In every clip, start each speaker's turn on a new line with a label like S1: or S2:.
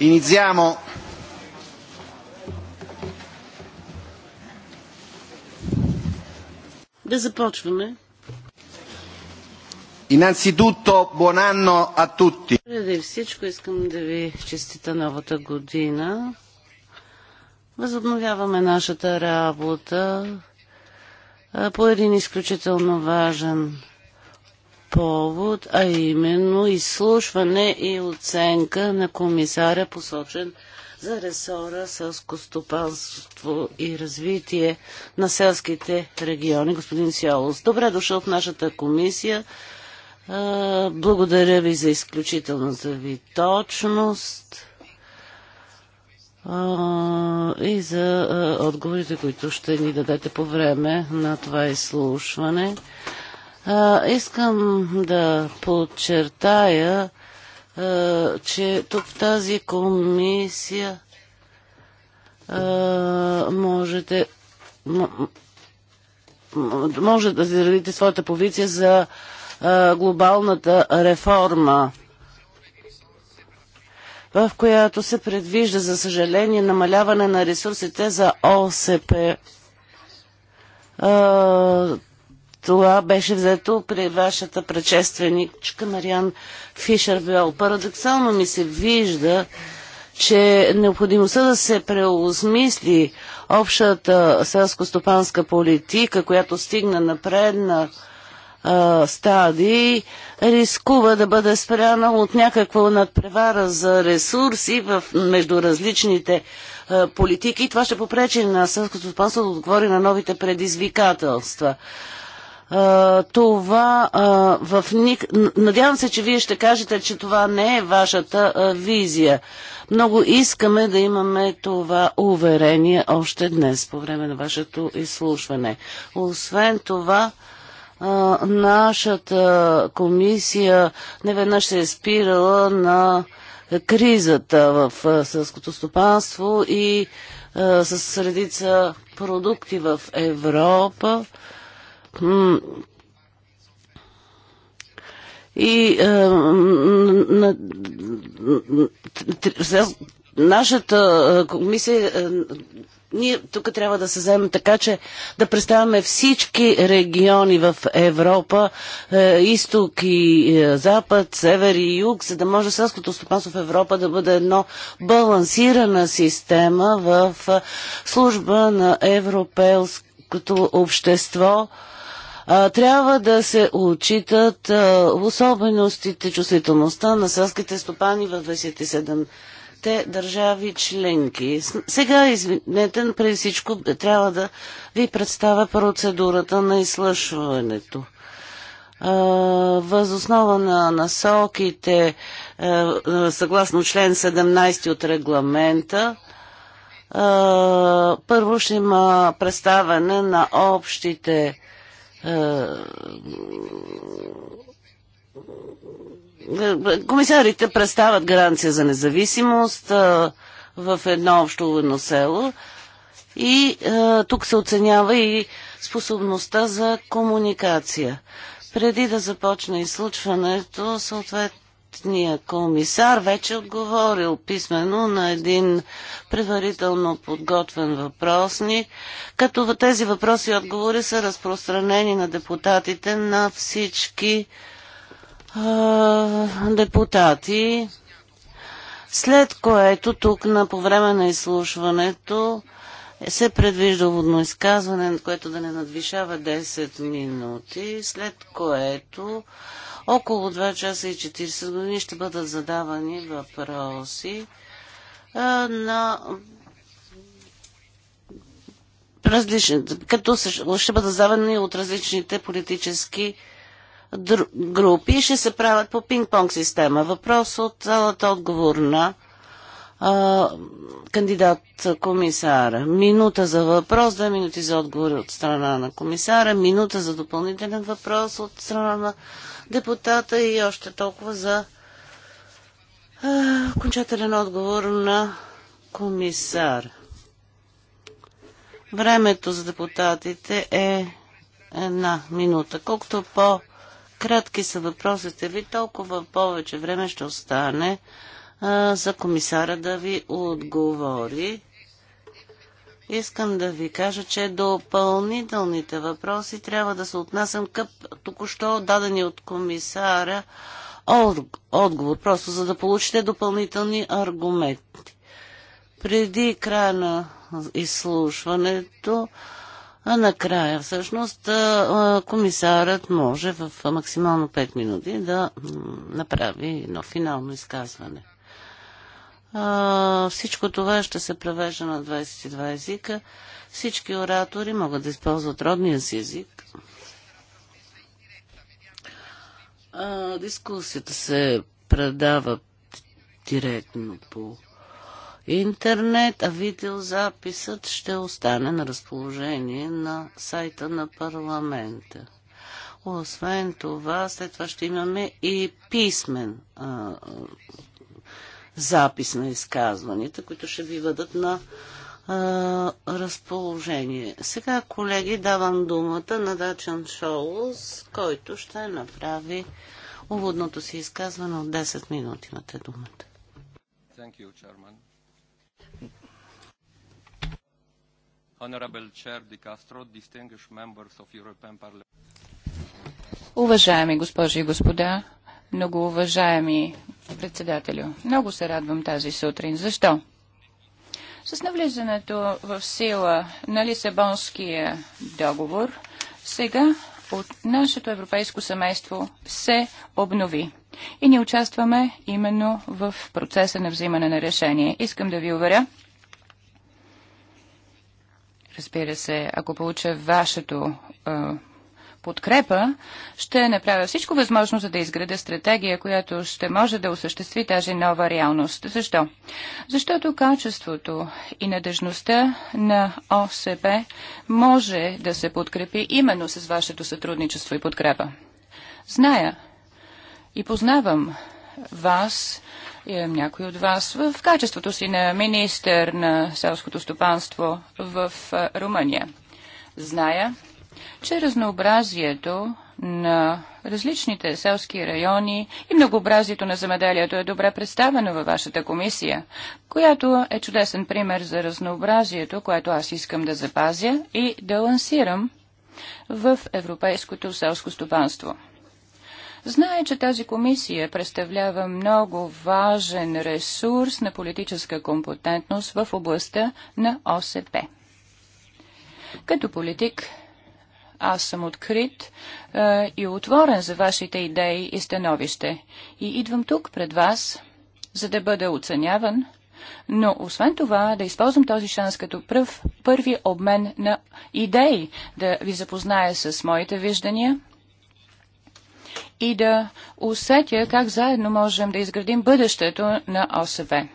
S1: Iniziamo.
S2: Innanzitutto buon anno a tutti.
S3: Преди всичко искам да ви честита новата година. Възобновяваме нашата работа по един изключително важен повод, а именно изслушване и оценка на комисаря посочен за ресора с костопанство и развитие на селските региони, господин Сиолос. Добре дошъл в нашата комисия. Благодаря ви за изключителната ви точност и за отговорите, които ще ни дадете по време на това изслушване. А, искам да подчертая, а, че тук в тази комисия а, можете може да заявите своята позиция за а, глобалната реформа, в която се предвижда, за съжаление, намаляване на ресурсите за ОСП. А, това беше взето при вашата предшественичка Мариан Фишербел. Парадоксално ми се вижда, че необходимостта да се преосмисли общата селско-стопанска политика, която стигна напредна а, стадии, рискува да бъде спряна от някаква надпревара за ресурси в, между различните а, политики. Това ще попречи на селско стопанство да отговори на новите предизвикателства това в ник... Надявам се, че вие ще кажете, че това не е вашата визия. Много искаме да имаме това уверение още днес, по време на вашето изслушване. Освен това, нашата комисия неведнъж се е спирала на кризата в сълското стопанство и с редица продукти в Европа. И е, на, нашата е, комисия, е, ние тук трябва да се вземем така, че да представяме всички региони в Европа, изток и запад, север и юг, за да може селското стопанство в Европа да бъде едно балансирана система в служба на европейското общество трябва да се отчитат особеностите, чувствителността на селските стопани в 27-те държави членки. Сега, извинете, преди всичко трябва да ви представя процедурата на изслушването. Възоснова на насоките, е, съгласно член 17 от регламента, е, първо ще има представяне на общите е, комисарите представят гаранция за независимост е, в едно общо военно село и е, тук се оценява и способността за комуникация. Преди да започне изслучването, съответно Компетентния комисар вече отговорил писменно на един предварително подготвен въпросник, като тези въпроси и отговори са разпространени на депутатите на всички е, депутати, след което тук на по време на изслушването се предвижда водно изказване, което да не надвишава 10 минути, след което около 2 часа и 40 години ще бъдат задавани въпроси на различни, като ще бъдат задавани от различните политически групи и ще се правят по пинг-понг система. Въпрос от цялата отговор на кандидат комисара. Минута за въпрос, две минути за отговор от страна на комисара, минута за допълнителен въпрос от страна на депутата и още толкова за а, окончателен отговор на комисар. Времето за депутатите е една минута. Колкото по-кратки са въпросите ви, толкова повече време ще остане а, за комисара да ви отговори. Искам да ви кажа, че допълнителните въпроси трябва да се отнасям към току-що дадени от комисара отговор, просто за да получите допълнителни аргументи. Преди края на изслушването, а накрая всъщност комисарът може в максимално 5 минути да направи едно финално изказване. А, всичко това ще се превежда на 22 езика. Всички оратори могат да използват родния си език. А, дискусията се предава директно по интернет, а видеозаписът ще остане на разположение на сайта на парламента. Освен това, след това ще имаме и писмен а, запис на изказванията, които ще ви бъдат на а, разположение. Сега, колеги, давам думата на Дачан Шоулс, който ще направи уводното си изказване от 10 минути. Имате думата.
S4: Thank you, Chairman. Honorable Chair Castro, distinguished members of European Parliament.
S5: Уважаеми госпожи и господа, многоуважаеми председателю. Много се радвам тази сутрин. Защо? С навлизането в сила на Лисабонския договор, сега от нашето европейско семейство се обнови. И ние участваме именно в процеса на взимане на решение. Искам да ви уверя, разбира се, ако получа вашето подкрепа, ще направя всичко възможно, за да изграда стратегия, която ще може да осъществи тази нова реалност. Защо? Защото качеството и надежността на ОСП може да се подкрепи именно с вашето сътрудничество и подкрепа. Зная и познавам вас, някой от вас в качеството си на министър на селското стопанство в Румъния. Зная, че разнообразието на различните селски райони и многообразието на земеделието е добре представено във вашата комисия, която е чудесен пример за разнообразието, което аз искам да запазя и да лансирам в европейското селско стопанство. Знае, че тази комисия представлява много важен ресурс на политическа компетентност в областта на ОСП. Като политик аз съм открит е, и отворен за вашите идеи и становище. И идвам тук пред вас, за да бъда оценяван, но освен това да използвам този шанс като пръв, първи обмен на идеи, да ви запозная с моите виждания и да усетя как заедно можем да изградим бъдещето на ОСВ.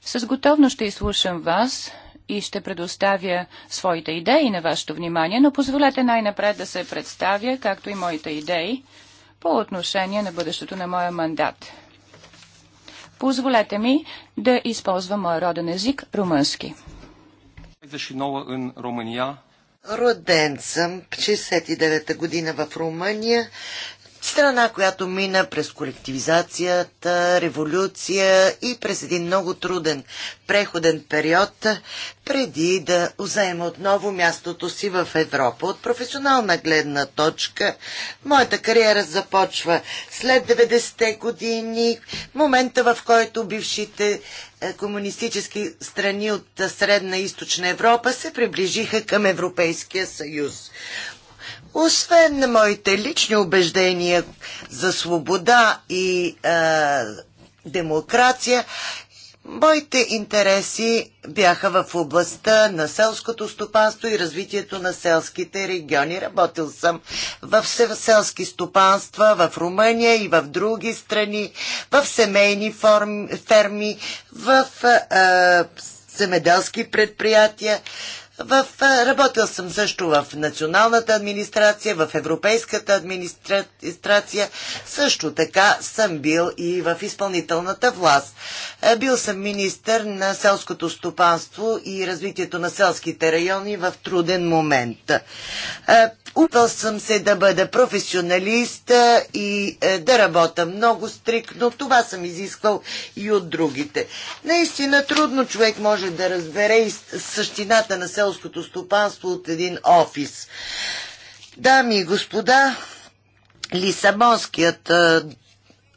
S5: С готовност ще изслушам вас и ще предоставя своите идеи на вашето внимание, но позволете най-напред да се представя, както и моите идеи, по отношение на бъдещето на моя мандат. Позволете ми да използвам моя роден език румънски.
S1: Роден съм 69-та година в Румъния. Страна, която мина през колективизацията, революция и през един много труден преходен период, преди да озаема отново мястото си в Европа. От професионална гледна точка, моята кариера започва след 90-те години, момента в който бившите е, комунистически страни от Средна и Източна Европа се приближиха към Европейския съюз. Освен на моите лични убеждения за свобода и е, демокрация, моите интереси бяха в областта на селското стопанство и развитието на селските региони. Работил съм в селски стопанства в Румъния и в други страни, в семейни форми, ферми, в е, земеделски предприятия. В, работил съм също в националната администрация, в европейската администрация, също така съм бил и в изпълнителната власт. Бил съм министър на селското стопанство и развитието на селските райони в труден момент. Упал съм се да бъда професионалист и да работя много стрикно. Това съм изисквал и от другите. Наистина трудно човек може да разбере същината на селското селското стопанство от един офис. Дами и господа, Лисабонският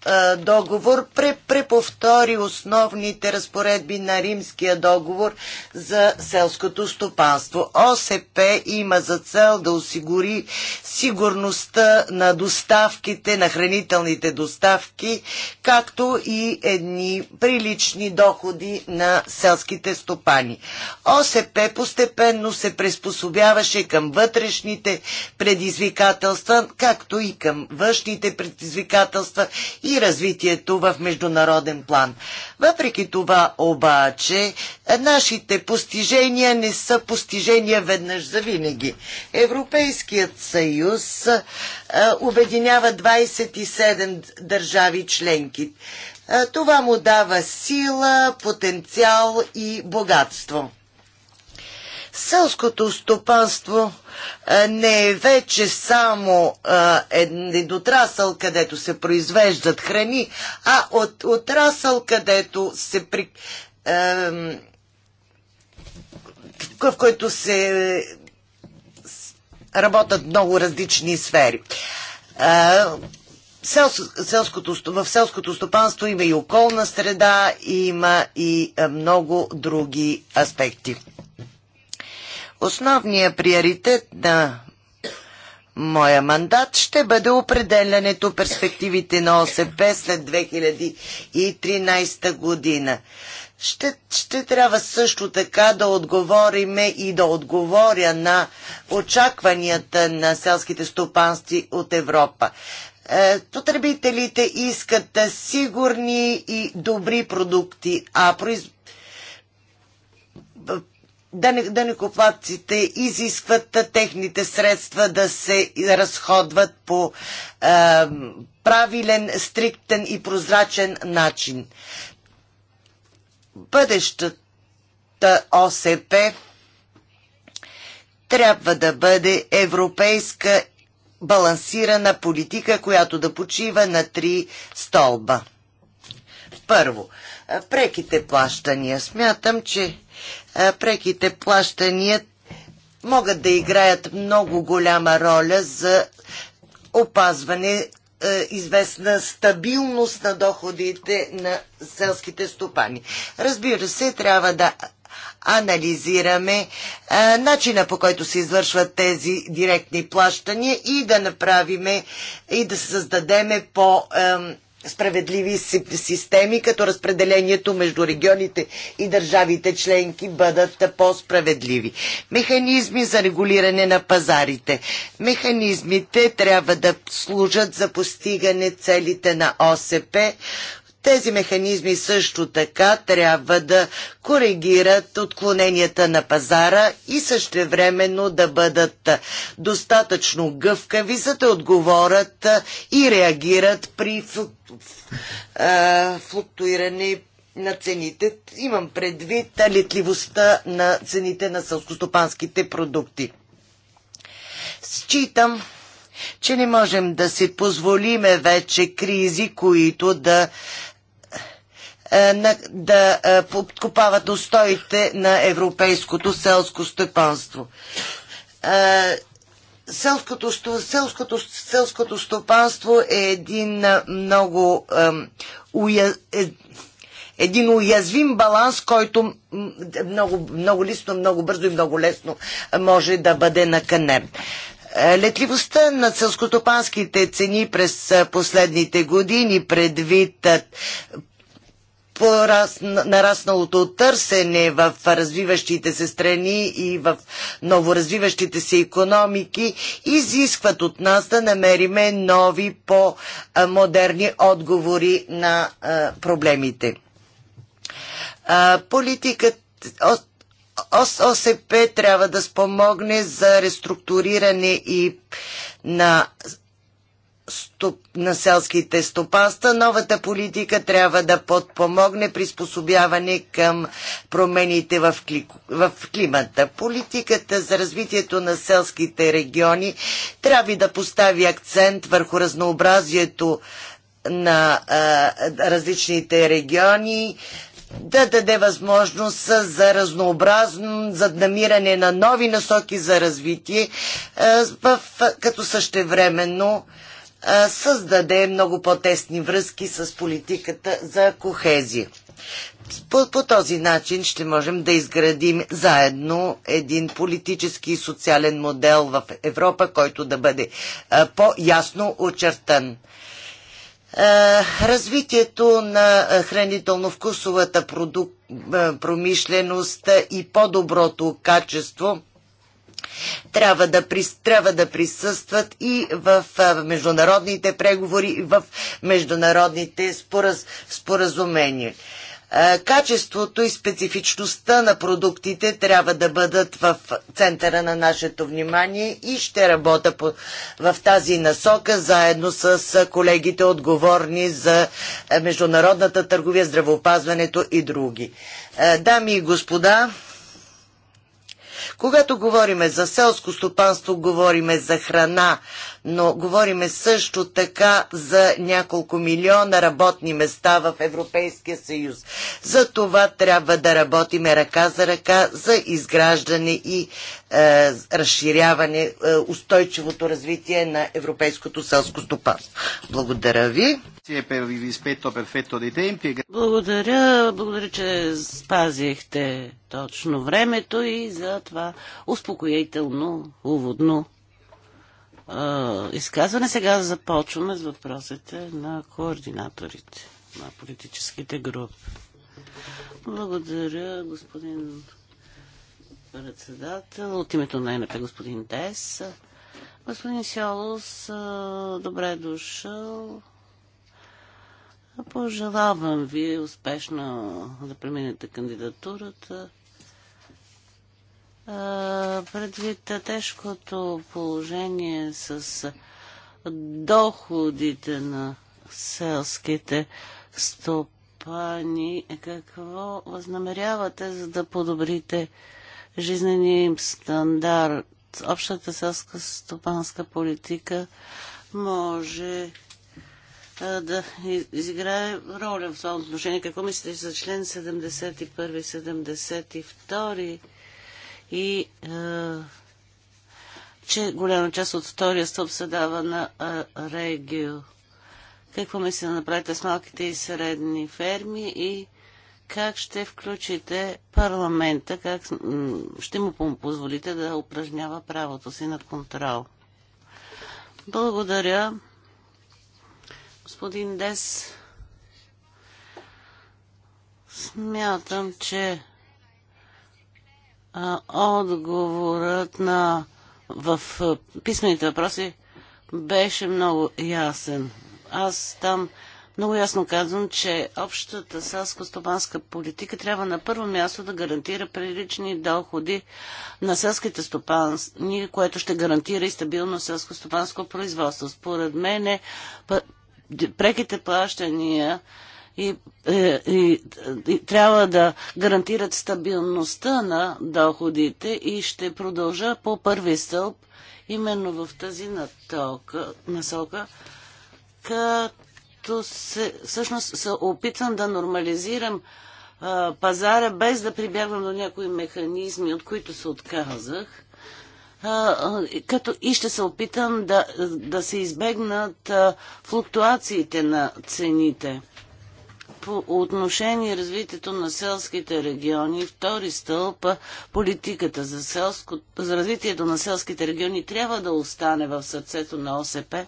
S1: е, договор преповтори основните разпоредби на Римския договор за селското стопанство. ОСП има за цел да осигури сигурността на доставките, на хранителните доставки, както и едни прилични доходи на селските стопани. ОСП постепенно се приспособяваше към вътрешните предизвикателства, както и към външните предизвикателства и и развитието в международен план. Въпреки това обаче, е, нашите постижения не са постижения веднъж за винаги. Европейският съюз а, е, обединява 27 държави членки. А, е, това му дава сила, потенциал и богатство. Селското стопанство не е вече само един отрасъл, където се произвеждат храни, а от отрасъл, където се при... в който се работят много различни сфери. Селското, в селското стопанство има и околна среда, има и много други аспекти. Основният приоритет на моя мандат ще бъде определянето перспективите на ОСП след 2013 година. Ще, ще трябва също така да отговориме и да отговоря на очакванията на селските стопанства от Европа. Е, потребителите искат сигурни и добри продукти, а производителите дънекоплатците изискват техните средства да се разходват по е, правилен, стриктен и прозрачен начин. Бъдещата ОСП трябва да бъде европейска балансирана политика, която да почива на три столба. Първо, преките плащания. Смятам, че преките плащания могат да играят много голяма роля за опазване е, известна стабилност на доходите на селските стопани. Разбира се, трябва да анализираме а, е, начина по който се извършват тези директни плащания и да направиме и да създадеме по а, справедливи системи, като разпределението между регионите и държавите членки бъдат по-справедливи. Механизми за регулиране на пазарите. Механизмите трябва да служат за постигане целите на ОСП, тези механизми също така трябва да коригират отклоненията на пазара и същевременно да бъдат достатъчно гъвкави, за да отговорят и реагират при флуктуиране на цените. Имам предвид летливостта на цените на сълскостопанските продукти. Считам, че не можем да си позволиме вече кризи, които да е, да е, подкопават устоите на европейското селско стопанство. Е, селското, селското, селското стопанство е един много уя, е, един уязвим баланс, който много, много лесно, много бързо и много лесно може да бъде наканен. Летливостта на селскостопанските цени през последните години предвид нарасналото търсене в развиващите се страни и в новоразвиващите се економики изискват от нас да намериме нови по-модерни отговори на проблемите. Политиката ОСП трябва да спомогне за реструктуриране и на на селските стопанства. Новата политика трябва да подпомогне приспособяване към промените в, климата. Политиката за развитието на селските региони трябва да постави акцент върху разнообразието на а, различните региони, да даде възможност за разнообразно, за намиране на нови насоки за развитие, а, в, като същевременно създаде много по-тесни връзки с политиката за кохезия. По, по този начин ще можем да изградим заедно един политически и социален модел в Европа, който да бъде по-ясно очертан. Развитието на хранително-вкусовата промишленост и по-доброто качество трябва да, прис, трябва да присъстват и в международните преговори, и в международните спораз, споразумения. Качеството и специфичността на продуктите трябва да бъдат в центъра на нашето внимание и ще работя в тази насока заедно с колегите отговорни за международната търговия, здравеопазването и други. Дами и господа, когато говориме за селско стопанство, говориме за храна, но говориме също така за няколко милиона работни места в Европейския съюз. За това трябва да работиме ръка за ръка за изграждане и е, разширяване е, устойчивото развитие на европейското селско стопанство. Благодаря ви.
S3: Благодаря, благодаря, че спазихте точно времето и за това успокоително, уводно изказване. Сега започваме с въпросите на координаторите на политическите групи. Благодаря, господин председател. От името на НП господин Тес. Господин Сиолос, добре дошъл. Пожелавам ви успешно да преминете кандидатурата. Предвид тежкото положение с доходите на селските стопани, какво възнамерявате за да подобрите жизнения им стандарт? Общата селска стопанска политика може да изиграе роля в това отношение. Какво мислите за член 71 и 72? и е, че голяма част от втория стълб се дава на е, регио. Какво мисля да направите с малките и средни ферми и как ще включите парламента, как ще му позволите да упражнява правото си на контрол. Благодаря. Господин Дес, смятам, че а, отговорът на в а, писмените въпроси беше много ясен. Аз там много ясно казвам, че общата селско-стопанска политика трябва на първо място да гарантира прилични доходи на селските стопани, което ще гарантира и стабилно селско-стопанско производство. Според мен преките плащания и, и, е, и, и трябва да гарантират стабилността на доходите и ще продължа по първи стълб именно в тази натока, насока, като се, всъщност се опитвам да нормализирам а, пазара, без да прибягвам до някои механизми, от които се отказах като и ще се опитам да, да се избегнат флуктуациите на цените по отношение развитието на селските региони, втори стълб, политиката за, селско, за развитието на селските региони трябва да остане в сърцето на ОСП,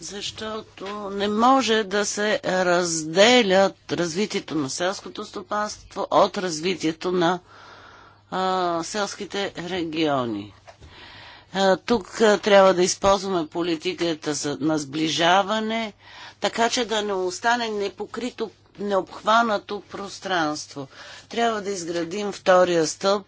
S3: защото не може да се разделят развитието на селското стопанство от развитието на а, селските региони. Тук трябва да използваме политиката на сближаване, така че да не остане непокрито, необхванато пространство. Трябва да изградим втория стълб,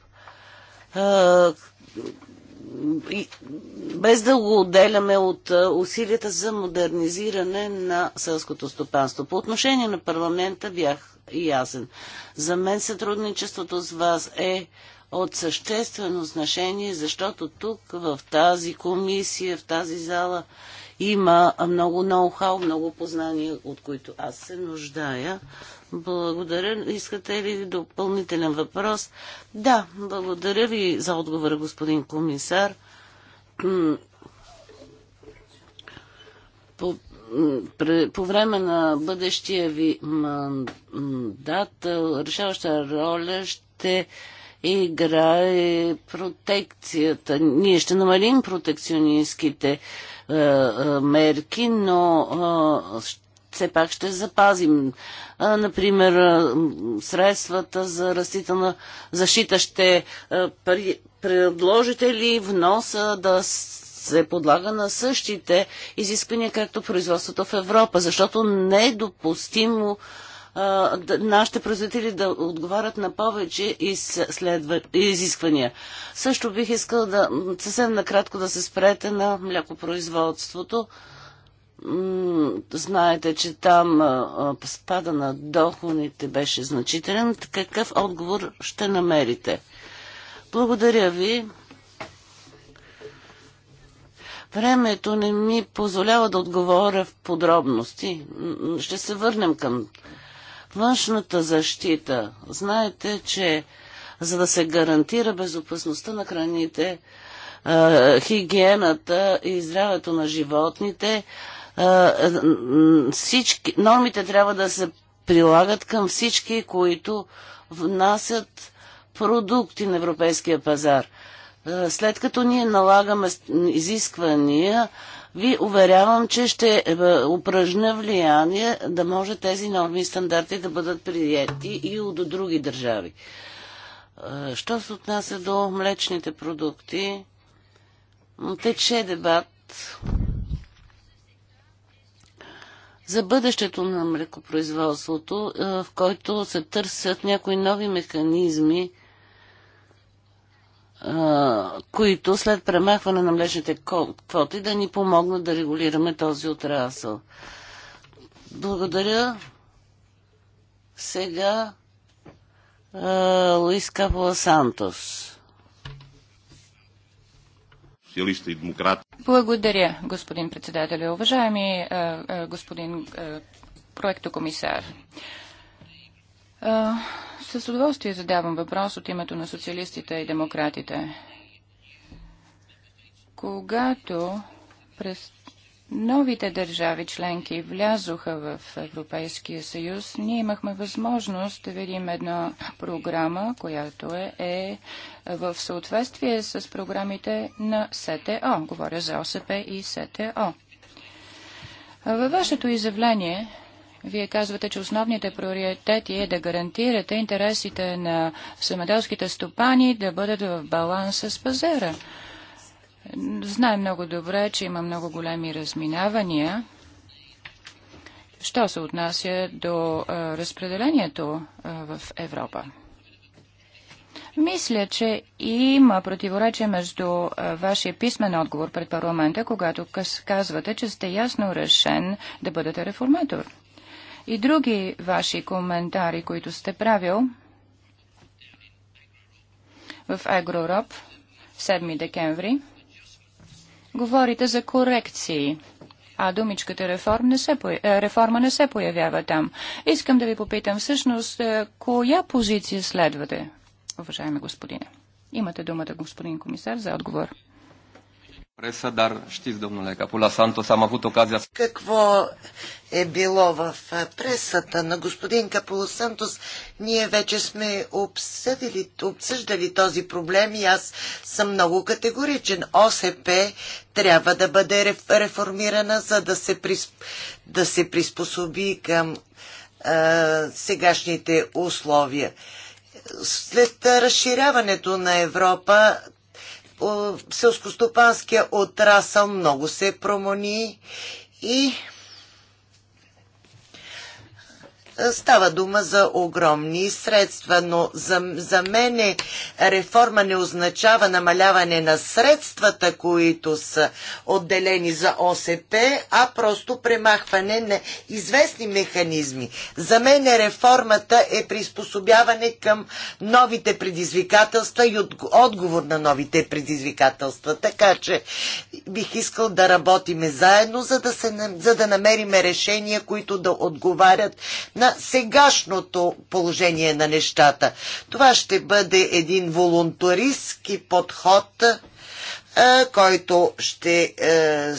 S3: без да го отделяме от усилията за модернизиране на селското стопанство. По отношение на парламента бях ясен. За мен сътрудничеството с вас е от съществено значение, защото тук в тази комисия, в тази зала има много ноу-хау, много познания, от които аз се нуждая. Благодаря. Искате ли допълнителен въпрос? Да, благодаря ви за отговора, господин комисар. По, по време на бъдещия ви мандат решаваща роля ще игра е протекцията. Ние ще намалим протекционистските е, е, мерки, но е, все пак ще запазим. А, е, например, е, средствата за растителна защита ще е, предложите ли вноса да се подлага на същите изисквания, както производството в Европа, защото недопустимо е нашите производители да отговарят на повече изисквания. Също бих искал да съвсем накратко да се спрете на млякопроизводството. Знаете, че там спада на доходите беше значителен. Какъв отговор ще намерите? Благодаря ви. Времето не ми позволява да отговоря в подробности. Ще се върнем към Външната защита. Знаете, че за да се гарантира безопасността на храните, хигиената и здравето на животните, всички, нормите трябва да се прилагат към всички, които внасят продукти на европейския пазар. След като ние налагаме изисквания ви уверявам, че ще е, упражня влияние да може тези норми и стандарти да бъдат приети и от други държави. Е, що се отнася до млечните продукти, тече дебат за бъдещето на млекопроизводството, е, в който се търсят някои нови механизми, които след премахване на млечните квоти да ни помогнат да регулираме този отрасъл. Благодаря.
S5: Сега
S3: Луис Капола Сантос. Социалиста и демократ.
S5: Благодаря, господин председател. Уважаеми господин проектокомисар, с удоволствие задавам въпрос от името на социалистите и демократите. Когато през новите държави членки влязоха в Европейския съюз, ние имахме възможност да видим една програма, която е, е в съответствие с програмите на СТО. Говоря за ОСП и СТО. Във вашето изявление вие казвате, че основните приоритети е да гарантирате интересите на земеделските стопани да бъдат в баланс с пазара. Знаем много добре, че има много големи разминавания. Що се отнася до а, разпределението а, в Европа? Мисля, че има противоречие между а, вашия писмен отговор пред парламента, когато казвате, че сте ясно решен да бъдете реформатор и други ваши коментари, които сте правил в Агророб 7 декември. Говорите за корекции, а думичката реформ не се, е, реформа не се появява там. Искам да ви попитам всъщност, е, коя позиция следвате, уважаеми господине? Имате думата, господин комисар, за отговор
S4: преса, дар știți, domnule Капула Сантос, am avut ocazia...
S1: Какво е било в пресата на господин Капула Сантос? Ние вече сме обсъдили, обсъждали този проблем и аз съм много категоричен. ОСП трябва да бъде реформирана, за да се, присп... да се приспособи към а, сегашните условия след разширяването на Европа селскостопанския отрасъл много се промени и Става дума за огромни средства, но за, за мен е, реформа не означава намаляване на средствата, които са отделени за ОСП, а просто премахване на известни механизми. За мен е реформата е приспособяване към новите предизвикателства и отговор на новите предизвикателства. Така че бих искал да работиме заедно, за да, се, за да намериме решения, които да отговарят на на сегашното положение на нещата. Това ще бъде един волонтаристски подход, който ще е,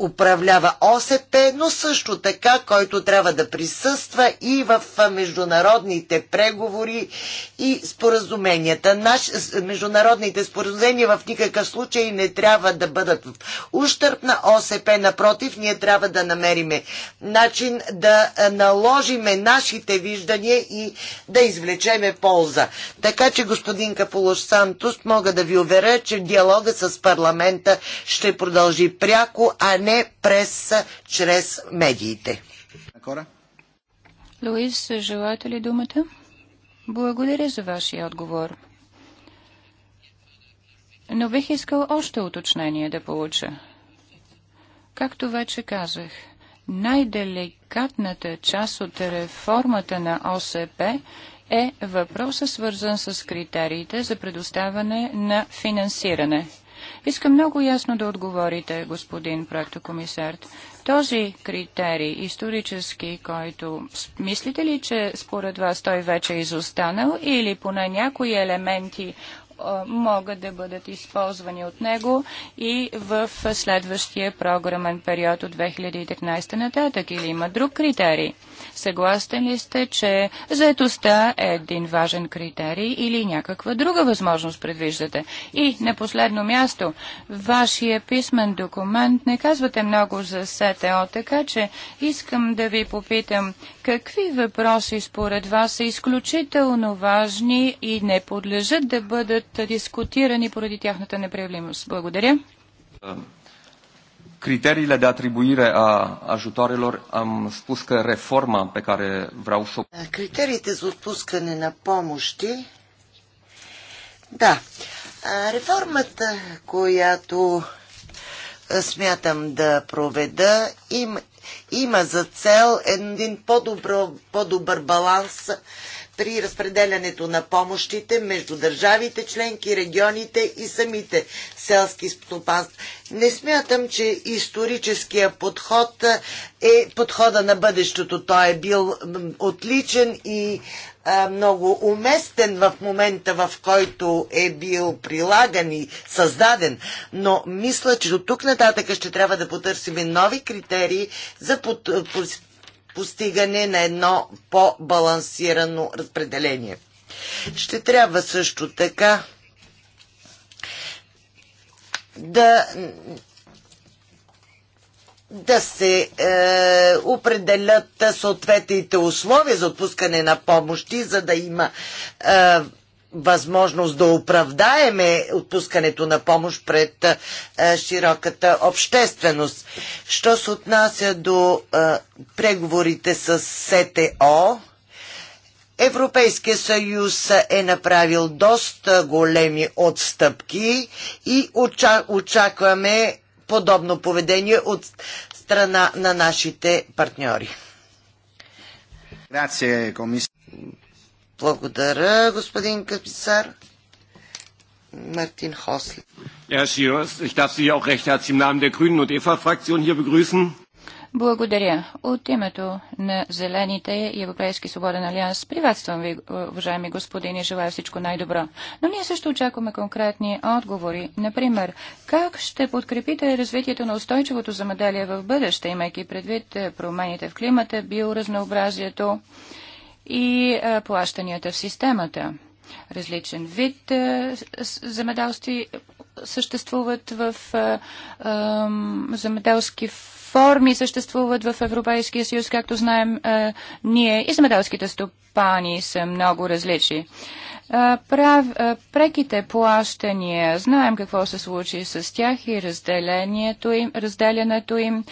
S1: управлява ОСП, но също така, който трябва да присъства и в международните преговори и споразуменията. Наш, международните споразумения в никакъв случай не трябва да бъдат ущърп на ОСП. Напротив, ние трябва да намериме начин да наложиме нашите виждания и да извлечеме полза. Така че, господин Капулош Сантус, мога да ви уверя, че диалога с парламента ще продължи пряко, а не не през, чрез медиите.
S5: Луис, желаете ли думата? Благодаря за вашия отговор. Но бих искал още уточнение да получа. Както вече казах, най-деликатната част от реформата на ОСП е въпроса свързан с критериите за предоставяне на финансиране. Искам много ясно да отговорите, господин проектокомисар. Този критерий, исторически, който мислите ли, че според вас той вече е изостанал или поне някои елементи могат да бъдат използвани от него и в следващия програмен период от 2013 нататък или има друг критерий. Съгласен ли сте, че заетостта е един важен критерий или някаква друга възможност предвиждате? И на последно място, вашия писмен документ не казвате много за СТО, така че искам да ви попитам какви въпроси според вас са изключително важни и не подлежат да бъдат дискутирани поради тяхната неприемливост. Благодаря
S4: criteriile de atribuire a ajutoarelor, am spus că reforma pe care vreau să o...
S1: Criteriile е, за отпускане на помощи. Да. Е, реформата, която е, смятам да проведа, им, има за цел един по-добър по, -добро, по баланс при разпределянето на помощите между държавите, членки, регионите и самите селски стопанства. Не смятам, че историческия подход е подхода на бъдещето. Той е бил отличен и много уместен в момента, в който е бил прилаган и създаден, но мисля, че до тук нататък ще трябва да потърсим нови критерии за постигане на едно по-балансирано разпределение. Ще трябва също така да да се е, определят съответните условия за отпускане на помощи, за да има е, възможност да оправдаеме отпускането на помощ пред широката общественост. Що се отнася до преговорите с СТО, Европейския съюз е направил доста големи отстъпки и очакваме подобно поведение от страна на нашите партньори. Grazie, комисар. Благодаря, господин комисар. Мартин Хосли. Herr Schiers, ich darf Sie auch recht herzlich im Namen der Grünen und fraktion hier begrüßen.
S5: Благодаря. От името на Зелените и Европейски свободен алианс приветствам ви, уважаеми господини, желая всичко най-добро. Но ние също очакваме конкретни отговори. Например, как ще подкрепите развитието на устойчивото замеделие в бъдеще, имайки предвид е, промените в климата, биоразнообразието? и е, плащанията в системата. Различен вид е, земеделски съществуват в е, земеделски форми съществуват в Европейския съюз, както знаем ние и земеделските стопани са много различни. прав, преките плащания, знаем какво се случи с тях и разделението им, разделянето им.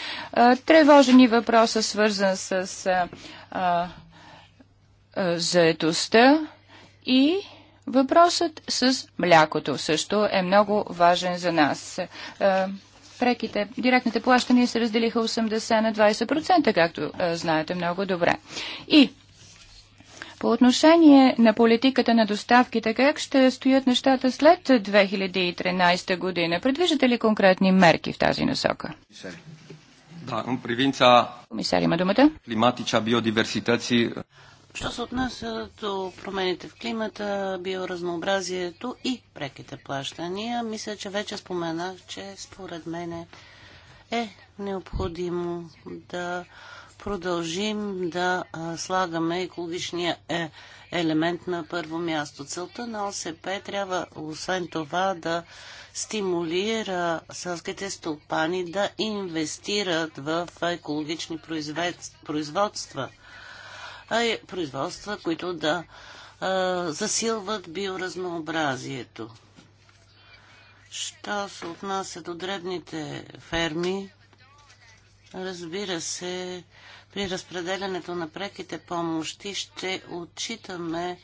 S5: Тревожени въпроса, свързан с заедостта и въпросът с млякото също е много важен за нас. Преките, директните плащания се разделиха 80 на 20%, както знаете много добре. И по отношение на политиката на доставките, как ще стоят нещата след 2013 година? Предвиждате ли конкретни мерки в тази насока?
S4: Da, има думата. climatice a
S3: Що се отнася до промените в климата, биоразнообразието и преките плащания, мисля, че вече споменах, че според мен е необходимо да продължим да слагаме екологичния е, елемент на първо място. Целта на ОСП трябва, освен това, да стимулира селските стопани да инвестират в екологични производства а и производства, които да а, засилват биоразнообразието. Що се отнася до дребните ферми, разбира се, при разпределянето на преките помощи ще отчитаме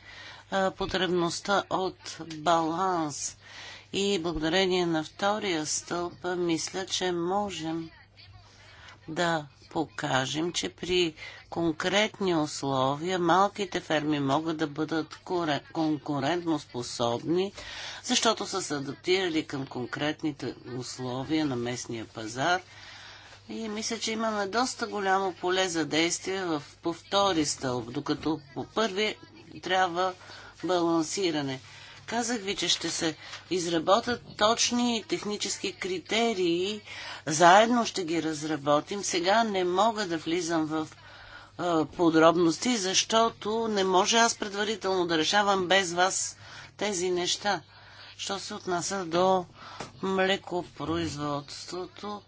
S3: а, потребността от баланс. И благодарение на втория стълб, мисля, че можем да покажем, че при конкретни условия малките ферми могат да бъдат конкурентно способни, защото са се адаптирали към конкретните условия на местния пазар. И мисля, че имаме доста голямо поле за действие в повтори стълб, докато по първи трябва балансиране. Казах ви, че ще се изработят точни технически критерии. Заедно ще ги разработим. Сега не мога да влизам в подробности, защото не може аз предварително да решавам без вас тези неща. Що се отнася до млекопроизводството,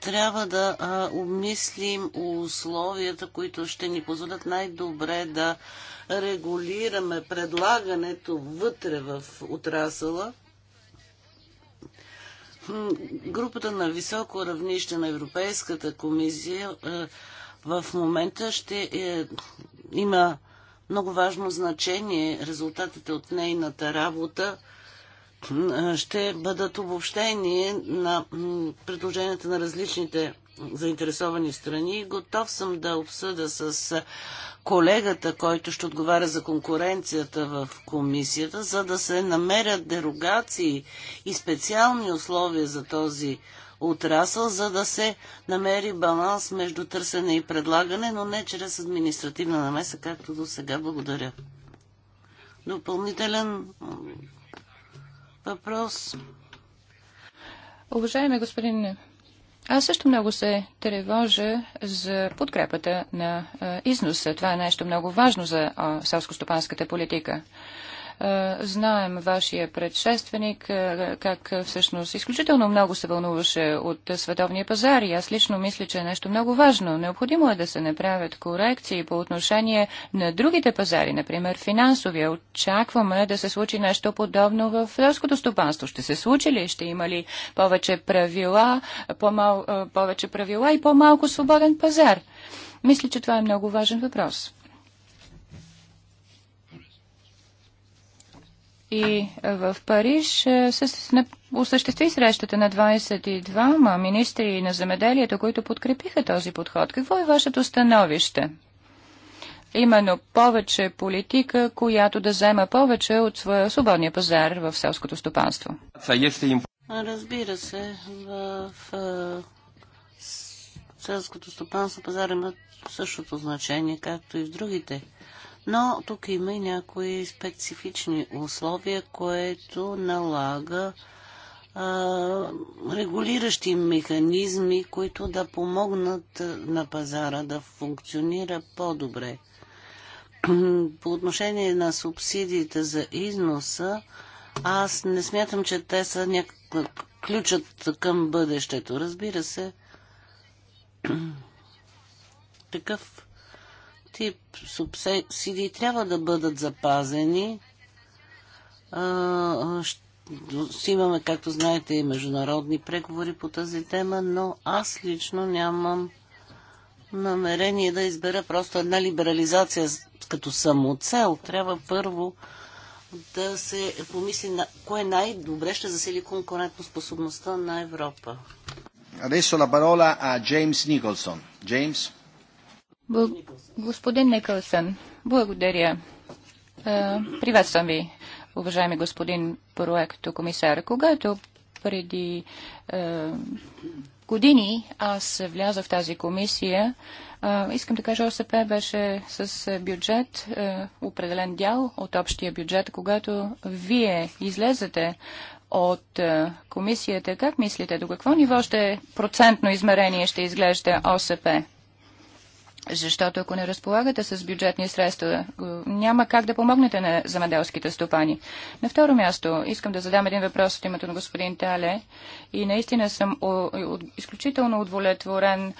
S3: трябва да а, обмислим условията, които ще ни позволят най-добре да регулираме предлагането вътре в отрасъла. Групата на високо равнище на Европейската комисия а, е, в момента ще е, има много важно значение резултатите от нейната работа ще бъдат обобщени на предложенията на различните заинтересовани страни. Готов съм да обсъда с колегата, който ще отговаря за конкуренцията в комисията, за да се намерят дерогации и специални условия за този отрасъл, за да се намери баланс между търсене и предлагане, но не чрез административна намеса, както до сега. Благодаря. Допълнителен
S5: въпрос. Уважаеми господин, аз също много се тревожа за подкрепата на износа. Това е нещо много важно за селско-стопанската политика. Е, знаем вашия предшественик, е, как е, всъщност изключително много се вълнуваше от световния пазар и аз лично мисля, че е нещо много важно. Необходимо е да се направят корекции по отношение на другите пазари, например финансовия. Очакваме да се случи нещо подобно в селското стопанство. Ще се случи ли? Ще има ли повече правила, повече правила и по-малко свободен пазар? Мисля, че това е много важен въпрос. и е, в Париж е, се осъществи срещата на 22 министри на земеделието, които подкрепиха този подход. Какво е вашето становище? Именно повече политика, която да взема повече от своя свободния пазар в селското стопанство.
S3: Разбира се, в, в е, селското стопанство пазар има същото значение, както и в другите но тук има и някои специфични условия, което налага регулиращи механизми, които да помогнат на пазара да функционира по-добре. По отношение на субсидиите за износа, аз не смятам, че те са някакъв ключът към бъдещето. Разбира се, такъв тип субсидии трябва да бъдат запазени. А, имаме, както знаете, и международни преговори по тази тема, но аз лично нямам намерение да избера просто една либерализация като самоцел. Трябва първо да се помисли на кое най-добре ще засили конкурентоспособността на Европа.
S2: Adesso la parola a James Nicholson. James.
S5: Господин Николсън, благодаря. Е, приветствам ви, уважаеми господин проекто комисар. Когато преди е, години аз влязах в тази комисия, е, искам да кажа, ОСП беше с бюджет, определен дял от общия бюджет. Когато вие излезете от комисията, как мислите, до какво ниво ще процентно измерение ще изглежда ОСП? Защото ако не разполагате с бюджетни средства, няма как да помогнете на замеделските стопани. На второ място искам да задам един въпрос от името на господин Тале и наистина съм изключително удовлетворен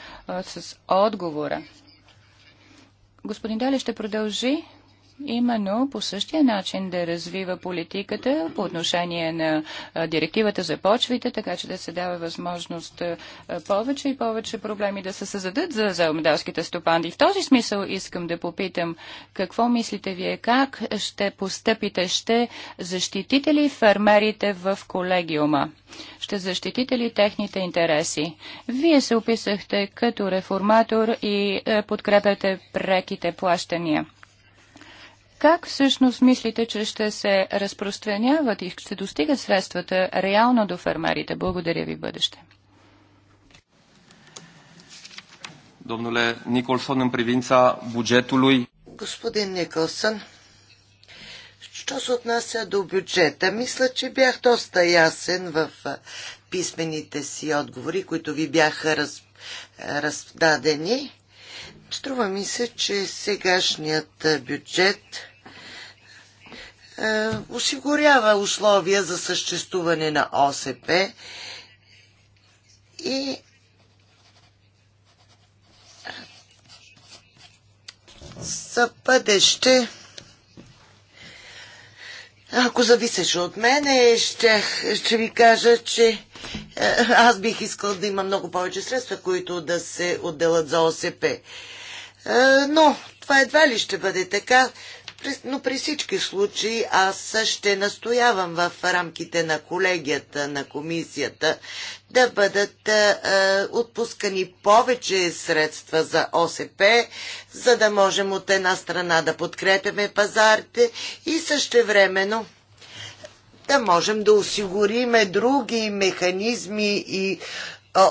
S5: с отговора. Господин Тале ще продължи именно по същия начин да развива политиката по отношение на директивата за почвите, така че да се дава възможност повече и повече проблеми да се създадат за земеделските стопанди. В този смисъл искам да попитам какво мислите вие, как ще постъпите, ще защитите ли фермерите в колегиума? Ще защитите ли техните интереси? Вие се описахте като реформатор и подкрепяте преките плащания. Как всъщност мислите, че ще се разпространяват и ще достигат средствата реално до фермерите? Благодаря ви бъдеще.
S4: Domnule Nicholson, привинца бюджету луи.
S1: Господин Николсън, що се отнася до бюджета, мисля, че бях доста ясен в писмените си отговори, които ви бяха раз, раздадени. Струва ми се, че сегашният е, бюджет е, осигурява условия за съществуване на ОСП и за бъдеще ако зависеше от мене, ще, ще ви кажа, че е, аз бих искал да има много повече средства, които да се отделят за ОСП. Е, но това едва ли ще бъде така. Но при всички случаи аз ще настоявам в рамките на колегията, на комисията, да бъдат е, е отпускани повече средства за ОСП, за да можем от една страна да подкрепяме пазарите и същевременно да можем да осигуриме други механизми и е,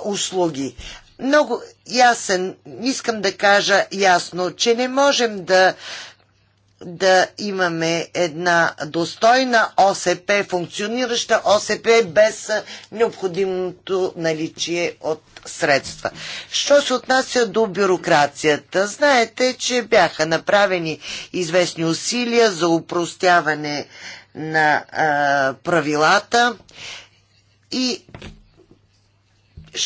S1: услуги много ясен. Искам да кажа ясно, че не можем да да имаме една достойна ОСП, функционираща ОСП без необходимото наличие от средства. Що се отнася до бюрокрацията? Знаете, че бяха направени известни усилия за упростяване на а, правилата и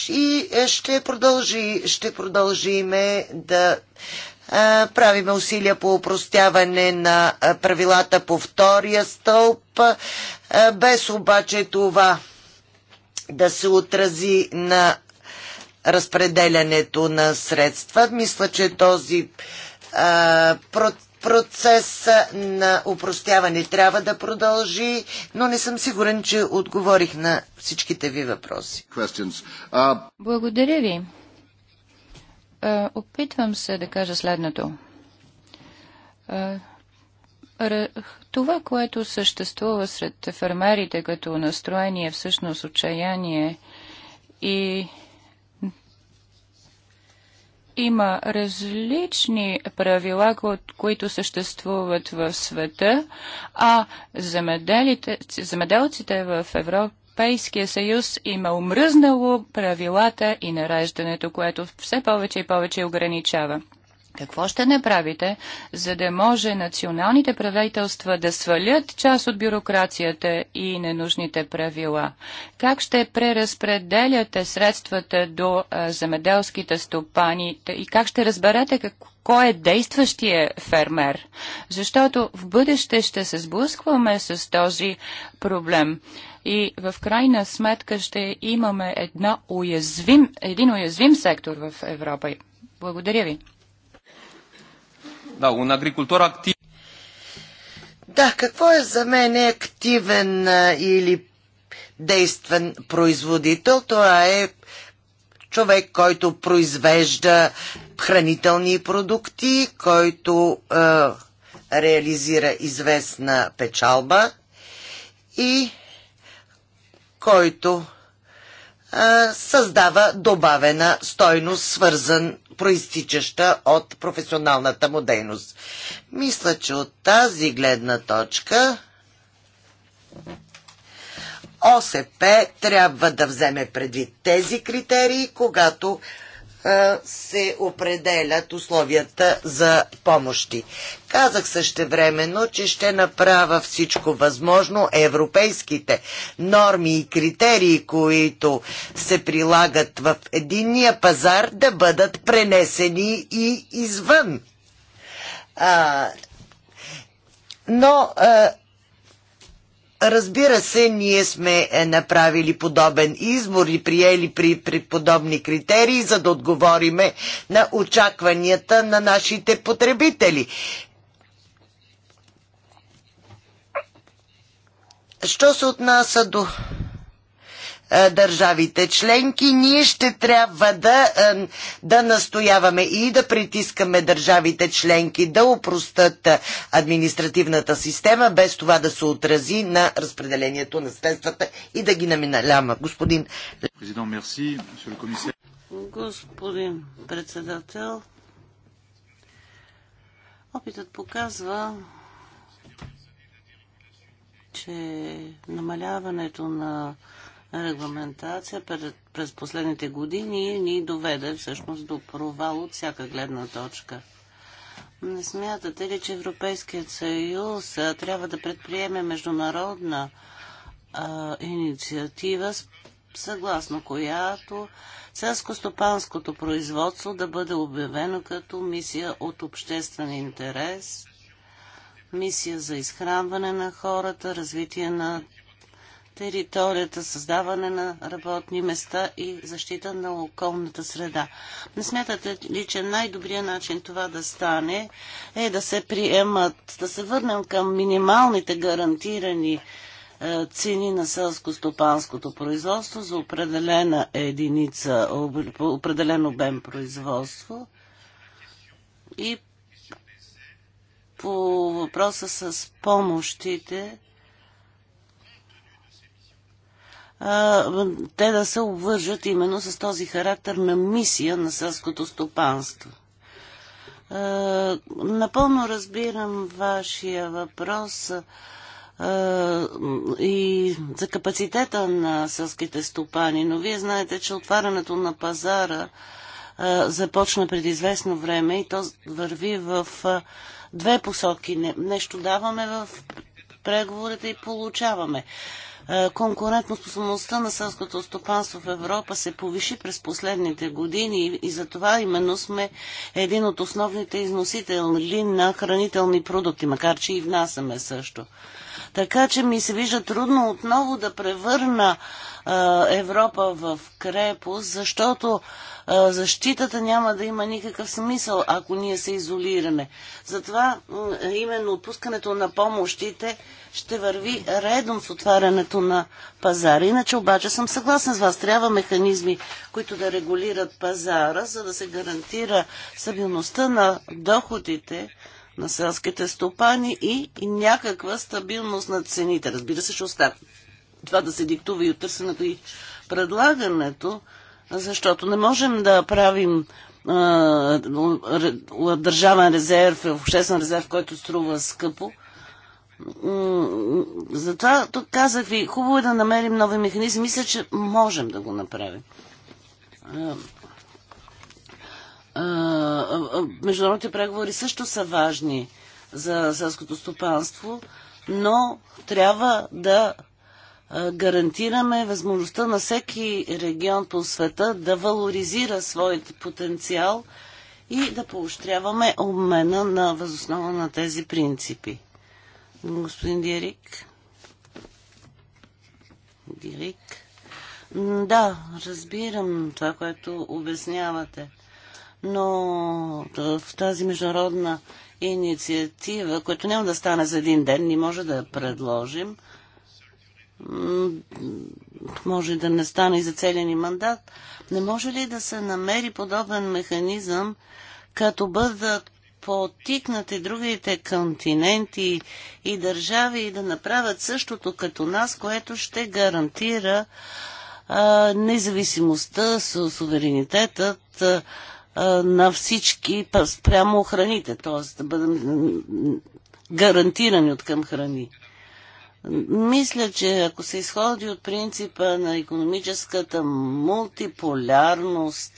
S1: и е, ще, продължи, ще продължиме да е, правиме усилия по упростяване на е, правилата по втория стълб, без обаче това да се отрази на разпределянето на средства. Мисля, че този а, процес на упростяване трябва да продължи, но не съм сигурен, че отговорих на всичките ви въпроси.
S5: Благодаря ви. Опитвам се да кажа следното. Това, което съществува сред фермерите като настроение, всъщност отчаяние и има различни правила, които съществуват в света, а земеделците в Европа Европейския съюз има умръзнало е правилата и нареждането, което все повече и повече ограничава. Какво ще направите, за да може националните правителства да свалят част от бюрокрацията и ненужните правила? Как ще преразпределяте средствата до земеделските стопани и как ще разберете как, кой е действащия фермер? Защото в бъдеще ще се сблъскваме с този проблем и в крайна сметка ще имаме една уязвим, един уязвим сектор в Европа. Благодаря ви.
S4: Да, un agricultor activ.
S5: Да, какво е за мен е активен а,
S1: или действен производител? Това е човек, който произвежда хранителни продукти, който а, реализира известна печалба и който създава добавена стойност, свързан, проистичаща от професионалната му дейност. Мисля, че от тази гледна точка ОСП трябва да вземе предвид тези критерии, когато се определят условията за помощи. Казах същевременно, че ще направя всичко възможно европейските норми и критерии, които се прилагат в единния пазар, да бъдат пренесени и извън. А, но а, Разбира се, ние сме е, направили подобен избор и приели при, при подобни критерии, за да отговориме на очакванията на нашите потребители. Що се отнася до е, държавите членки, ние ще трябва да, е, да настояваме и да притискаме държавите членки да упростат административната система, без това да се отрази на разпределението на средствата и да ги наминаляма. Господин... Господин
S3: председател, опитът показва, че намаляването на регламентация през последните години ни доведе всъщност до провал от всяка гледна точка. Не смятате ли, че Европейският съюз трябва да предприеме международна а, инициатива, съгласно която селско-стопанското производство да бъде обявено като мисия от обществен интерес, мисия за изхранване на хората, развитие на територията, създаване на работни места и защита на околната среда. Не смятате ли, че най-добрият начин това да стане е да се приемат, да се върнем към минималните гарантирани е, цени на селско-стопанското производство за определена единица, определен обем производство и по въпроса с помощите те да се обвържат именно с този характер на мисия на селското стопанство. Напълно разбирам вашия въпрос и за капацитета на селските стопани, но вие знаете, че отварянето на пазара започна пред известно време и то върви в две посоки. Нещо даваме в преговорите и получаваме. Е, конкурентоспособността на селското стопанство в Европа се повиши през последните години и за това именно сме един от основните износители на хранителни продукти, макар че и внасяме също. Така че ми се вижда трудно отново да превърна е, Европа в крепост, защото защитата няма да има никакъв смисъл, ако ние се изолираме. Затова именно отпускането на помощите ще върви редом с отварянето на пазара. Иначе обаче съм съгласна с вас. Трябва механизми, които да регулират пазара, за да се гарантира стабилността на доходите на селските стопани и някаква стабилност на цените. Разбира се, че остане това да се диктува и от търсенето и предлагането, защото не можем да правим а, държавен резерв, обществен резерв, който струва скъпо. Затова тук казах ви, хубаво е да намерим нови механизми. Мисля, че можем да го направим. Международните преговори също са важни за селското стопанство, но трябва да гарантираме възможността на всеки регион по света да валоризира своят потенциал и да поощряваме обмена на възоснова на тези принципи. Господин Дирик. Дирик. Да, разбирам това, което обяснявате. Но в тази международна инициатива, която няма да стане за един ден, ни може да я предложим – може да не стане и за целия ни мандат. Не може ли да се намери подобен механизъм, като бъдат потикнати другите континенти и държави и да направят същото като нас, което ще гарантира а, независимостта, суверенитетът а, на всички спрямо храните, т.е. да бъдем гарантирани от към храни. Мисля, че ако се изходи от принципа на економическата мултиполярност,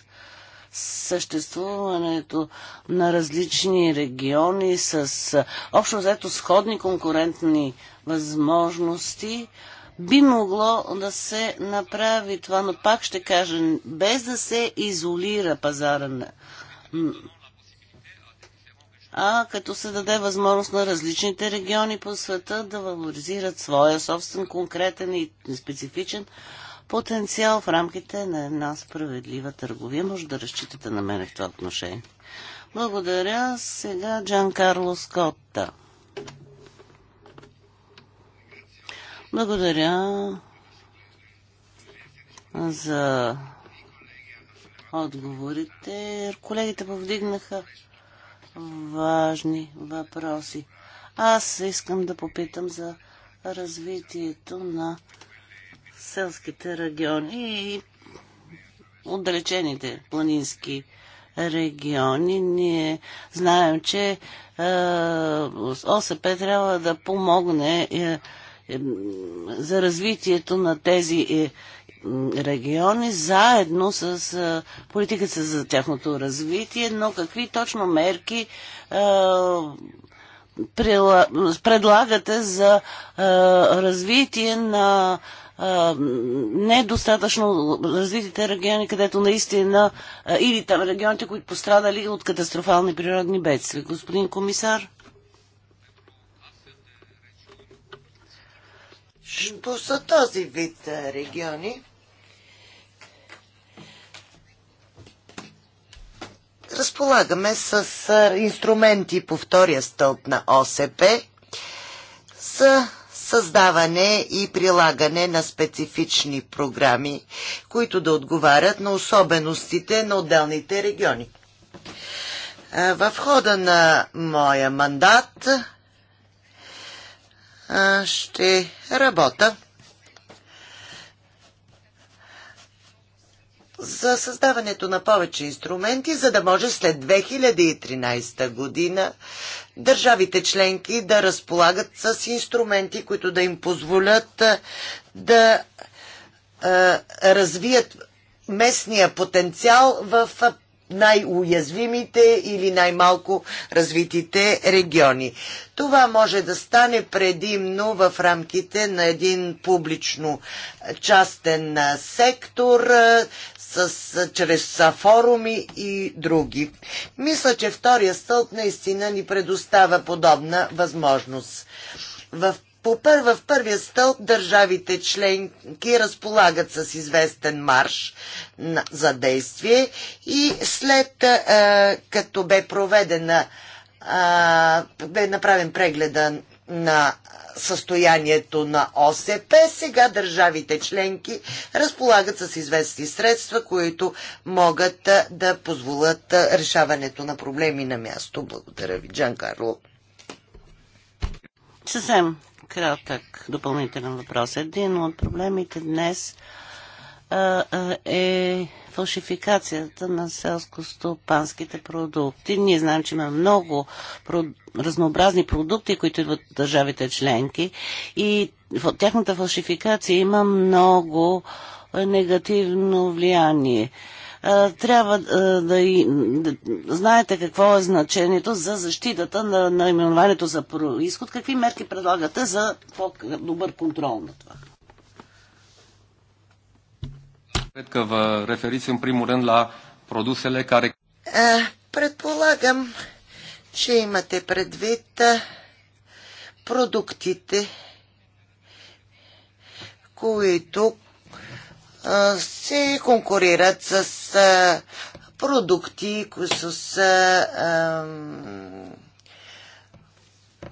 S3: съществуването на различни региони с общо взето сходни конкурентни възможности, би могло да се направи това, но пак ще кажа, без да се изолира пазара на а като се даде възможност на различните региони по света да валоризират своя собствен конкретен и специфичен потенциал в рамките на една справедлива търговия. Може да разчитате на мене в това отношение. Благодаря. Сега Джан Карло Скотта. Благодаря за отговорите. Колегите повдигнаха важни въпроси. Аз искам да попитам за развитието на селските региони и отдалечените планински региони. Ние знаем, че е, ОСП трябва да помогне е, е, за развитието на тези е, региони заедно с политиката за тяхното развитие, но какви точно мерки предлагате за развитие на недостатъчно развитите региони, където наистина или там регионите, които пострадали от катастрофални природни бедствия. Господин комисар?
S1: По са този вид региони разполагаме с инструменти по втория стълб на ОСП за създаване и прилагане на специфични програми, които да отговарят на особеностите на отделните региони. В хода на моя мандат ще работя за създаването на повече инструменти, за да може след 2013 година държавите членки да разполагат с инструменти, които да им позволят да развият местния потенциал в най-уязвимите или най-малко развитите региони. Това може да стане предимно в рамките на един публично-частен сектор с, чрез форуми и други. Мисля, че втория стълб наистина ни предоставя подобна възможност. В по пър, в първия стълб държавите членки разполагат с известен марш на, за действие и след е, като бе проведена бе направен прегледа на състоянието на ОСП, сега държавите членки разполагат с известни средства, които могат да позволят решаването на проблеми на място. Благодаря ви, Джан Карло.
S3: Съвсем кратък допълнителен въпрос. Един от проблемите днес а, а, е фалшификацията на селско-стопанските продукти. Ние знаем, че има много разнообразни продукти, които идват от държавите членки и тяхната фалшификация има много е, негативно влияние трябва да, и, да знаете какво е значението за защитата на наименованието за происход. Какви мерки предлагате за по-добър контрол на това?
S4: Cred că vă referiți în primul rând la produsele care...
S1: Е, предполагам, че имате предвид е, продуктите, които е, се конкурират с продукти, с, а,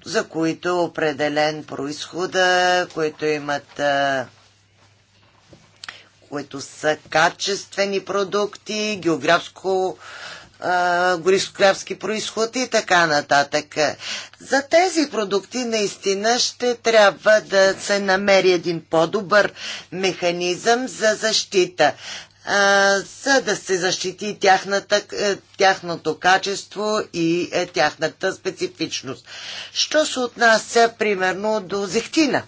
S1: за които определен происхода, които имат а, които са качествени продукти, географско горискографски происход и така нататък. За тези продукти наистина ще трябва да се намери един по-добър механизъм за защита, за да се защити тяхната, е, тяхното качество и е, тяхната специфичност. Що се отнася примерно до зехтина?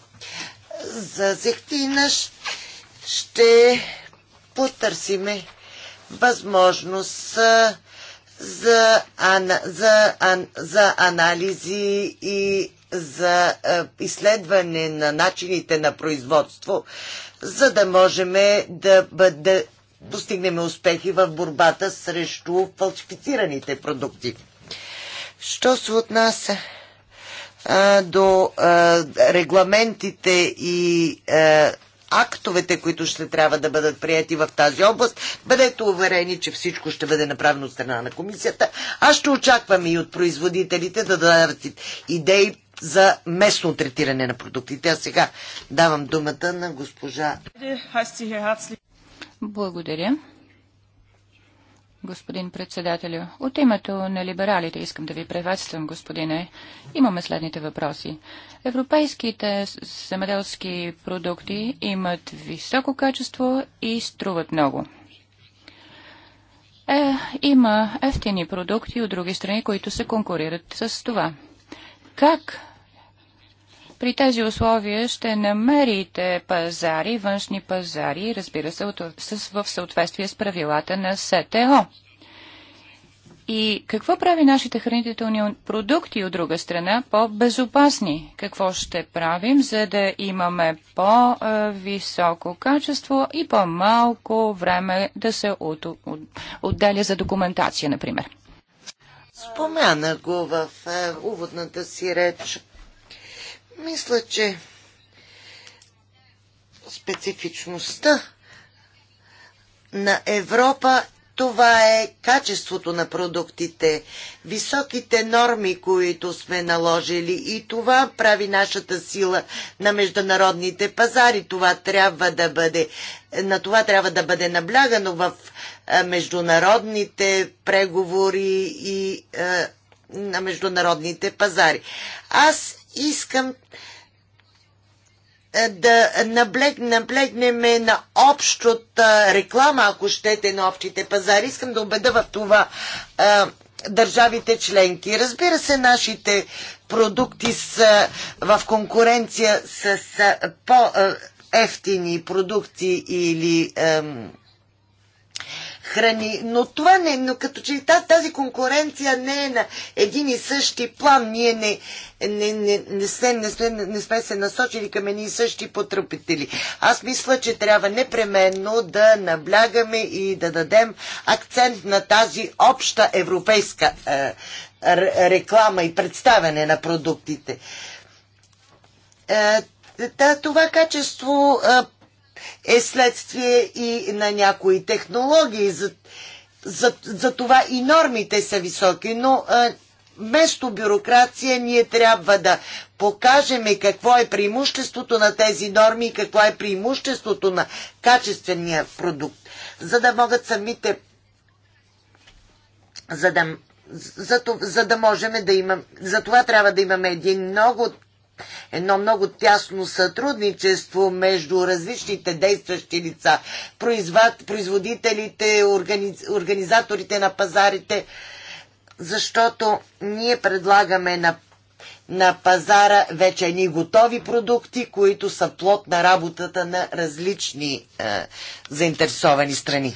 S1: За зехтина ще потърсиме възможност за, ана, за, ан, за анализи и за е, изследване на начините на производство, за да можем да, да постигнем успехи в борбата срещу фалшифицираните продукти. Що се отнася до е, регламентите и е, актовете, които ще трябва да бъдат прияти в тази област. Бъдете уверени, че всичко ще бъде направено от страна на комисията. Аз ще очаквам и от производителите да дадат идеи за местно третиране на продуктите. А сега давам думата на госпожа.
S5: Благодаря господин председателю. От името на либералите искам да ви приветствам, господине. Имаме следните въпроси. Европейските земеделски продукти имат високо качество и струват много. Е, има ефтини продукти от други страни, които се конкурират с това. Как при тези условия ще намерите пазари, външни пазари, разбира се, в съответствие с правилата на СТО. И какво прави нашите хранителни продукти от друга страна по-безопасни? Какво ще правим, за да имаме по-високо качество и по-малко време да се от, от, отделя за документация, например?
S1: Спомяна го в е, уводната си реч мисля, че специфичността на Европа това е качеството на продуктите, високите норми, които сме наложили и това прави нашата сила на международните пазари. Това трябва да бъде, на това трябва да бъде наблягано в е, международните преговори и е, на международните пазари. Аз искам е, да наблег, наблегнем на общата реклама, ако щете, на общите пазари. Искам да убеда в това а, е, държавите членки. Разбира се, нашите продукти са в конкуренция с, е, по-ефтини продукти или храни. Но това не, но като че тази конкуренция не е на един и същи план. Ние не, не, не, не, сме, не, сме, не сме се насочили към едни и същи потръпители. Аз мисля, че трябва непременно да наблягаме и да дадем акцент на тази обща европейска е, реклама и представяне на продуктите. Е, това качество е, е следствие и на някои технологии. За, за, за това и нормите са високи, но а, вместо бюрокрация ние трябва да покажем какво е преимуществото на тези норми и какво е преимуществото на качествения продукт, за да могат самите за да, за, за да можем да имаме, за това трябва да имаме един много едно много тясно сътрудничество между различните действащи лица, производителите, организаторите на пазарите, защото ние предлагаме на на пазара вече ни готови продукти, които са плод на работата на различни е, заинтересовани страни.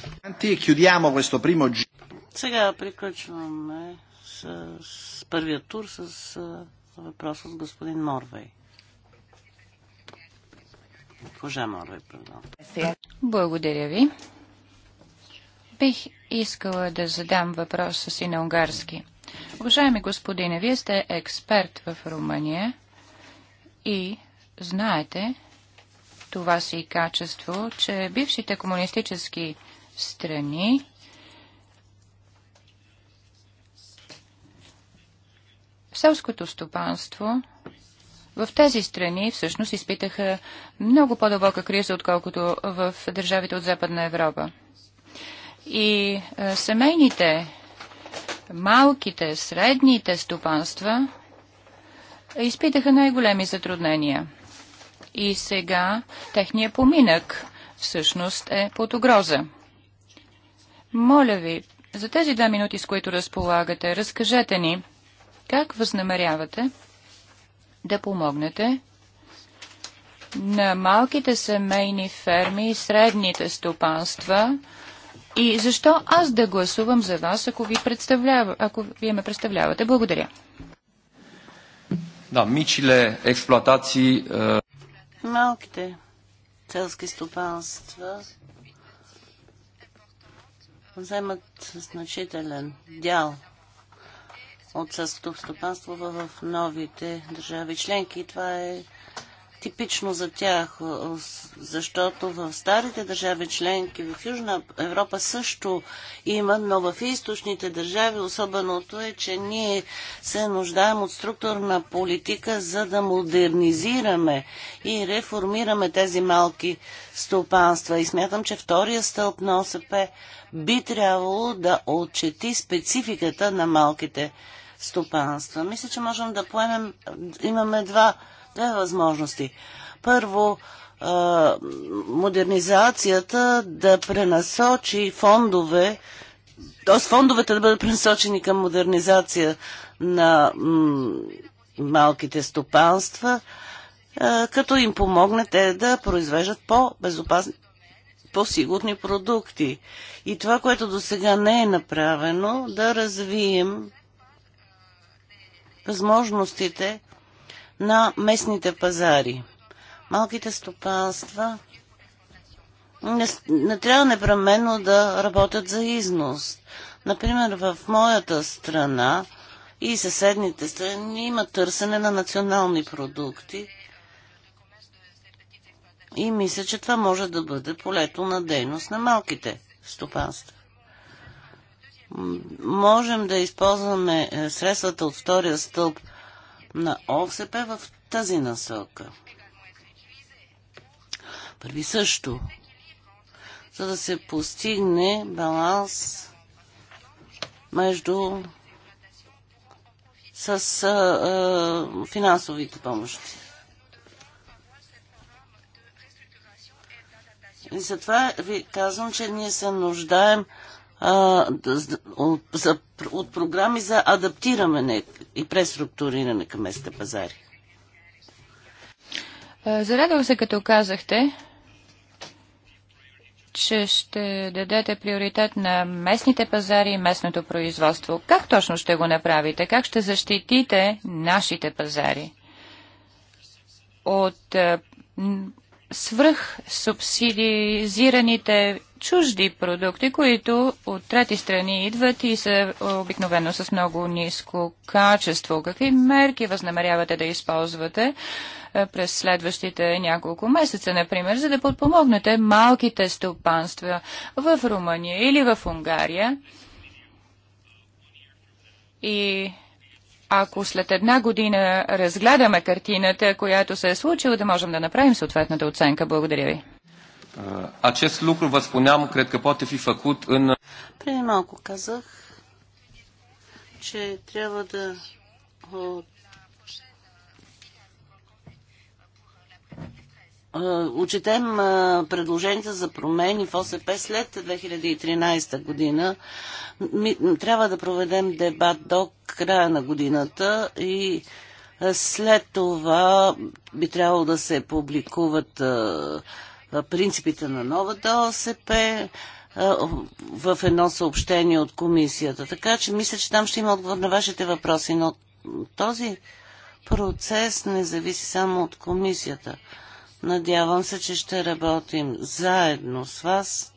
S3: Сега приключваме с първия тур с е, въпрос от господин Морвей. Госпожа Морвей,
S5: пардон. Благодаря ви. Бих искала да задам въпроса си на унгарски. Уважаеми господине, вие сте експерт в Румъния и знаете това си качество, че бившите комунистически страни Селското стопанство в тези страни всъщност изпитаха много по-дълбока криза, отколкото в държавите от Западна Европа. И а, е, семейните, малките, средните стопанства изпитаха най-големи затруднения. И сега техният поминък всъщност е под угроза. Моля ви, за тези две минути, с които разполагате, разкажете ни – как възнамерявате да помогнете на малките семейни ферми и средните стопанства? И защо аз да гласувам за вас, ако, ви представлява, ако вие ме представлявате? Благодаря.
S4: Да, мичиле експлуатации... Е...
S5: Малките селски
S3: стопанства вземат значителен дял от селското стопанство в новите държави членки. Това е типично за тях, защото в старите държави членки, в Южна Европа също има, но в източните държави особеното е, че ние се нуждаем от структурна политика, за да модернизираме и реформираме тези малки стопанства. И смятам, че втория стълб на ОСП би трябвало да отчети спецификата на малките стопанства. Мисля, че можем да поемем, имаме два, две възможности. Първо, модернизацията да пренасочи фондове, т.е. фондовете да бъдат пренасочени към модернизация на малките стопанства, като им помогне те да произвеждат по-безопасни, по-сигурни продукти. И това, което до сега не е направено, да развием възможностите на местните пазари. Малките стопанства не, не трябва непременно да работят за износ. Например, в моята страна и съседните страни има търсене на национални продукти и мисля, че това може да бъде полето на дейност на малките стопанства можем да използваме е, средствата от втория стълб на ОСП в тази насока. Първи също, за да се постигне баланс между с а, е, а, е, финансовите помощи. И затова ви казвам, че ние се нуждаем а, от, за, от програми за адаптиране и преструктуриране към местните пазари.
S5: Е, зарадвам се, като казахте, че ще дадете приоритет на местните пазари и местното производство. Как точно ще го направите? Как ще защитите нашите пазари от е, свръх субсидизираните чужди продукти, които от трети страни идват и са е, обикновено с много ниско качество. Какви мерки възнамерявате да използвате е, през следващите няколко месеца, например, за да подпомогнете малките стопанства в Румъния или в Унгария? И ако след една година разгледаме картината, която се е случила, да можем да направим съответната оценка. Благодаря ви.
S4: Acest lucru, vă spuneam, cred că poate fi făcut în...
S5: Преди малко казах,
S3: че трябва да Учетем предложенията за промени в ОСП след 2013 година. Трябва да проведем дебат до края на годината и след това би трябвало да се публикуват принципите на новата ОСП в едно съобщение от комисията. Така че мисля, че там ще има отговор на вашите въпроси, но този процес не зависи само от комисията. Надявам се, че ще работим заедно с вас.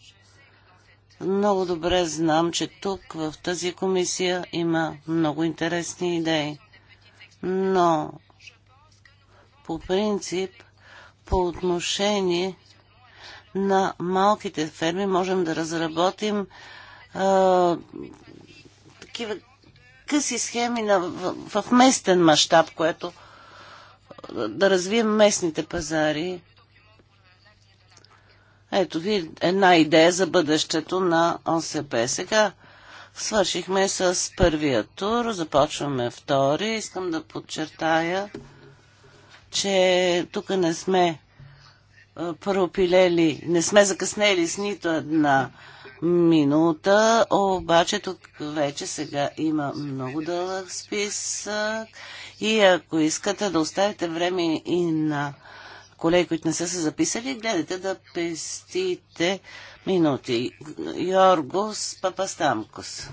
S3: Много добре знам, че тук в тази комисия има много интересни идеи. Но по принцип, по отношение на малките ферми можем да разработим а, такива къси схеми на, в, в местен мащаб, което да развием местните пазари. Ето ви една идея за бъдещето на ОСП. Сега свършихме с първия тур, започваме втори. Искам да подчертая, че тук не сме пропилели, не сме закъснели с нито една минута, обаче тук вече сега има много дълъг списък и ако искате да оставите време и на колеги, които не са се записали, гледайте да пестите минути. Йоргос Папастамкос.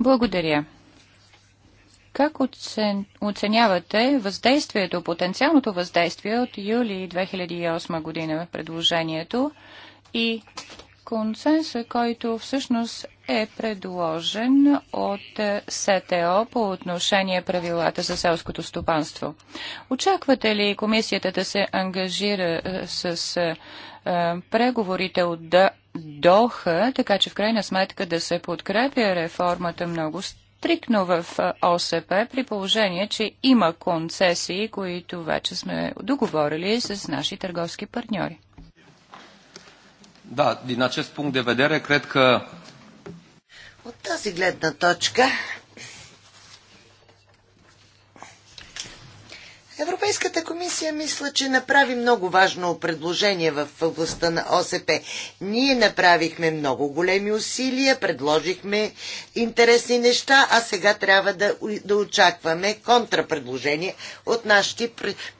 S5: Благодаря. Как оценявате въздействието, потенциалното въздействие от юли 2008 година в предложението и консенса, който всъщност е предложен от СТО по отношение правилата за селското стопанство. Очаквате ли комисията да се ангажира е, с а, е, е, преговорите от Доха, така че в крайна сметка да се подкрепя реформата много стрикно в ОСП, при положение, че има концесии, които вече сме договорили с наши търговски партньори.
S4: Да, иначе с пункт de vedere,
S1: От тази гледна точка, Европейската комисия мисля, че направи много важно предложение в областта на ОСП. Ние направихме много големи усилия, предложихме интересни неща, а сега трябва да, да очакваме контрапредложение от нашите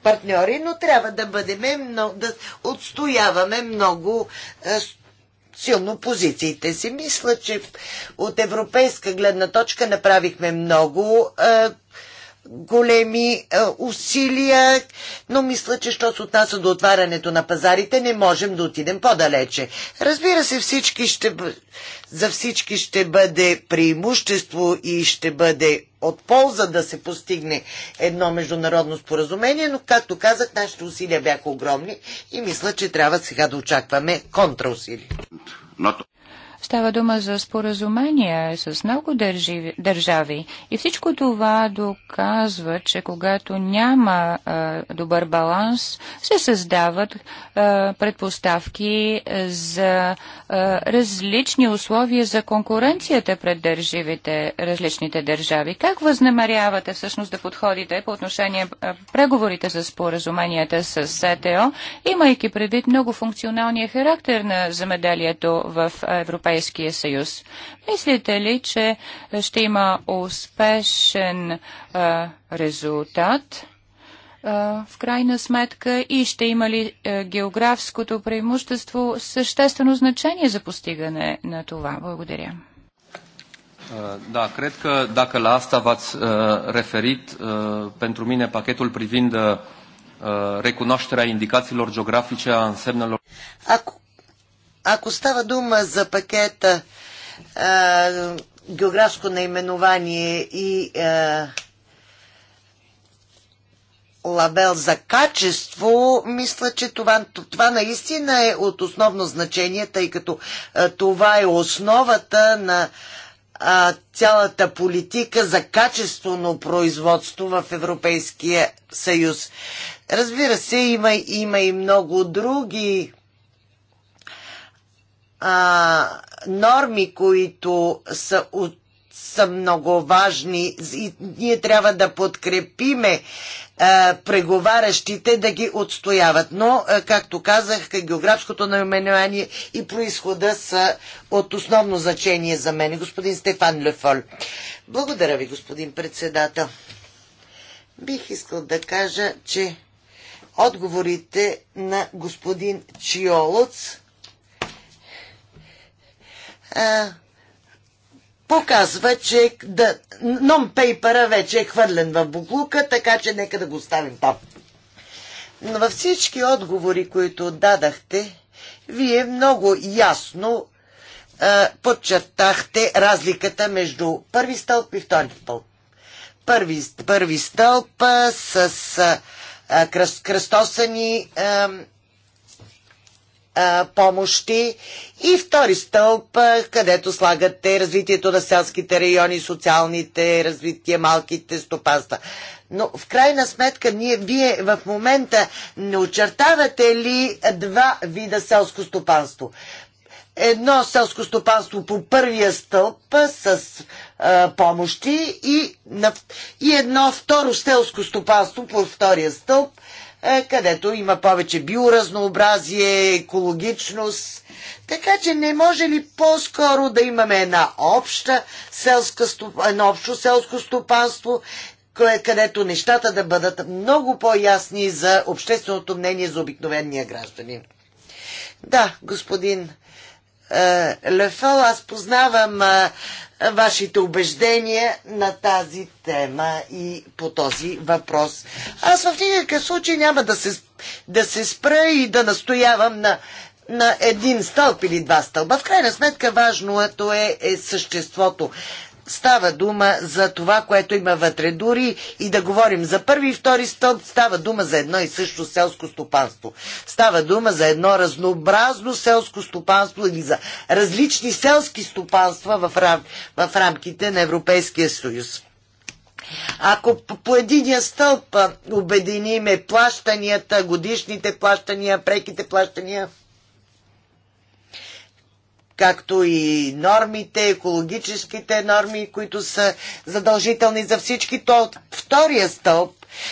S1: партньори, но трябва да бъдем много, да отстояваме много е, силно позициите си. Мисля, че от европейска гледна точка направихме много. Е, големи е, усилия, но мисля, че що се отнася до отварянето на пазарите, не можем да отидем по-далече. Разбира се, всички ще, за всички ще бъде преимущество и ще бъде от полза да се постигне едно международно споразумение, но, както казах, нашите усилия бяха огромни и мисля, че трябва сега да очакваме контраусилия.
S5: Става дума за споразумения с много държи, държави. И всичко това доказва, че когато няма а, добър баланс, се създават а, предпоставки за а, различни условия за конкуренцията пред държивите, различните държави. Как възнамерявате всъщност да подходите по отношение а, преговорите с споразуменията с СТО, имайки предвид много функционалния характер на замеделието в Европейския Европейския съюз. Мислите ли, че ще има успешен а, резултат? в крайна сметка и ще има ли географското преимущество съществено значение за постигане на това? Благодаря.
S4: Да, cred că dacă la asta v-ați referit, pentru mine pachetul privind recunoașterea indicațiilor geografice a însemnelor...
S1: Ако, ако става дума за пакета а, географско наименование и а, лабел за качество, мисля, че това, това наистина е от основно значение, тъй като а, това е основата на а, цялата политика за качествено производство в Европейския съюз. Разбира се, има, има и много други а, норми, които са от са много важни и ние трябва да подкрепиме а, преговарящите да ги отстояват. Но, а, както казах, географското наименование и происхода са от основно значение за мен. Господин Стефан Лефол. Благодаря ви, господин председател. Бих искал да кажа, че отговорите на господин Чиолоц е, показва, че да, нон-пейпера вече е хвърлен в буклука, така че нека да го оставим там. Но във всички отговори, които дадахте, вие много ясно а, е, подчертахте разликата между първи стълб и втори стълб. Първи, първи стълб с а, кръс, кръстосани а, помощи и втори стълб, където слагате развитието на селските райони, социалните развитие, малките стопанства. Но в крайна сметка ние, вие в момента не очертавате ли два вида селско стопанство? Едно селско стопанство по първия стълб с а, помощи и, на, и едно второ селско стопанство по втория стълб е, където има повече биоразнообразие, екологичност. Така че не може ли по-скоро да имаме една обща селска, едно общо селско стопанство, където нещата да бъдат много по-ясни за общественото мнение за обикновения граждани? Да, господин е, Лефел, аз познавам е, вашите убеждения на тази тема и по този въпрос. Аз в никакъв случай няма да се, да се спра и да настоявам на, на един стълб или два стълба. В крайна сметка важното е, е съществото става дума за това, което има вътре. Дори и да говорим за първи и втори стълб, става дума за едно и също селско стопанство. Става дума за едно разнообразно селско стопанство или за различни селски стопанства в, рам, в рамките на Европейския съюз. Ако по единия стълб обединиме плащанията, годишните плащания, преките плащания, както и нормите, екологическите норми, които са задължителни за всички, то втория стълб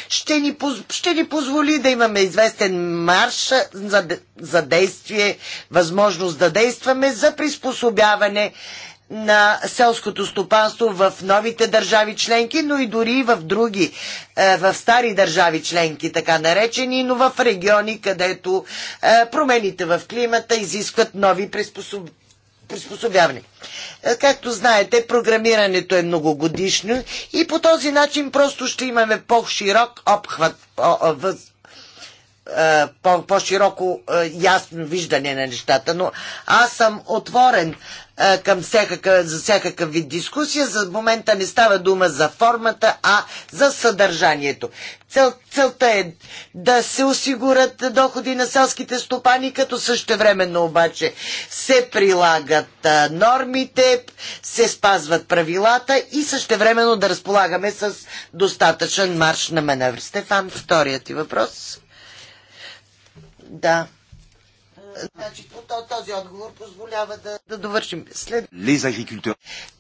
S1: ще ни, ще ни позволи да имаме известен марш за, за действие, възможност да действаме за приспособяване на селското стопанство в новите държави членки, но и дори в други, е, в стари държави членки, така наречени, но в региони, където е, промените в климата изискват нови приспособ приспособяване. Е, както знаете, програмирането е многогодишно и по този начин просто ще имаме по-широк обхват, е, по-широко е, ясно виждане на нещата. Но аз съм отворен към всякакъв, за всякакъв вид дискусия. За момента не става дума за формата, а за съдържанието. Цел, целта е да се осигурят доходи на селските стопани, като същевременно обаче се прилагат нормите, се спазват правилата и същевременно да разполагаме с достатъчен марш на маневр. Стефан, вторият ти въпрос. Да. Значи, този отговор позволява да, да довършим. След...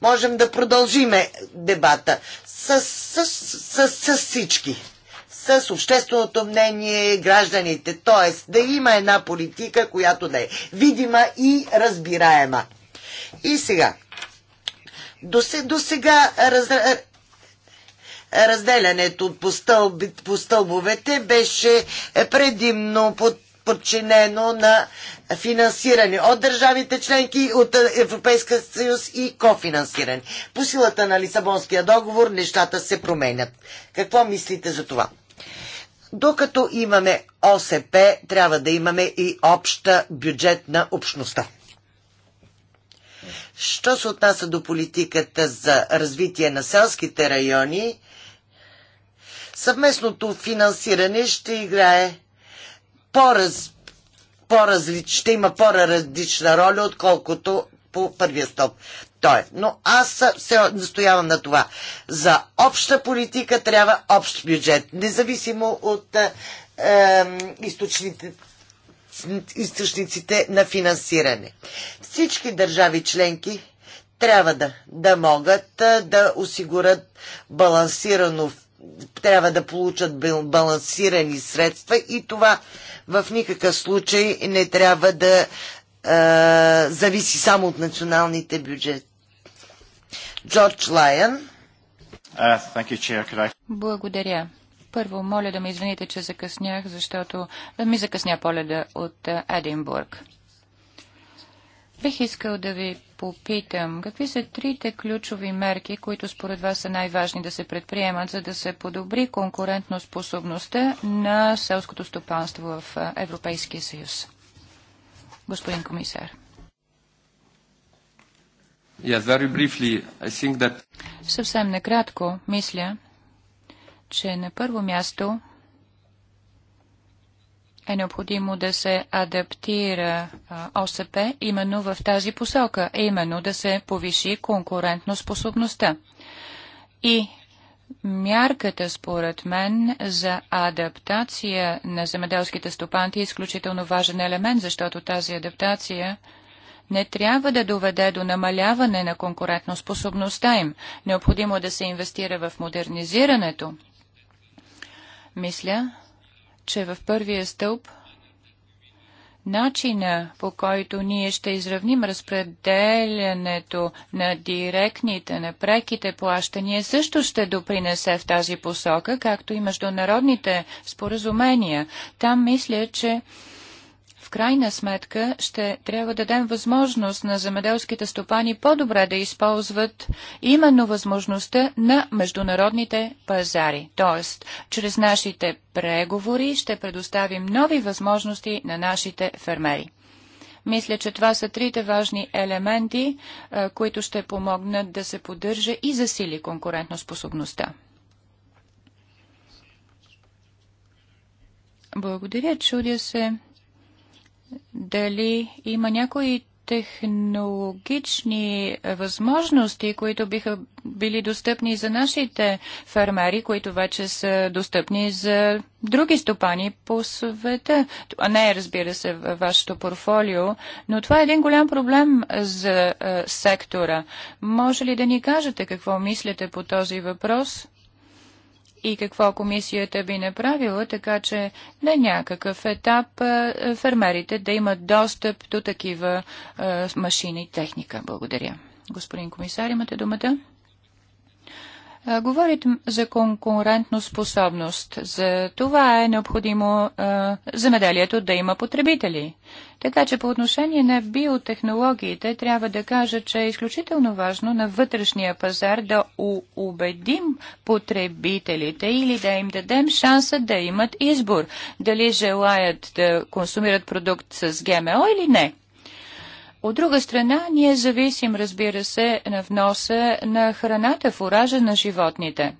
S1: Можем да продължим дебата с, с, с, с, с всички. С общественото мнение, гражданите. Тоест, да има една политика, която да е видима и разбираема. И сега. До, до сега раз, разделянето по, стълб, по стълбовете беше предимно под подчинено на финансиране от държавите членки, от е, Европейска съюз и кофинансиране. По силата на Лисабонския договор нещата се променят. Какво мислите за това? Докато имаме ОСП, трябва да имаме и обща бюджет на общността. Що се отнася до политиката за развитие на селските райони, съвместното финансиране ще играе по-раз, по-различ, ще има по-различна роля, отколкото по първия стоп. Той. Е. Но аз все настоявам на това. За обща политика трябва общ бюджет, независимо от е, източните източниците на финансиране. Всички държави членки трябва да, да могат е, да осигурят балансирано трябва да получат балансирани средства и това в никакъв случай не трябва да е, зависи само от националните бюджети. Джордж Лайън.
S5: Благодаря. Първо, моля да ме извините, че закъснях, защото ми закъсня поледа от Единбург. Бих искал да ви попитам, какви са трите ключови мерки, които според вас са най-важни да се предприемат, за да се подобри конкурентно способността на селското стопанство в Европейския съюз? Господин комисар.
S4: Yes, very briefly, I think that...
S5: Съвсем накратко, мисля, че на първо място е необходимо да се адаптира ОСП именно в тази посока, именно да се повиши конкурентно способността. И Мярката, според мен, за адаптация на земеделските стопанти е изключително важен елемент, защото тази адаптация не трябва да доведе до намаляване на конкурентноспособността им. Необходимо е да се инвестира в модернизирането. Мисля, че в първия стълб начина по който ние ще изравним разпределянето на директните, на преките плащания също ще допринесе в тази посока, както и международните споразумения. Там мисля, че в крайна сметка ще трябва да дадем възможност на земеделските стопани по-добре да използват именно възможността на международните пазари. Тоест, чрез нашите преговори ще предоставим нови възможности на нашите фермери. Мисля, че това са трите важни елементи, които ще помогнат да се поддържа и засили конкурентоспособността. Благодаря, чудя се дали има някои технологични възможности, които биха били достъпни за нашите фермери, които вече са достъпни за други стопани по света. А не, разбира се, във вашето портфолио, но това е един голям проблем за е, сектора. Може ли да ни кажете какво мислите по този въпрос? и какво комисията би направила, така че на някакъв етап фермерите да имат достъп до такива машини и техника. Благодаря. Господин комисар, имате думата. Говорите за конкурентно способност. За това е необходимо а, замеделието да има потребители. Така че по отношение на биотехнологиите трябва да кажа, че е изключително важно на вътрешния пазар да убедим потребителите или да им дадем шанса да имат избор дали желаят да консумират продукт с ГМО или не. От друга страна, ние зависим, разбира се, на вноса на храната, фуража на животните.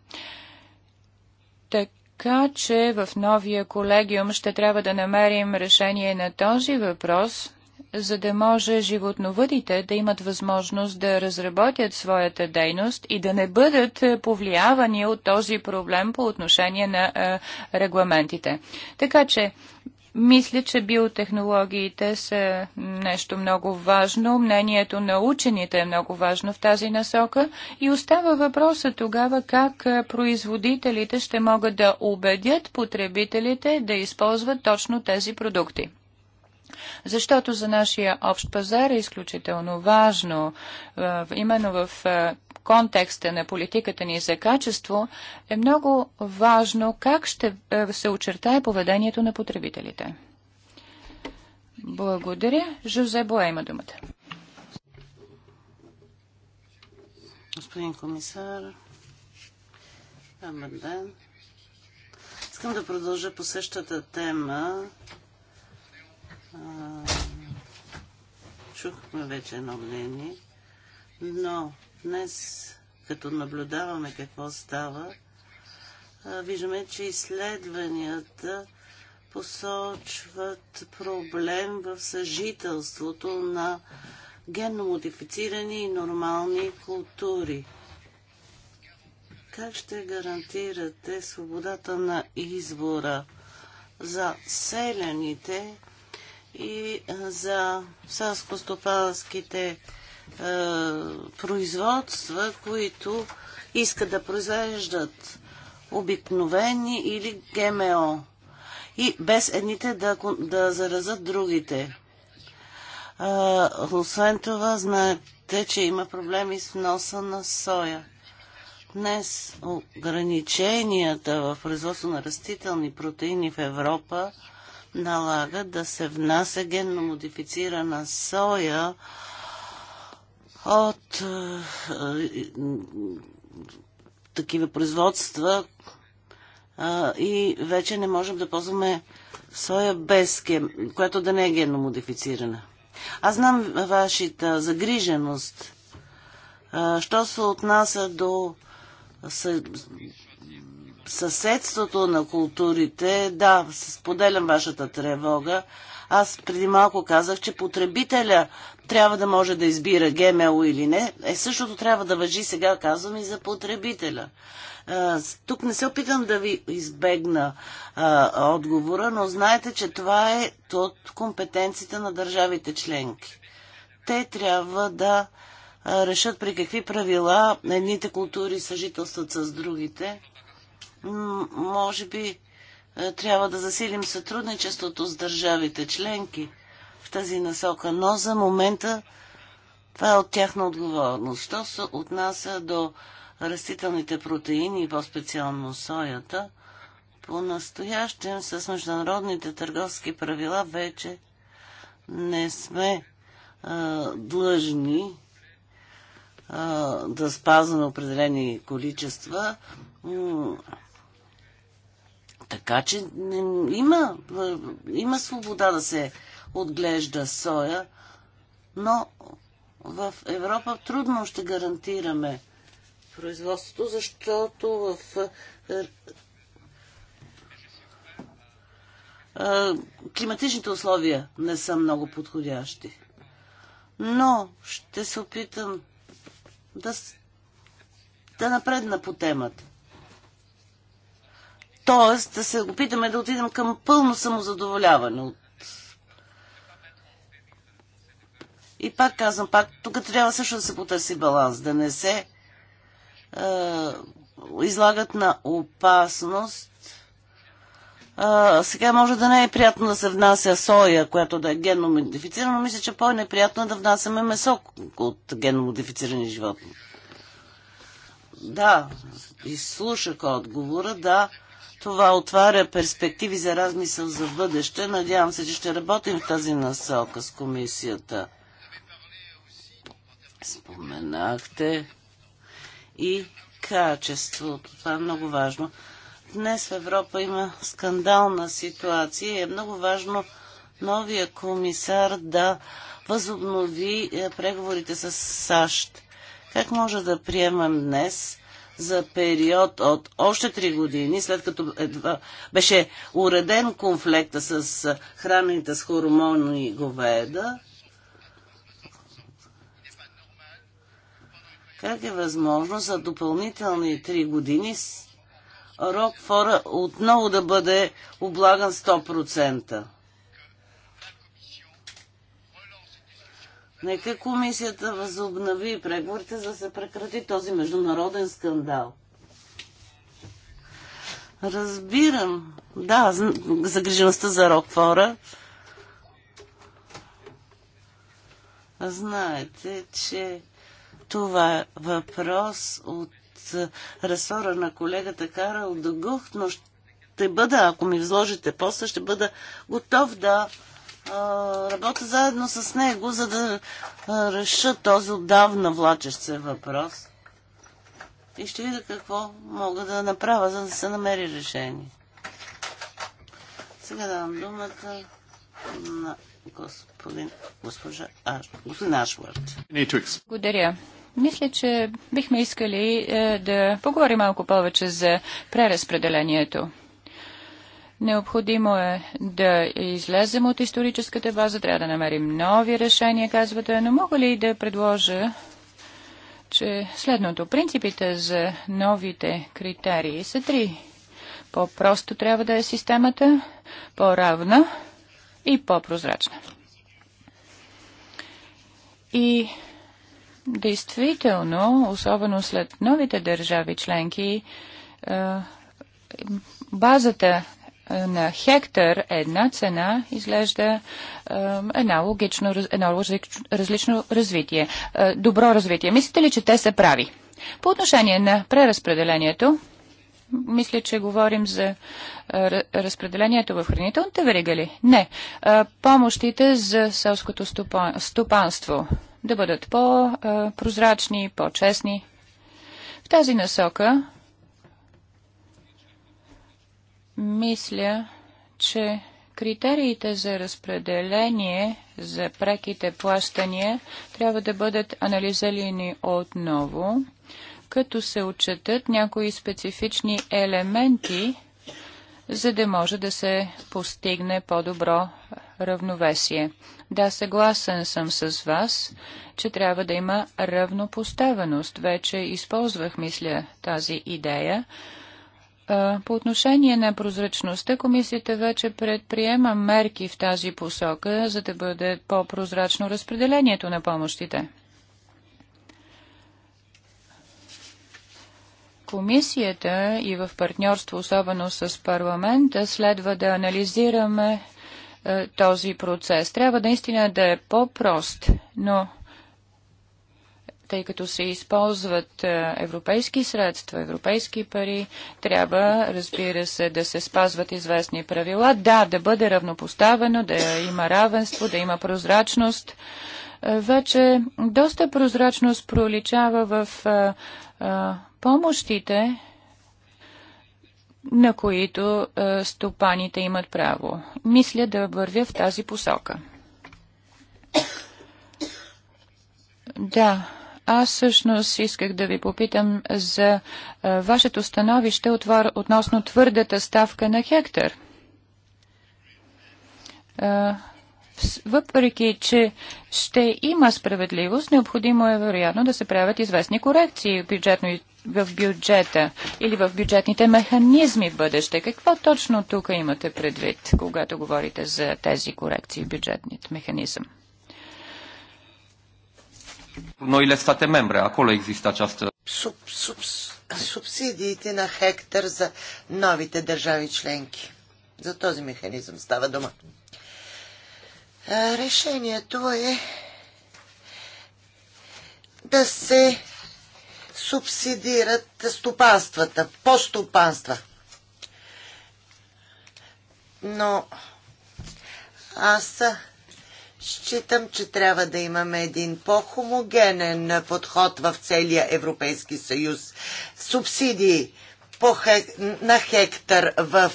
S5: Така че в новия колегиум ще трябва да намерим решение на този въпрос, за да може животновъдите да имат възможност да разработят своята дейност и да не бъдат е, повлиявани от този проблем по отношение на е, регламентите. Така че мисля, че биотехнологиите са нещо много важно. Мнението на учените е много важно в тази насока. И остава въпроса тогава как производителите ще могат да убедят потребителите да използват точно тези продукти. Защото за нашия общ пазар е изключително важно именно в контекста на политиката ни за качество, е много важно как ще е, се очертае поведението на потребителите. Благодаря. Жозе Боя има думата.
S3: Господин комисар, добър ден. Искам да продължа по същата тема. Чухме вече едно мнение, но Днес, като наблюдаваме какво става, виждаме, че изследванията посочват проблем в съжителството на генномодифицирани и нормални култури. Как ще гарантирате свободата на избора за селяните и за селско е, производства, които искат да произвеждат обикновени или ГМО и без едните да, да заразат другите. А, е, освен това, знаете, че има проблеми с носа на соя. Днес ограниченията в производство на растителни протеини в Европа налагат да се внася генно модифицирана соя от такива производства а, и вече не можем да ползваме соя без кем, която да не е генно модифицирана. Аз знам вашата загриженост. А, що се отнася до съ... съседството на културите, да, споделям вашата тревога. Аз преди малко казах, че потребителя трябва да може да избира ГМО или не. Е, същото трябва да въжи сега, казвам, и за потребителя. тук не се опитам да ви избегна а, отговора, но знаете, че това е от компетенцията на държавите членки. Те трябва да решат при какви правила едните култури съжителстват с другите. М може би е, трябва да засилим сътрудничеството с държавите членки в тази насока, но за момента това е от тяхна отговорност. Що се отнася до растителните протеини по-специално соята, по-настоящем с международните търговски правила вече не сме а, е, длъжни а, е, да спазваме определени количества. Така че има, е, има свобода да се отглежда соя, но в Европа трудно ще гарантираме производството, защото в е, е, климатичните условия не са много подходящи. Но ще се опитам да, да напредна по темата. Тоест, да се опитаме да отидем към пълно самозадоволяване от И пак казвам, пак тук трябва също да се потърси баланс, да не се е, излагат на опасност. Е, сега може да не е приятно да се внася соя, която да е генно модифицирана, но мисля, че по-неприятно е да внасяме месо от генно модифицирани животни. Да, изслушах отговора, да. Това отваря перспективи за размисъл за бъдеще. Надявам се, че ще работим в тази насока с комисията. Споменахте и качеството. Това е много важно. Днес в Европа има скандална ситуация и е много важно новия комисар да възобнови е, преговорите с САЩ. Как може да приемем днес за период от още 3 години, след като едва беше уреден конфликта с храните с хормони говеда, как е възможно за допълнителни 3 години Рокфора отново да бъде облаган 100%? Нека комисията възобнови преговорите, за да се прекрати този международен скандал. Разбирам. Да, загрижеността за Рокфора. Знаете, че това е въпрос от ресора на колегата Карал Дъгух, но ще бъда, ако ми взложите после, ще бъда готов да работя заедно с него, за да реша този отдавна влачещ се въпрос. И ще видя какво мога да направя, за да се намери решение.
S5: Сега давам думата
S3: на господин, госпожа а, господин Ашвард.
S5: Благодаря. Мисля, че бихме искали е, да поговорим малко повече за преразпределението. Необходимо е да излезем от историческата база, трябва да намерим нови решения, казвате, но мога ли да предложа че следното. Принципите за новите критерии са три. По-просто трябва да е системата, по-равна и по-прозрачна. И действително, особено след новите държави членки, базата на хектар една цена изглежда едно логично, едно различно развитие, добро развитие. Мислите ли, че те са прави? По отношение на преразпределението, мисля, че говорим за разпределението в хранителните верига ли? Не. Помощите за селското стопанство да бъдат по-прозрачни, по-честни. В тази насока мисля, че критериите за разпределение за преките плащания трябва да бъдат анализирани отново, като се отчетат някои специфични елементи, за да може да се постигне по-добро равновесие. Да, съгласен съм с вас, че трябва да има равнопоставеност. Вече използвах, мисля, тази идея по отношение на прозрачността, комисията вече предприема мерки в тази посока, за да бъде по-прозрачно разпределението на помощите. Комисията и в партньорство, особено с парламента, следва да анализираме този процес. Трябва наистина да е по-прост, но тъй като се използват е, европейски средства, европейски пари, трябва, разбира се, да се спазват известни правила. Да, да бъде равнопоставено, да има равенство, да има прозрачност. Е, вече доста прозрачност проличава в е, помощите, на които стопаните имат право. Мисля да вървя в тази посока. Да, аз всъщност исках да ви попитам за а, вашето становище относно твърдата ставка на Хектор. въпреки, че ще има справедливост, необходимо е вероятно да се правят известни корекции в, бюджетно, в бюджета или в бюджетните механизми в бъдеще. Какво точно тук имате предвид, когато говорите за тези корекции в бюджетният механизъм?
S4: Noile state membre, acolo există această...
S1: Суб, суб, субсидиите на хектар за новите държави членки. За този механизъм става дума. Решението е да се субсидират стопанствата, по-стопанства. Но аз Считам, че трябва да имаме един по-хомогенен подход в целия Европейски съюз. Субсидии по хек, на хектар в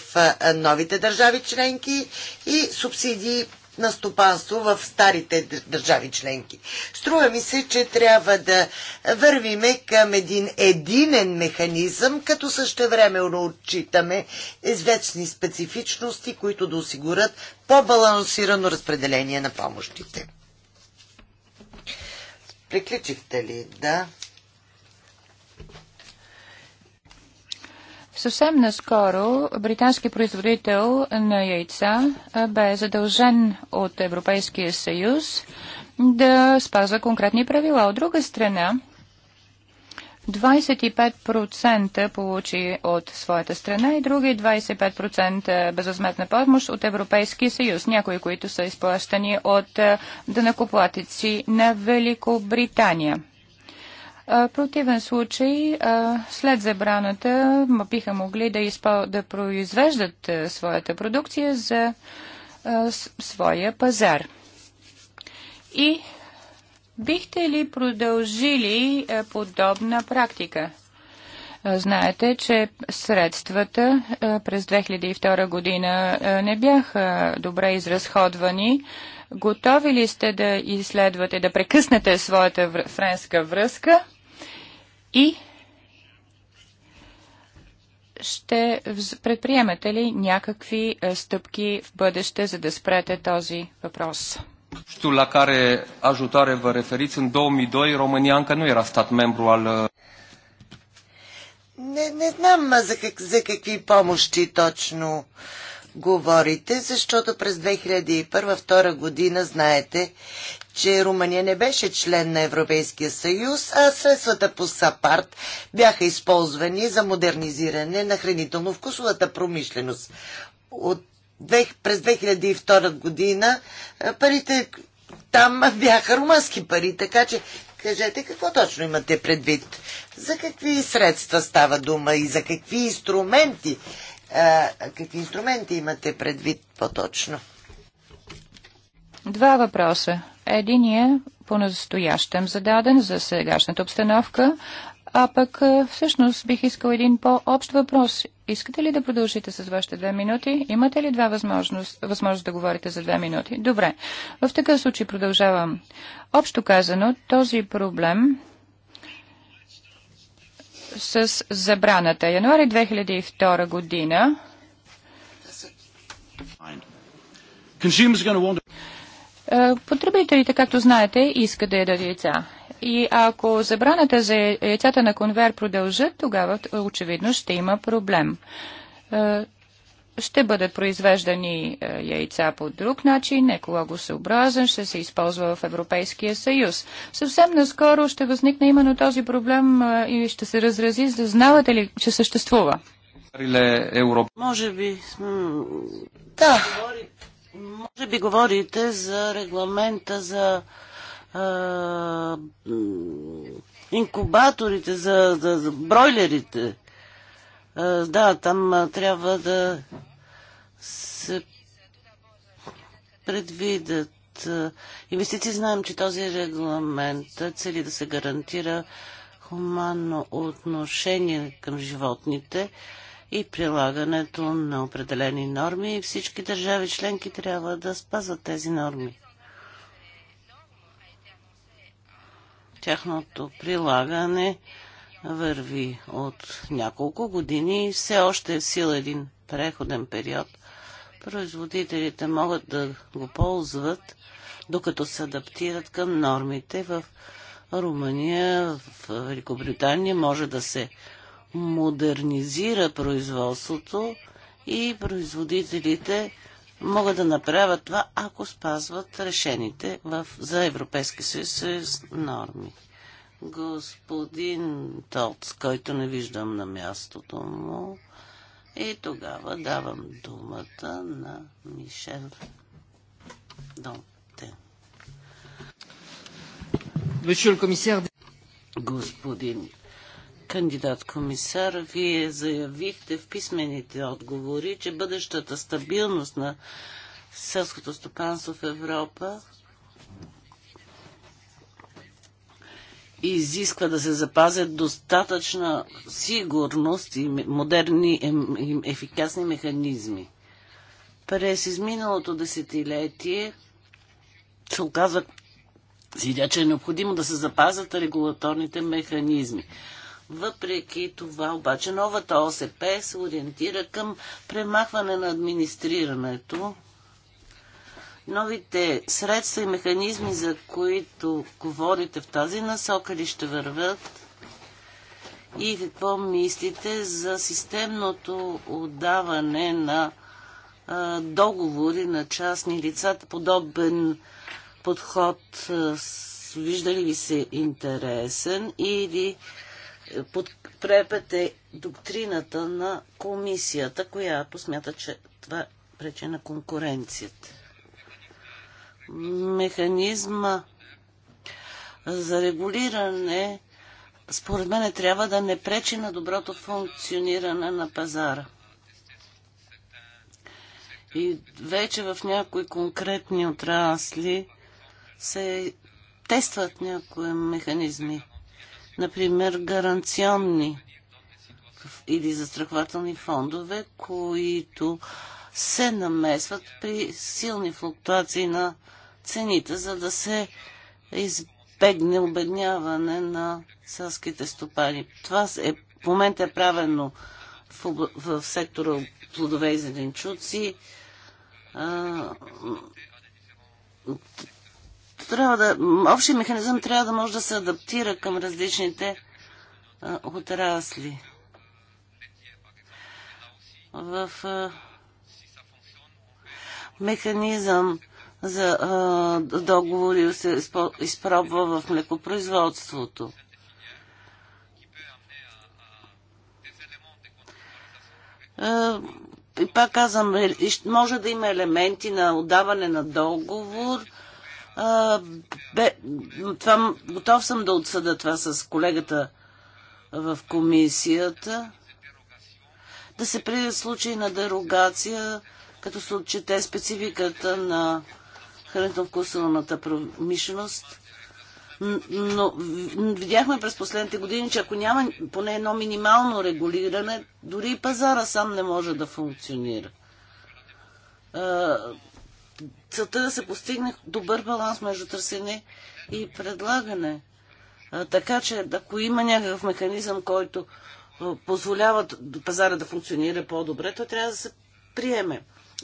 S1: новите държави членки и субсидии на стопанство в старите държави членки. Струва ми се, че трябва да вървиме към един единен механизъм, като същевременно отчитаме известни специфичности, които да осигурят по-балансирано разпределение на помощите. Приключихте ли? Да.
S5: Съвсем наскоро британски производител на яйца бе задължен от Европейския съюз да спазва конкретни правила. От друга страна, 25% получи от своята страна и други 25% безвъзметна помощ от Европейския съюз, някои, които са изплащани от дънакоплатици на Великобритания. В противен случай, след забраната, биха могли да, изпъл... да произвеждат своята продукция за своя пазар. И бихте ли продължили подобна практика? Знаете, че средствата през 2002 година не бяха добре изразходвани. Готови ли сте да изследвате, да прекъснете своята френска връзка и ще предприемете ли някакви е, стъпки в бъдеще, за да спрете този въпрос?
S4: la care ajutare vă referiți. În 2002 România încă nu era stat membru al... Uh,
S1: не, не знам за, как, за какви помощи точно говорите, защото през 2001-2002 година, знаете, че Румъния не беше член на Европейския съюз, а средствата по САПАРТ бяха използвани за модернизиране на хранително-вкусовата промишленост. От, през 2002 година парите там бяха румънски пари, така че кажете какво точно имате предвид? За какви средства става дума и за какви инструменти? А, какви инструменти имате предвид по-точно?
S5: Два въпроса. Единия е по-настоящем зададен за сегашната обстановка, а пък е, всъщност бих искал един по-общ въпрос. Искате ли да продължите с вашите две минути? Имате ли два възможност, възможност да говорите за две минути? Добре. В такъв случай продължавам. Общо казано, този проблем с забраната. Януари 2002 година е, потребителите, както знаете, искат да ядат яйца. И ако забраната за яйцата на конвейер продължат, тогава е, очевидно ще има проблем. Е, ще бъдат произвеждани яйца по друг начин, екологосъобразен, ще се използва в Европейския съюз. Съвсем наскоро ще възникне именно този проблем и ще се разрази, да знавате ли, че съществува.
S4: Може
S3: би. Да. Може би говорите за регламента за а, инкубаторите, за, за, за бройлерите. А, да, там а, трябва да се предвидят инвестиции. Знаем, че този регламент цели да се гарантира хуманно отношение към животните. А, и прилагането на определени норми и всички държави членки трябва да спазват тези норми. Тяхното прилагане върви от няколко години и все още е в сила един преходен период. Производителите могат да го ползват, докато се адаптират към нормите в Румъния, в Великобритания може да се модернизира производството и производителите могат да направят това, ако спазват решените в, за Европейски съюз норми. Господин Толц, който не виждам на мястото му, и тогава давам думата на Мишел Донте. Господин Кандидат комисар, вие заявихте в писмените отговори, че бъдещата стабилност на селското стопанство в Европа изисква да се запазят достатъчна сигурност и модерни и ефикасни механизми. През изминалото десетилетие се оказва, че е необходимо да се запазят регулаторните механизми. Въпреки това, обаче, новата ОСП се ориентира към премахване на администрирането. Новите средства и механизми, за които говорите в тази насока ли ще вървят? И какво мислите за системното отдаване на а, договори на частни лица? Подобен подход а, виждали ли се интересен или подкрепяте доктрината на комисията, която смята, че това прече на конкуренцията. Механизма за регулиране според мен трябва да не пречи на доброто функциониране на пазара. И вече в някои конкретни отрасли се тестват някои механизми например, гаранционни или застрахователни фондове, които се намесват при силни флуктуации на цените, за да се избегне обедняване на селските стопани. Това е, в момента е правено в, в сектора плодове и зеленчуци. А трябва да, общия механизъм трябва да може да се адаптира към различните а, отрасли. В а, механизъм за а, договори се изпробва в млекопроизводството. и пак казвам, е, може да има елементи на отдаване на договор, а, бе, това, готов съм да отсъда това с колегата в комисията. Да се при случай на дерогация, като се отчете спецификата на хранително-вкусовната промишленост. Но видяхме през последните години, че ако няма поне едно минимално регулиране, дори и пазара сам не може да функционира целта е да се постигне добър баланс между търсене и предлагане. Така че, ако има някакъв механизъм, който позволява пазара да функционира по-добре, то трябва да се приеме.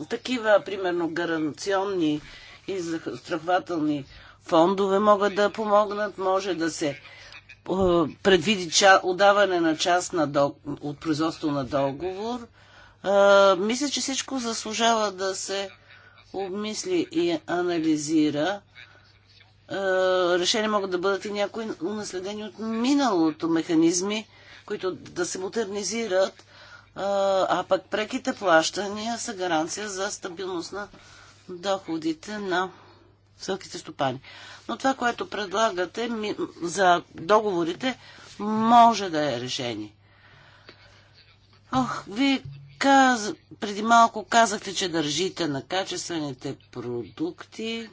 S3: Такива, примерно, гаранционни и застрахователни фондове могат да помогнат, може да се предвиди ча, отдаване на част на дол, от производство на договор. А, мисля, че всичко заслужава да се обмисли и анализира. Решени могат да бъдат и някои унаследени от миналото механизми, които да се модернизират, а пък преките плащания са гаранция за стабилност на доходите на селските стопани. Но това, което предлагате за договорите, може да е решение. Ох, вие Каз... Преди малко казахте, че държите на качествените продукти.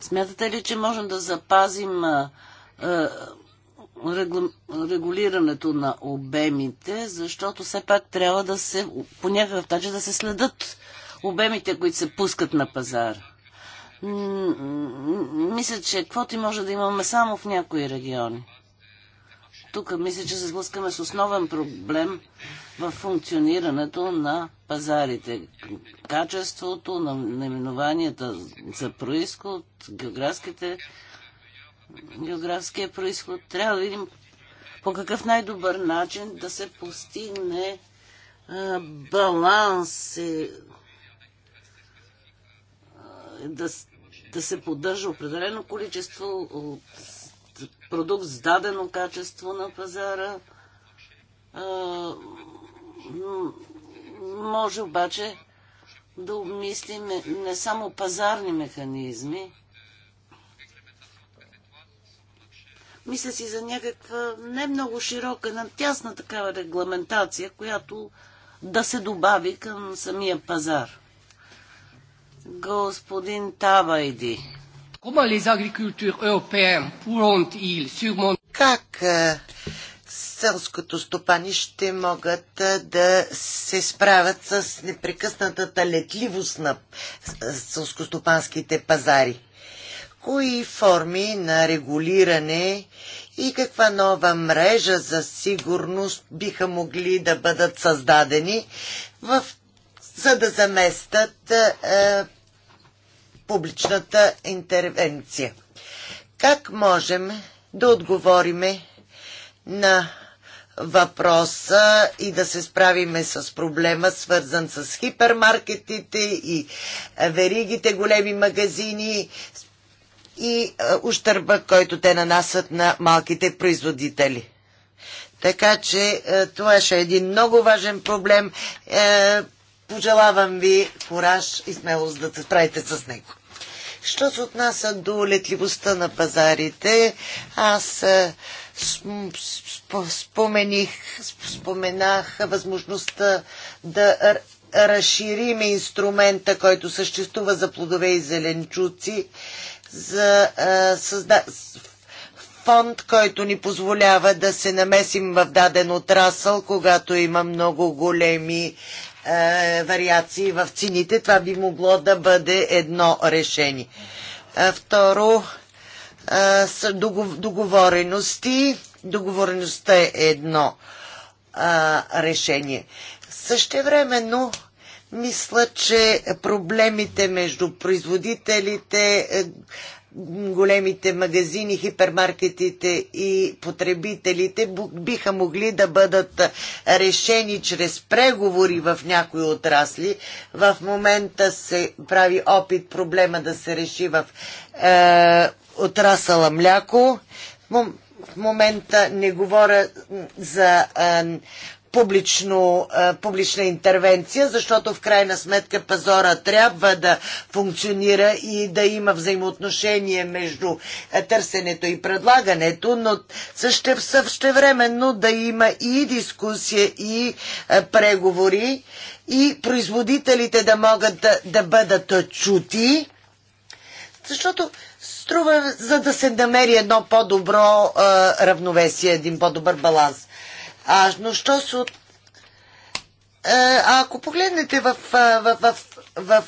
S3: Смятате ли, че можем да запазим а, а, регу... регулирането на обемите, защото все пак трябва да се, по някакъв начин да се следят обемите, които се пускат на пазар? Мисля, че квоти може да имаме само в някои региони. Тук мисля, че се сблъскаме с основен проблем в функционирането на пазарите. Качеството на наименованията за происход, географските, географския происход. Трябва да видим по какъв най-добър начин да се постигне баланс, и да, да се поддържа определено количество от продукт с дадено качество на пазара. Може обаче да обмислим не само пазарни механизми. Мисля си за някаква не много широка, на тясна такава регламентация, която да се добави към самия пазар. Господин Тавайди.
S1: Как е, селското стопани ще могат е, да се справят с непрекъснатата летливост на е, селскостопанските пазари? Кои форми на регулиране и каква нова мрежа за сигурност биха могли да бъдат създадени, в, за да заместят е, публичната интервенция. Как можем да отговориме на въпроса и да се справиме с проблема, свързан с хипермаркетите и е, веригите, големи магазини и е, ущърба, който те нанасят на малките производители. Така че е, това ще е един много важен проблем. Пожелавам ви кораж и смелост да се справите с него. Що се отнася до летливостта на пазарите, аз спомених, споменах възможността да разширим инструмента, който съществува за плодове и зеленчуци, за а, създа... фонд, който ни позволява да се намесим в даден отрасъл, когато има много големи е, вариации в цените. Това би могло да бъде едно решение. Е, второ, е, договорености. Договореността е едно решение. Същевременно, мисля, че проблемите между производителите, големите магазини, хипермаркетите и потребителите биха могли да бъдат решени чрез преговори в някои отрасли. В момента се прави опит проблема да се реши в е, отрасъла мляко. В момента не говоря за е, публично, публична интервенция, защото в крайна сметка пазора трябва да функционира и да има взаимоотношение между търсенето и предлагането, но също, същевременно да има и дискусия, и преговори, и производителите да могат да, да бъдат чути, защото струва, за да се намери едно по-добро равновесие, един по-добър баланс. А, но що се от... А, е, ако погледнете в, в, в, в,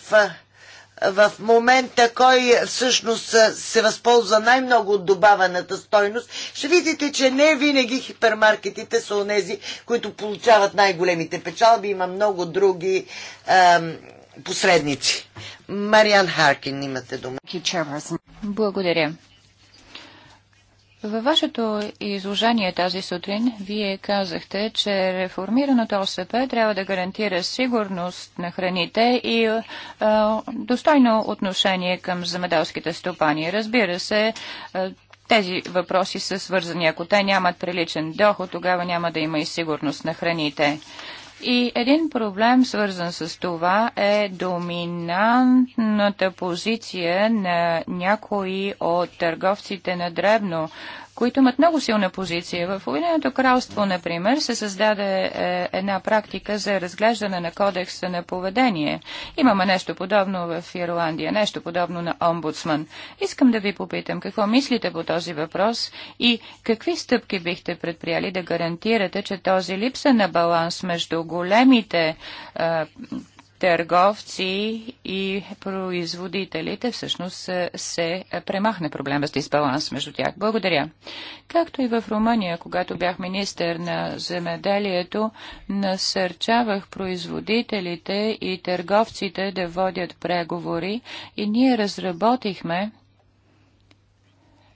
S1: в, в момента кой всъщност се възползва най-много от добавената стойност, ще видите, че не винаги хипермаркетите са онези, които получават най-големите печалби. Има много други ам, посредници. Мариан Харкин, имате дума.
S5: Благодаря. Във вашето изложение тази сутрин вие казахте, че реформираната ОСП трябва да гарантира сигурност на храните и е, достойно отношение към земеделските стопани. Разбира се, е, тези въпроси са свързани. Ако те нямат приличен доход, тогава няма да има и сигурност на храните. И един проблем, свързан с това, е доминантната позиция на някои от търговците на дребно които имат много силна позиция. В Обединеното кралство, например, се създаде е, една практика за разглеждане на кодекса на поведение. Имаме нещо подобно в Ирландия, нещо подобно на омбудсман. Искам да ви попитам какво мислите по този въпрос и какви стъпки бихте предприели да гарантирате, че този липса на баланс между големите е, търговци и производителите всъщност се премахне проблема с дисбаланс между тях. Благодаря. Както и в Румъния, когато бях министър на земеделието, насърчавах производителите и търговците да водят преговори и ние разработихме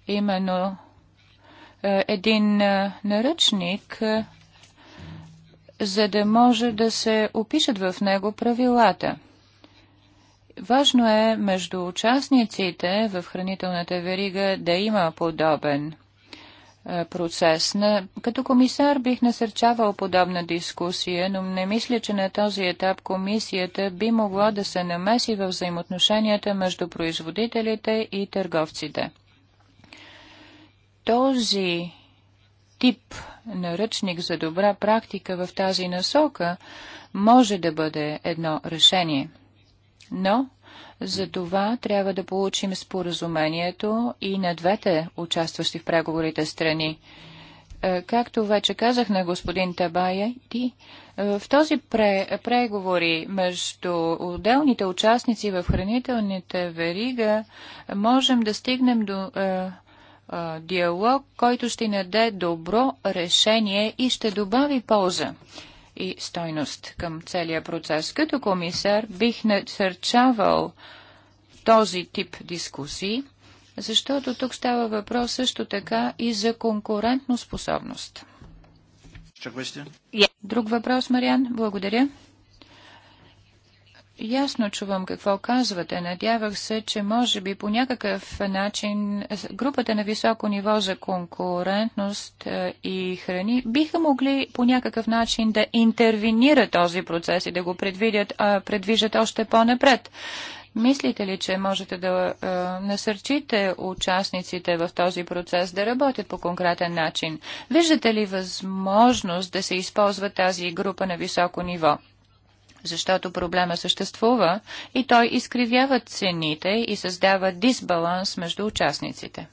S5: именно е, един е, наръчник е, за да може да се опишат в него правилата. Важно е между участниците в хранителната верига да има подобен е, процес. като комисар бих насърчавал подобна дискусия, но не мисля, че на този етап комисията би могла да се намеси в взаимоотношенията между производителите и търговците. Този тип наръчник за добра практика в тази насока може да бъде едно решение. Но за това трябва да получим споразумението и на двете участващи в преговорите страни. Е, както вече казах на господин Табая, ти, е, в този пре, преговори между отделните участници в хранителните верига можем да стигнем до е, диалог, който ще ни даде добро решение и ще добави полза и стойност към целия процес. Като комисар бих насърчавал този тип дискусии, защото тук става въпрос също така и за конкурентно способност. Друг въпрос, Мариан? Благодаря. Ясно чувам какво казвате. Надявах се, че може би по някакъв начин групата на високо ниво за конкурентност е, и храни биха могли по някакъв начин да интервенира този процес и да го предвидят, предвижат още по-напред. Мислите ли, че можете да е, насърчите участниците в този процес да работят по конкретен начин? Виждате ли възможност да се използва тази група на високо ниво? защото проблема съществува и той изкривява цените и създава дисбаланс между участниците.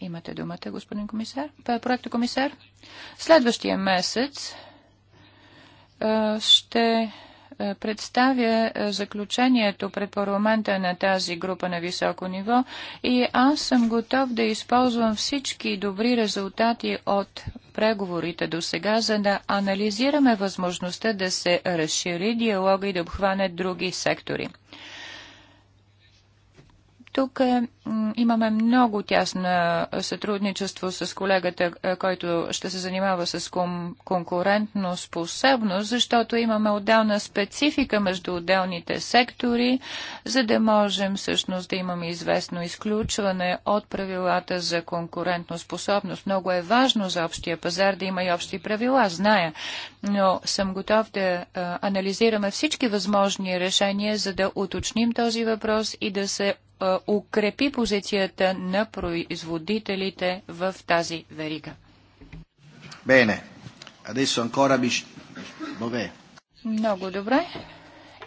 S5: Имате думата, господин комисар, е, Проекта комисар. Следващия месец ще е, представя е, заключението пред парламента на тази група на високо ниво и аз съм готов да използвам всички добри резултати от преговорите до сега, за да анализираме възможността да се разшири диалога и да обхване други сектори. Тук е, имаме много тясно е, сътрудничество с колегата, е, който ще се занимава с кон конкурентно способност, защото имаме отделна специфика между отделните сектори, за да можем всъщност да имаме известно изключване от правилата за конкурентно способност. Много е важно за общия пазар да има и общи правила, зная но съм готов да анализираме всички възможни решения, за да уточним този въпрос и да се укрепи позицията на производителите в тази верига.
S2: Бене. Адесо анкора биш... Бове.
S5: Много добре.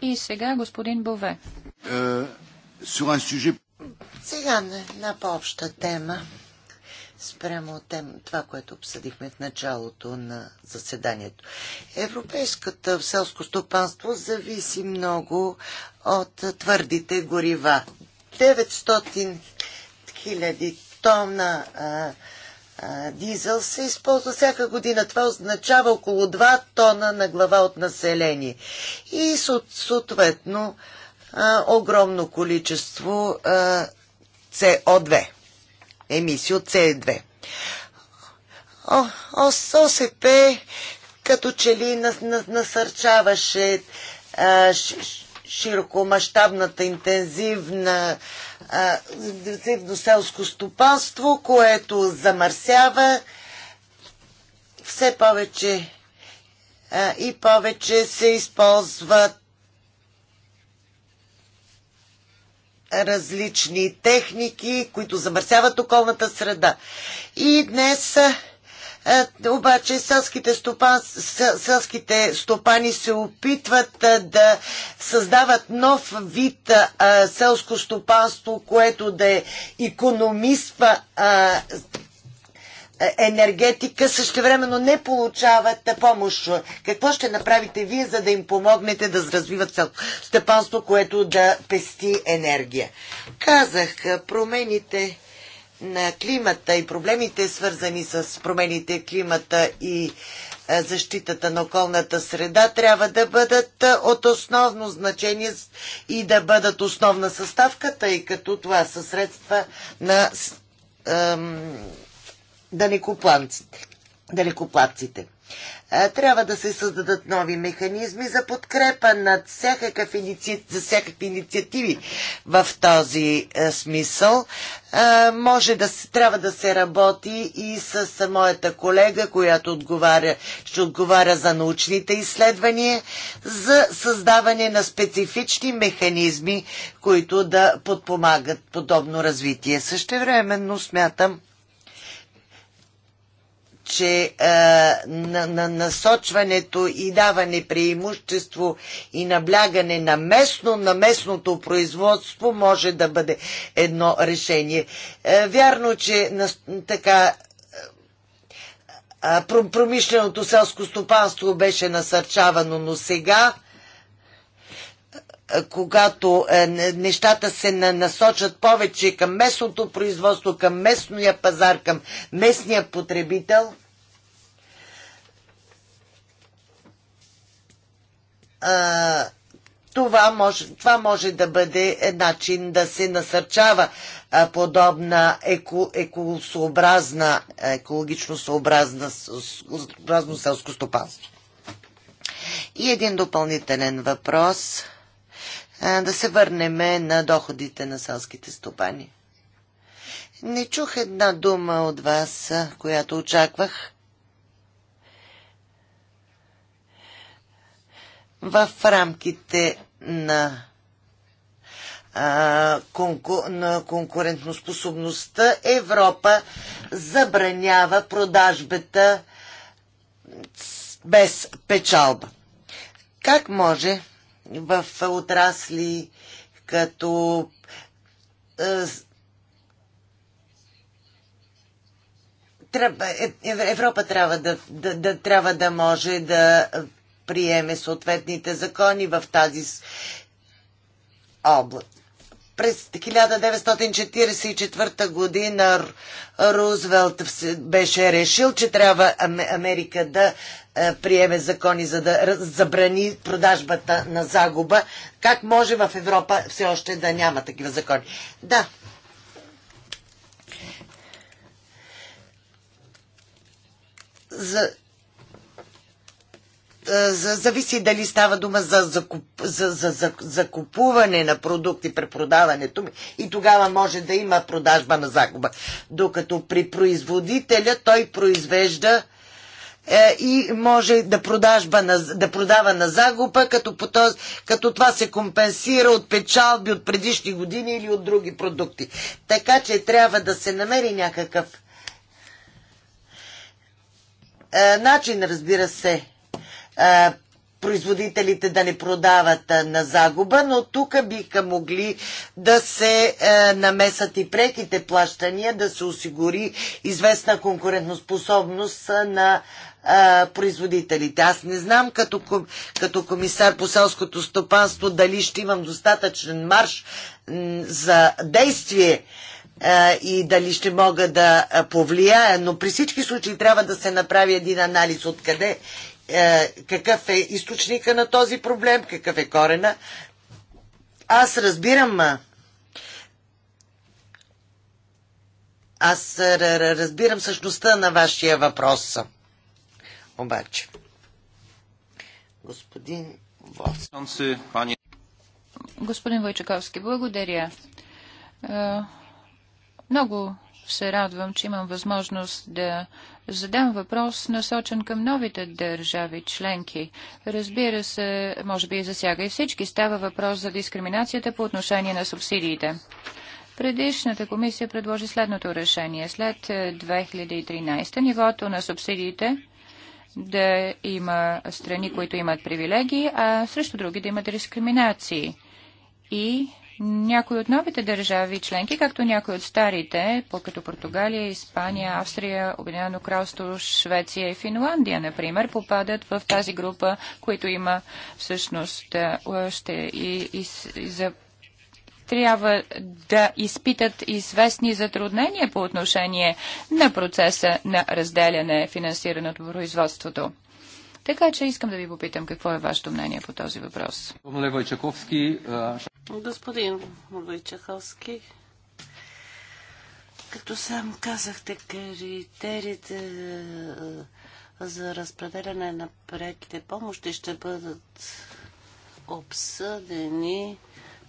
S5: И сега господин Бове. Е, сега на по-обща тема спрямо от тем, това, което
S1: обсъдихме в началото на заседанието. Европейската селско стопанство зависи много от твърдите горива. 900 хиляди тона а, а, дизел се използва всяка година. Това означава около 2 тона на глава от население. И съответно а, огромно количество а, CO2 емисия от CO2. О, ОСП като че ли нас, нас, насърчаваше а, ш, широкомащабната интензивна интензивно селско стопанство, което замърсява все повече а, и повече се използват различни техники, които замърсяват околната среда. И днес обаче селските, стопан, селските стопани се опитват да създават нов вид селско стопанство, което да е економиства е, енергетика същевременно не получават помощ. Какво ще направите вие, за да им помогнете да развиват степанство, което да пести енергия? Казах, е, промените на климата и проблемите свързани с промените климата и е, защитата на околната среда трябва да бъдат от основно значение и да бъдат основна съставка, тъй като това са средства на данекопланците. Далекоплатците. Трябва да се създадат нови механизми за подкрепа на всякакъв иници... за всякакви инициативи в този е, смисъл. Може да се... трябва да се работи и с моята колега, която отговаря, ще отговаря за научните изследвания, за създаване на специфични механизми, които да подпомагат подобно развитие. Същевременно смятам, че а, е, на, на насочването и даване преимущество и наблягане на местно, на местното производство може да бъде едно решение. А, е, вярно, че на, така е, а, промишленото селско стопанство беше насърчавано, но сега е, когато е, нещата се насочат повече към местното производство, към местния пазар, към местния потребител, това може, това може да бъде е, начин да се насърчава подобна еко, екосообразна, екологично съобразна, съобразно селско стопанство. И един допълнителен въпрос – е, да се върнем на доходите на селските стопани. Не чух една дума от вас, е, която очаквах. В рамките на, а, е, конку, на конкурентноспособността Европа забранява продажбата без печалба. Как може в отрасли като е, трябва, е, е, Европа трябва да, да, да, трябва да може да приеме съответните закони в тази област. През 1944 година Рузвелт беше решил, че трябва Америка да е, приеме закони, за да забрани продажбата на загуба. Как може в Европа все още да няма такива закони? Да. За, е, за, зависи дали става дума за, закуп, за, за, за закупуване на продукти, препродаването ми и тогава може да има продажба на загуба. Докато при производителя той произвежда е, и може да, продажба да продава на загуба, като, по този, като това се компенсира от печалби от предишни години или от други продукти. Така че трябва да се намери някакъв е, начин, разбира се, е, производителите да не продават на загуба, но тук биха могли да се е, намесат и преките плащания, да се осигури известна конкурентоспособност на производителите. Аз не знам като, като комисар по селското стопанство дали ще имам достатъчен марш за действие е, и дали ще мога да повлияя, но при всички случаи трябва да се направи един анализ откъде е, какъв е източника на този проблем, какъв е корена. Аз разбирам. Аз разбирам същността на вашия въпрос. Обаче. Господин Вос.
S5: Господин Войчаковски, благодаря. Е, много се радвам, че имам възможност да задам въпрос, насочен към новите държави членки. Разбира се, може би и засяга и всички. Става въпрос за дискриминацията по отношение на субсидиите. Предишната комисия предложи следното решение. След 2013 е, нивото на субсидиите да има страни, които имат привилегии, а срещу други да имат дискриминации. И някои от новите държави членки, както някои от старите, като Португалия, Испания, Австрия, Обединено кралство, Швеция и Финландия, например, попадат в тази група, които има всъщност е, още и, и, и за трябва да изпитат известни затруднения по отношение на процеса на разделяне, финансирането от производството. Така че искам да ви попитам какво е вашето мнение по този въпрос.
S3: Господин Войчаховски, като сам казахте, критериите за разпределяне на преките помощи ще бъдат обсъдени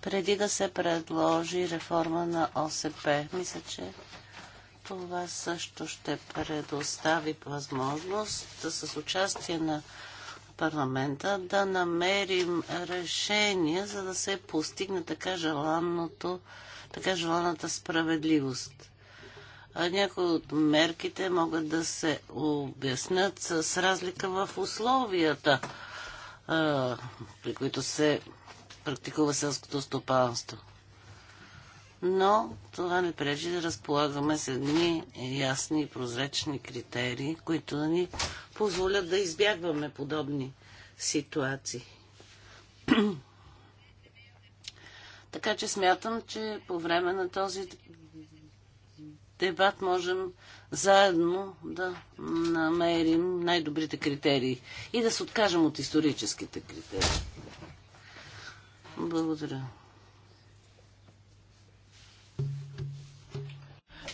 S3: преди да се предложи реформа на ОСП. Мисля, че това също ще предостави възможност да с участие на парламента да намерим решение, за да се постигне така, желаното, така желаната справедливост. А някои от мерките могат да се обяснят с разлика в условията, при които се практикува селското стопанство но това не пречи да разполагаме с едни ясни и прозрачни критерии, които да ни позволят да избягваме подобни ситуации. така че смятам, че по време на този дебат можем заедно да намерим най-добрите критерии и да се откажем от историческите критерии. Благодаря.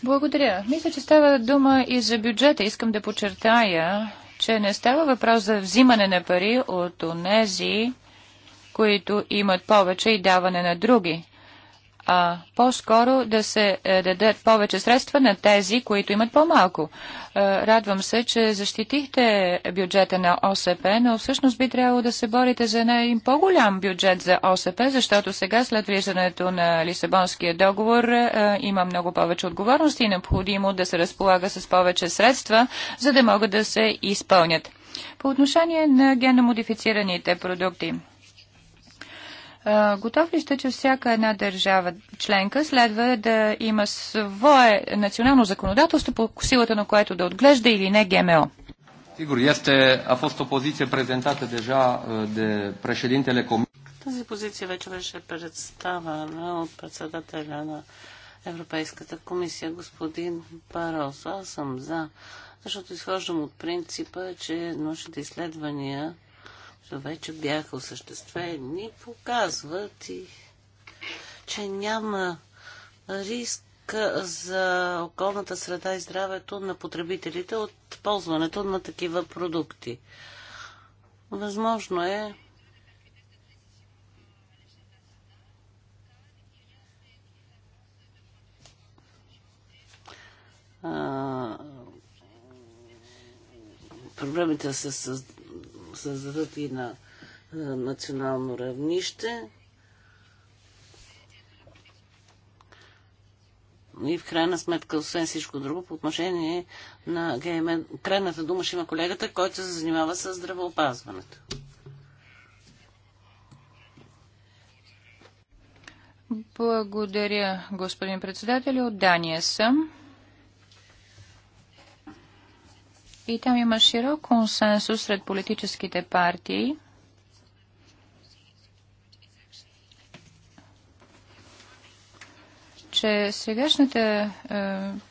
S5: Благодаря. Мисля, че става дума и за бюджета. Искам да подчертая, че не става въпрос за взимане на пари от онези, които имат повече и даване на други а по-скоро да се е, дадат повече средства на тези, които имат по-малко. Е, радвам се, че защитихте бюджета на ОСП, но всъщност би трябвало да се борите за един по-голям бюджет за ОСП, защото сега след влизането на Лисабонския договор е, има много повече отговорности и необходимо да се разполага с повече средства, за да могат да се изпълнят. По отношение на генномодифицираните продукти – Готов ли сте, че всяка една държава членка следва да има свое национално законодателство, по силата на което да отглежда или не ГМО?
S4: Сигур, este, а фост опозиция презентата държа де de
S3: Тази позиция вече беше представена от председателя на Европейската комисия, господин Парос. Аз съм за, защото изхождам от принципа, че научните изследвания които вече бяха осъществени, показват и, че няма риск за околната среда и здравето на потребителите от ползването на такива продукти. Възможно е проблемите с, с създадат и на е, национално равнище. И в крайна сметка, освен всичко друго, по отношение на ГМН, крайната дума ще има колегата, който се занимава с здравеопазването.
S5: Благодаря, господин председател. От Дания съм. И там има широк консенсус сред политическите партии. че сегашната е,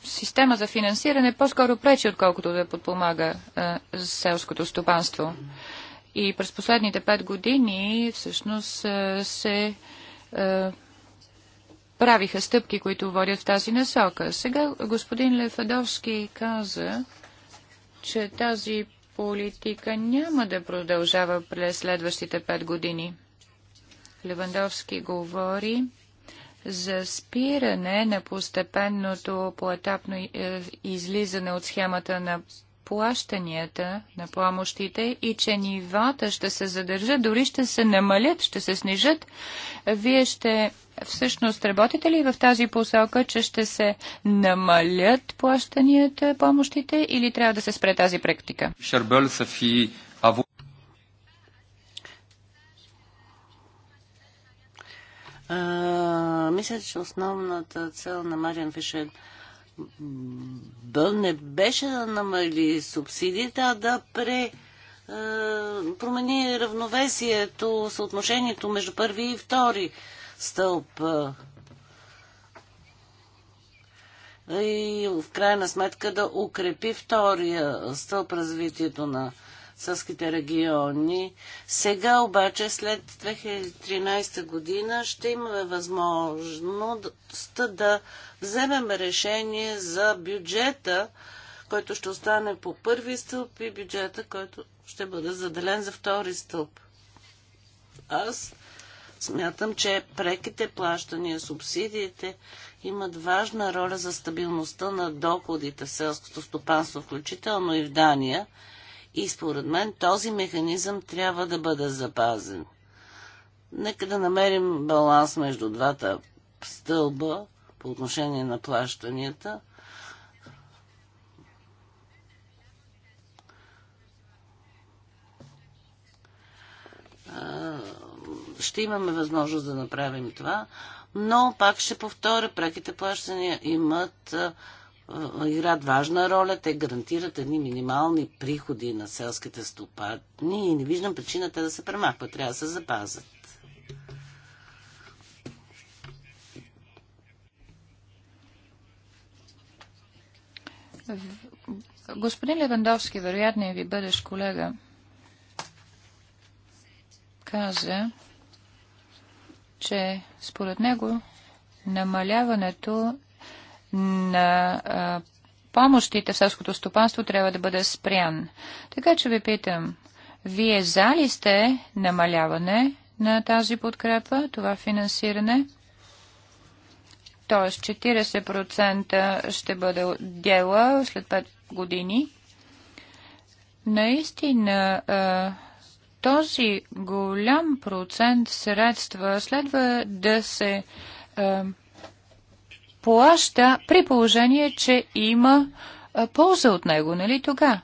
S5: система за финансиране по-скоро пречи, отколкото да подпомага е, селското стопанство. И през последните пет години всъщност е, се е, правиха стъпки, които водят в тази насока. Сега господин Лефадовски каза, че тази политика няма да продължава през следващите пет години. Левандовски говори за спиране на постепенното поетапно е, излизане от схемата на плащанията на помощите и че нивата ще се задържат, дори ще се намалят, ще се снижат. Вие ще всъщност работите ли в тази посока, че ще се намалят плащанията, помощите или трябва да се спре тази практика?
S3: мисля, че основната цел на Мариан Фишер не беше да намали субсидиите, а да пре промени равновесието, съотношението между първи и втори стълб. И в крайна сметка да укрепи втория стълб развитието на сълските региони. Сега обаче, след 2013 година, ще имаме възможност да вземем решение за бюджета, който ще остане по първи стълб и бюджета, който ще бъде заделен за втори стълб. Аз Смятам, че преките плащания, субсидиите имат важна роля за стабилността на доходите в селското стопанство, включително и в Дания. И според мен този механизъм трябва да бъде запазен. Нека да намерим баланс между двата стълба по отношение на плащанията. А, ще имаме възможност да направим това, но пак ще повторя, преките плащания имат играт важна роля. Те гарантират едни минимални приходи на селските стопани и не виждам причина те да се премахват. Трябва да се запазят.
S5: Господин Левандовски, вероятно ви бъдеш колега, каза, че според него намаляването на а, помощите в селското стопанство трябва да бъде спрян. Така че ви питам, вие за ли сте намаляване на тази подкрепа, това финансиране? т.е. 40% ще бъде дела след 5 години. Наистина този голям процент средства следва да се е, плаща при положение, че има е, полза от него, нали тога?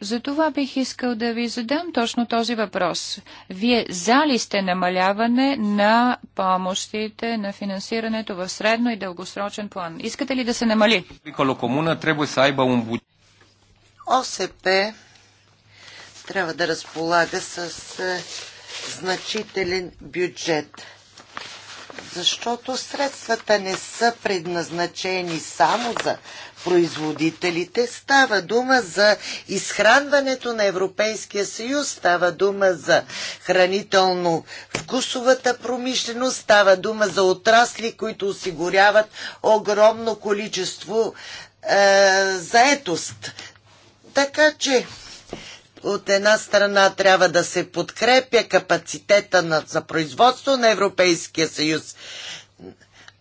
S5: Затова бих искал да ви задам точно този въпрос. Вие за ли сте намаляване на помощите, на финансирането в средно и дългосрочен план? Искате ли да се намали? ОСП
S1: трябва да разполага с е, значителен бюджет. Защото средствата не са предназначени само за производителите. Става дума за изхранването на Европейския съюз, става дума за хранително-вкусовата промишленост, става дума за отрасли, които осигуряват огромно количество е, заетост. Така че от една страна трябва да се подкрепя капацитета на, за производство на Европейския съюз.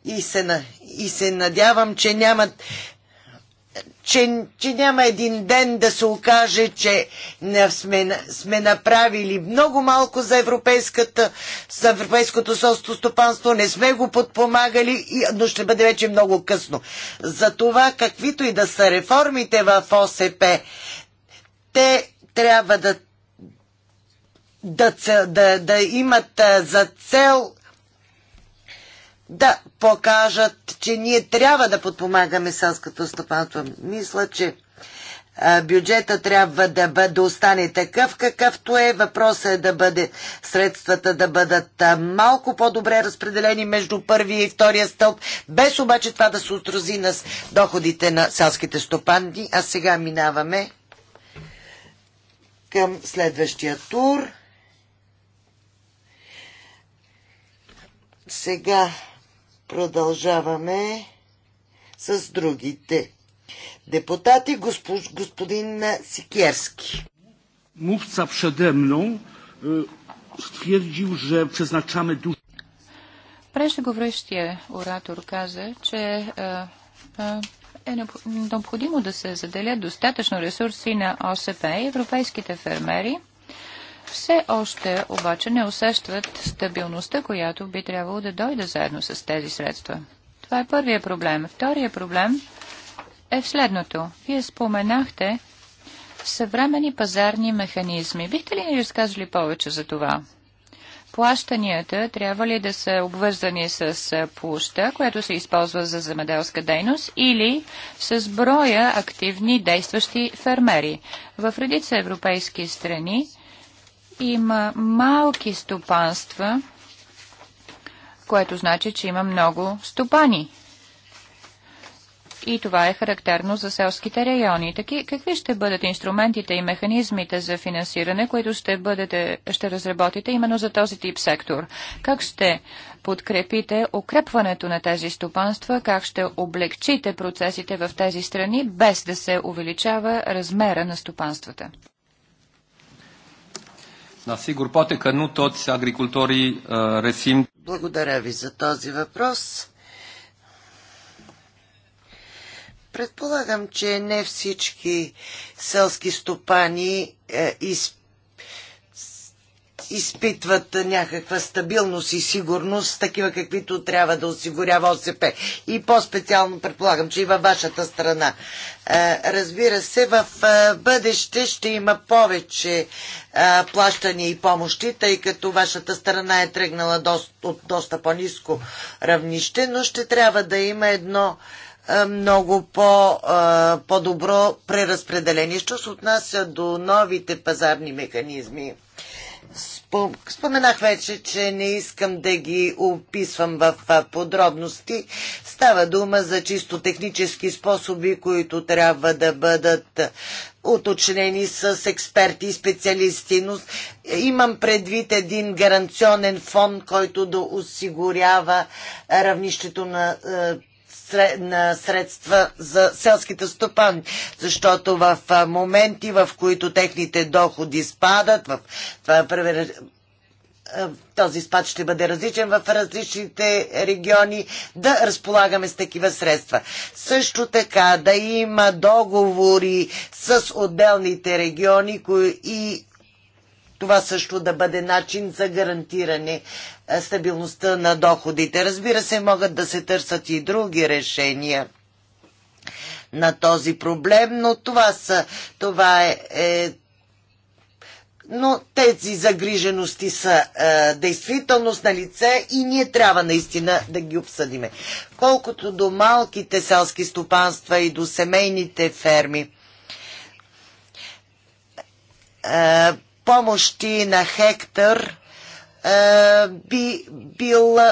S1: И се, и се надявам, че няма, че, че няма един ден да се окаже, че не сме, сме направили много малко за, европейската, за европейското селско стопанство, не сме го подпомагали, и, но ще бъде вече много късно. За това, каквито и да са реформите в ОСП, те трябва да, да, да, да имат за цел да покажат, че ние трябва да подпомагаме селското стопанство. Мисля, че бюджета трябва да, бъде, да остане такъв, какъвто е. Въпросът е да бъде средствата да бъдат малко по-добре разпределени между първия и втория стълб, без обаче това да се отрази на доходите на селските стопанди. А сега минаваме към следващия тур. Сега продължаваме с другите депутати. господин Сикерски. Мувца przede mną stwierdził, че
S3: przeznaczamy душа.
S5: Преждеговорящия оратор каза, че е, е, е необходимо да се заделят достатъчно ресурси на ОСП и европейските фермери все още обаче не усещат стабилността, която би трябвало да дойде заедно с тези средства. Това е първият проблем. Вторият проблем е в следното. Вие споменахте съвремени пазарни механизми. Бихте ли ни разказали повече за това? плащанията трябва ли да са обвързани с площа, която се използва за земеделска дейност, или с броя активни действащи фермери? В редица европейски страни има малки стопанства, което значи, че има много стопани – и това е характерно за селските райони. Таки, какви ще бъдат инструментите и механизмите за финансиране, които ще, бъдете, ще разработите именно за този тип сектор? Как ще подкрепите укрепването на тези стопанства, как ще облегчите процесите в тези страни, без да се увеличава размера на стопанствата?
S1: Благодаря ви за този въпрос. Предполагам, че не всички селски стопани е, из, изпитват някаква стабилност и сигурност, такива каквито трябва да осигурява ОСП. И по-специално предполагам, че и във вашата страна. Е, разбира се, в е, бъдеще ще има повече е, плащания и помощи, тъй като вашата страна е тръгнала доста, от доста по-низко равнище, но ще трябва да има едно е, много по, е, по-добро преразпределение. Що се отнася до новите пазарни механизми? Споменах вече, че не искам да ги описвам в е, подробности. Става дума за чисто технически способи, които трябва да бъдат уточнени с експерти и специалисти, но имам предвид един гаранционен фонд, който да осигурява равнището на на средства за селските стопани, защото в моменти, в които техните доходи спадат, в това е този спад ще бъде различен в различните региони, да разполагаме с такива средства. Също така да има договори с отделните региони и това също да бъде начин за гарантиране стабилността на доходите. Разбира се, могат да се търсят и други решения на този проблем, но това, са, това е, е но тези загрижености са е, действителност на лице и ние трябва наистина да ги обсъдиме. Колкото до малките селски стопанства и до семейните ферми, е, помощи на Хектор е, би бил е,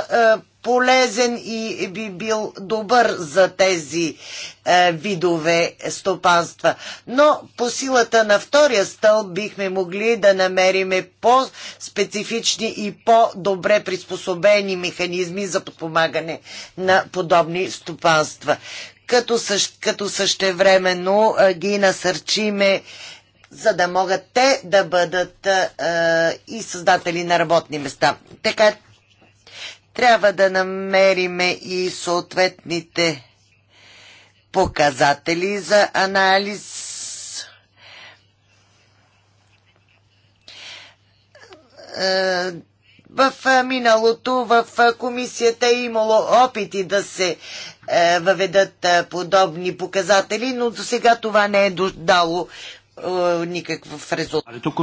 S1: полезен и би бил добър за тези е, видове стопанства. Но по силата на втория стълб бихме могли да намериме по-специфични и по-добре приспособени механизми за подпомагане на подобни стопанства. Като, същевременно ги насърчиме за да могат те да бъдат а, и създатели на работни места. Така трябва да намериме и съответните показатели за анализ. А, в миналото в комисията е имало опити да се въведат подобни показатели, но до сега това не е дало е, никакъв резултат.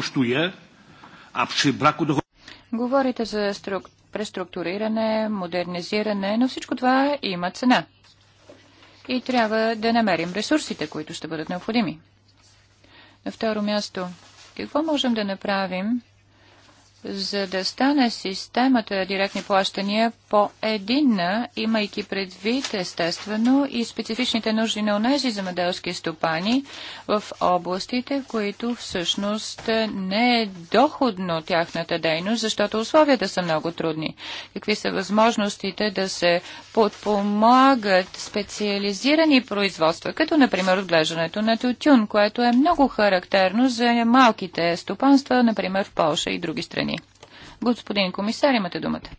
S5: Говорите за струк... преструктуриране, модернизиране, но всичко това има цена. И трябва да намерим ресурсите, които ще бъдат необходими. На второ място, какво можем да направим, за да стане системата директни плащания по-единна, имайки предвид естествено и специфичните нужди на онези земеделски стопани в областите, в които всъщност не е доходно тяхната дейност, защото условията са много трудни. Какви са възможностите да се подпомагат специализирани производства, като например отглеждането на тютюн, което е много характерно за малките стопанства, например в Польша и други страни. Господин комисар, имате думата.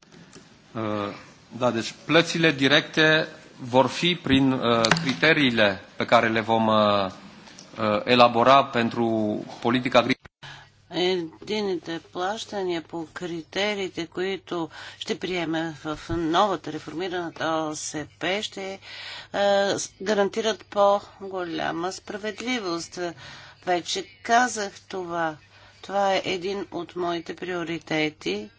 S4: Да, deci plățile directe vor fi prin uh, criteriile pe care le vom uh, елабора pentru политика агриполна.
S3: Едините плащания по критериите, които ще приеме в новата реформираната ОСП, ще е, гарантират по-голяма справедливост. Вече казах това. Това е един от моите приоритети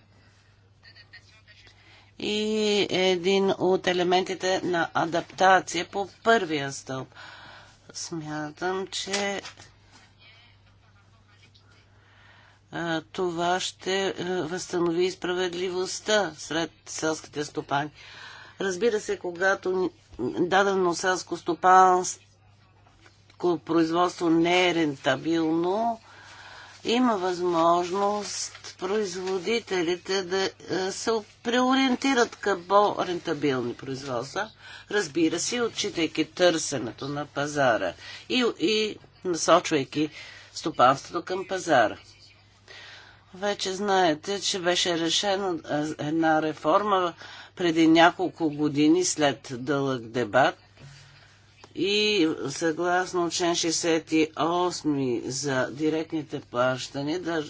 S3: и един от елементите на адаптация по първия стълб. Смятам, че това ще възстанови справедливостта сред селските стопани. Разбира се, когато дадено селско стопанско производство не е рентабилно, има възможност производителите да е, се преориентират към по-рентабилни производства, разбира се, отчитайки търсенето на пазара и, и насочвайки стопанството към пазара. Вече знаете, че беше решена е, една реформа преди няколко години след дълъг дебат – и съгласно член 68 за директните плащания, да,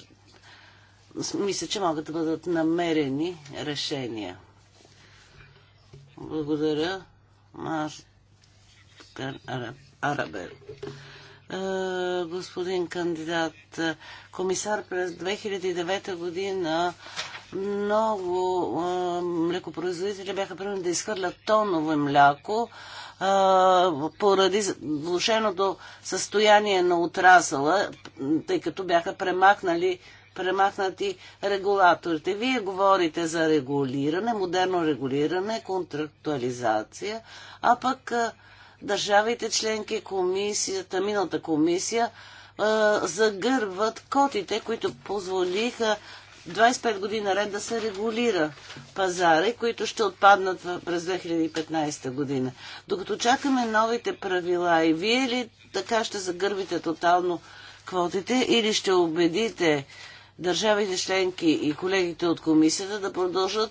S3: мисля, че могат да бъдат намерени решения. Благодаря. мар Арабел. Е, господин кандидат, комисар през 2009 година много е, млекопроизводители бяха принудени да изхвърлят тоново мляко, поради влушеното състояние на отрасъла, тъй като бяха премахнали премахнати регулаторите. Вие говорите за регулиране, модерно регулиране, контрактуализация, а пък държавите членки, комисията, миналата комисия, загърват котите, които позволиха 25 години наред да се регулира пазари, които ще отпаднат през 2015 година. Докато чакаме новите правила и вие ли така ще загърбите тотално квотите или ще убедите държавите членки и колегите от комисията да продължат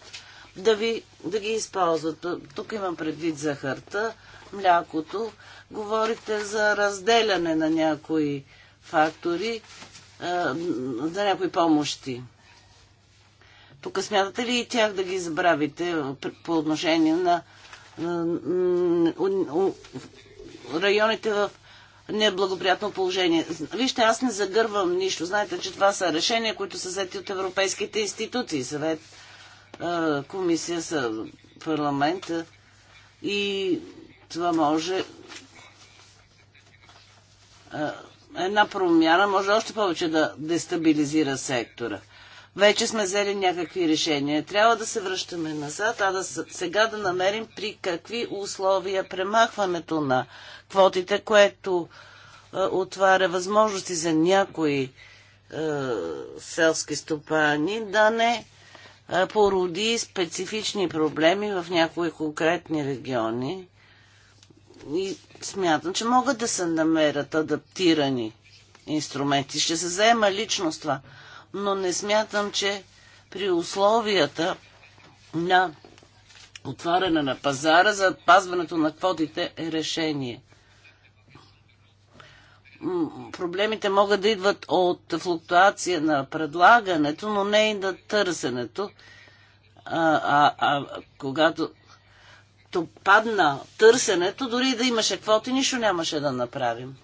S3: да, ви, да ги използват. Тук имам предвид захарта, млякото. Говорите за разделяне на някои фактори, на някои помощи. Тук смятате ли и тях да ги забравите по отношение на районите в неблагоприятно положение. Вижте, аз не загървам нищо. Знаете, че това са решения, които са взети от европейските институции, съвет, комисия, парламента и това може една промяна може още повече да дестабилизира сектора вече сме взели някакви решения. Трябва да се връщаме назад, а да сега да намерим при какви условия премахването на квотите, което е, отваря възможности за някои е, селски стопани да не е, породи специфични проблеми в някои конкретни региони. И смятам, че могат да се намерят адаптирани инструменти. Ще се взема лично с това но не смятам, че при условията на отваряне на пазара за пазването на квотите е решение. Проблемите могат да идват от флуктуация на предлагането, но не и на търсенето. А, а, а когато то падна търсенето, дори да имаше квоти, нищо нямаше да направим.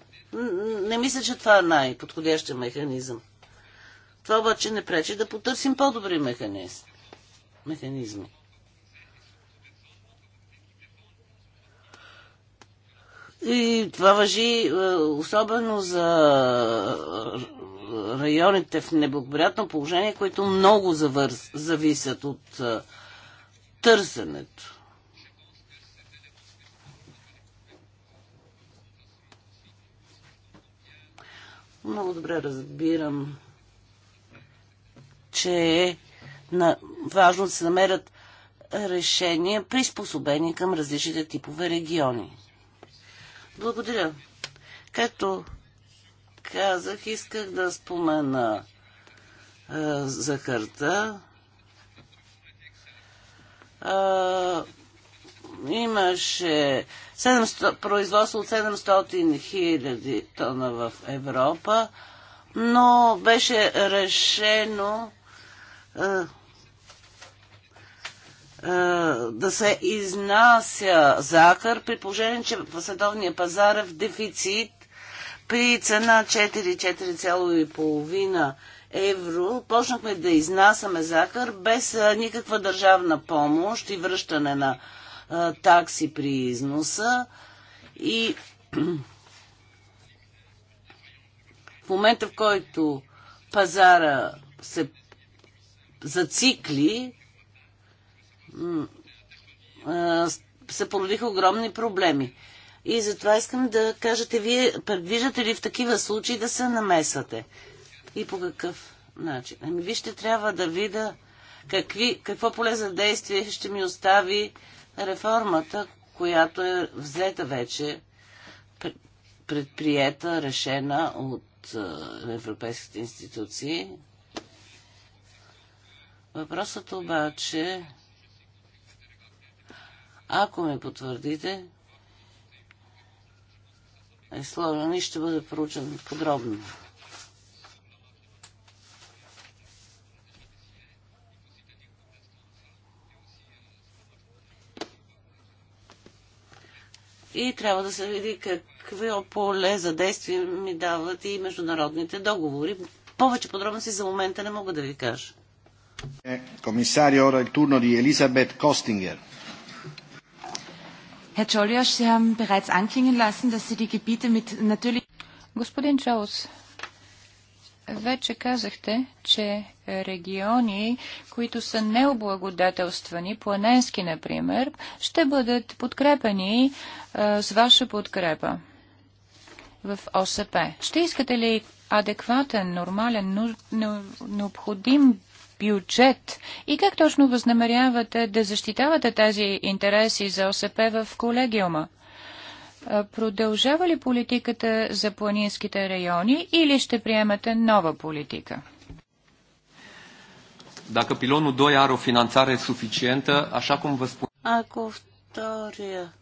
S3: Не мисля, че това е най-подходящия механизъм. Това обаче не пречи да потърсим по-добри механизми. И това въжи е, особено за районите в неблагоприятно положение, които много завърз, зависят от е, търсенето. Много добре разбирам че е на... важно да се намерят решения, приспособени към различните типове региони. Благодаря. Както казах, исках да спомена е, захарта. Е, имаше 700, производство от 700 хиляди тона в Европа, но беше решено да се изнася захар, при положение, че в световния пазар е в дефицит при цена 4-4,5 евро. Почнахме да изнасяме захар без никаква държавна помощ и връщане на такси при износа. И в момента, в който пазара се зацикли, се породиха огромни проблеми. И затова искам да кажете, вие предвиждате ли в такива случаи да се намесвате? И по какъв начин? Ами вижте, трябва да видя какви, какво поле за действие ще ми остави реформата, която е взета вече, предприета, решена от европейските институции, Въпросът обаче, ако ме потвърдите, е сложен и ще бъде проучен подробно. И трябва да се види какви поле за действие ми дават и международните договори. Повече подробности за момента не мога да ви кажа. Eh,
S5: Herr Sie haben bereits anklingen lassen, dass Sie die Gebiete mit natürlich... Господин Чаус, вече казахте, че региони, които са необлагодателствани, планенски, например, ще бъдат подкрепени а, е, с ваша подкрепа в ОСП. Ще искате ли адекватен, нормален, необходим бюджет и как точно възнамерявате да защитавате тези интереси за ОСП в колегиума? Продължава ли политиката за планинските райони или ще приемате нова политика?
S4: Dacă pilonul 2 are o finanțare suficientă, așa cum vă spun...
S5: Ако втория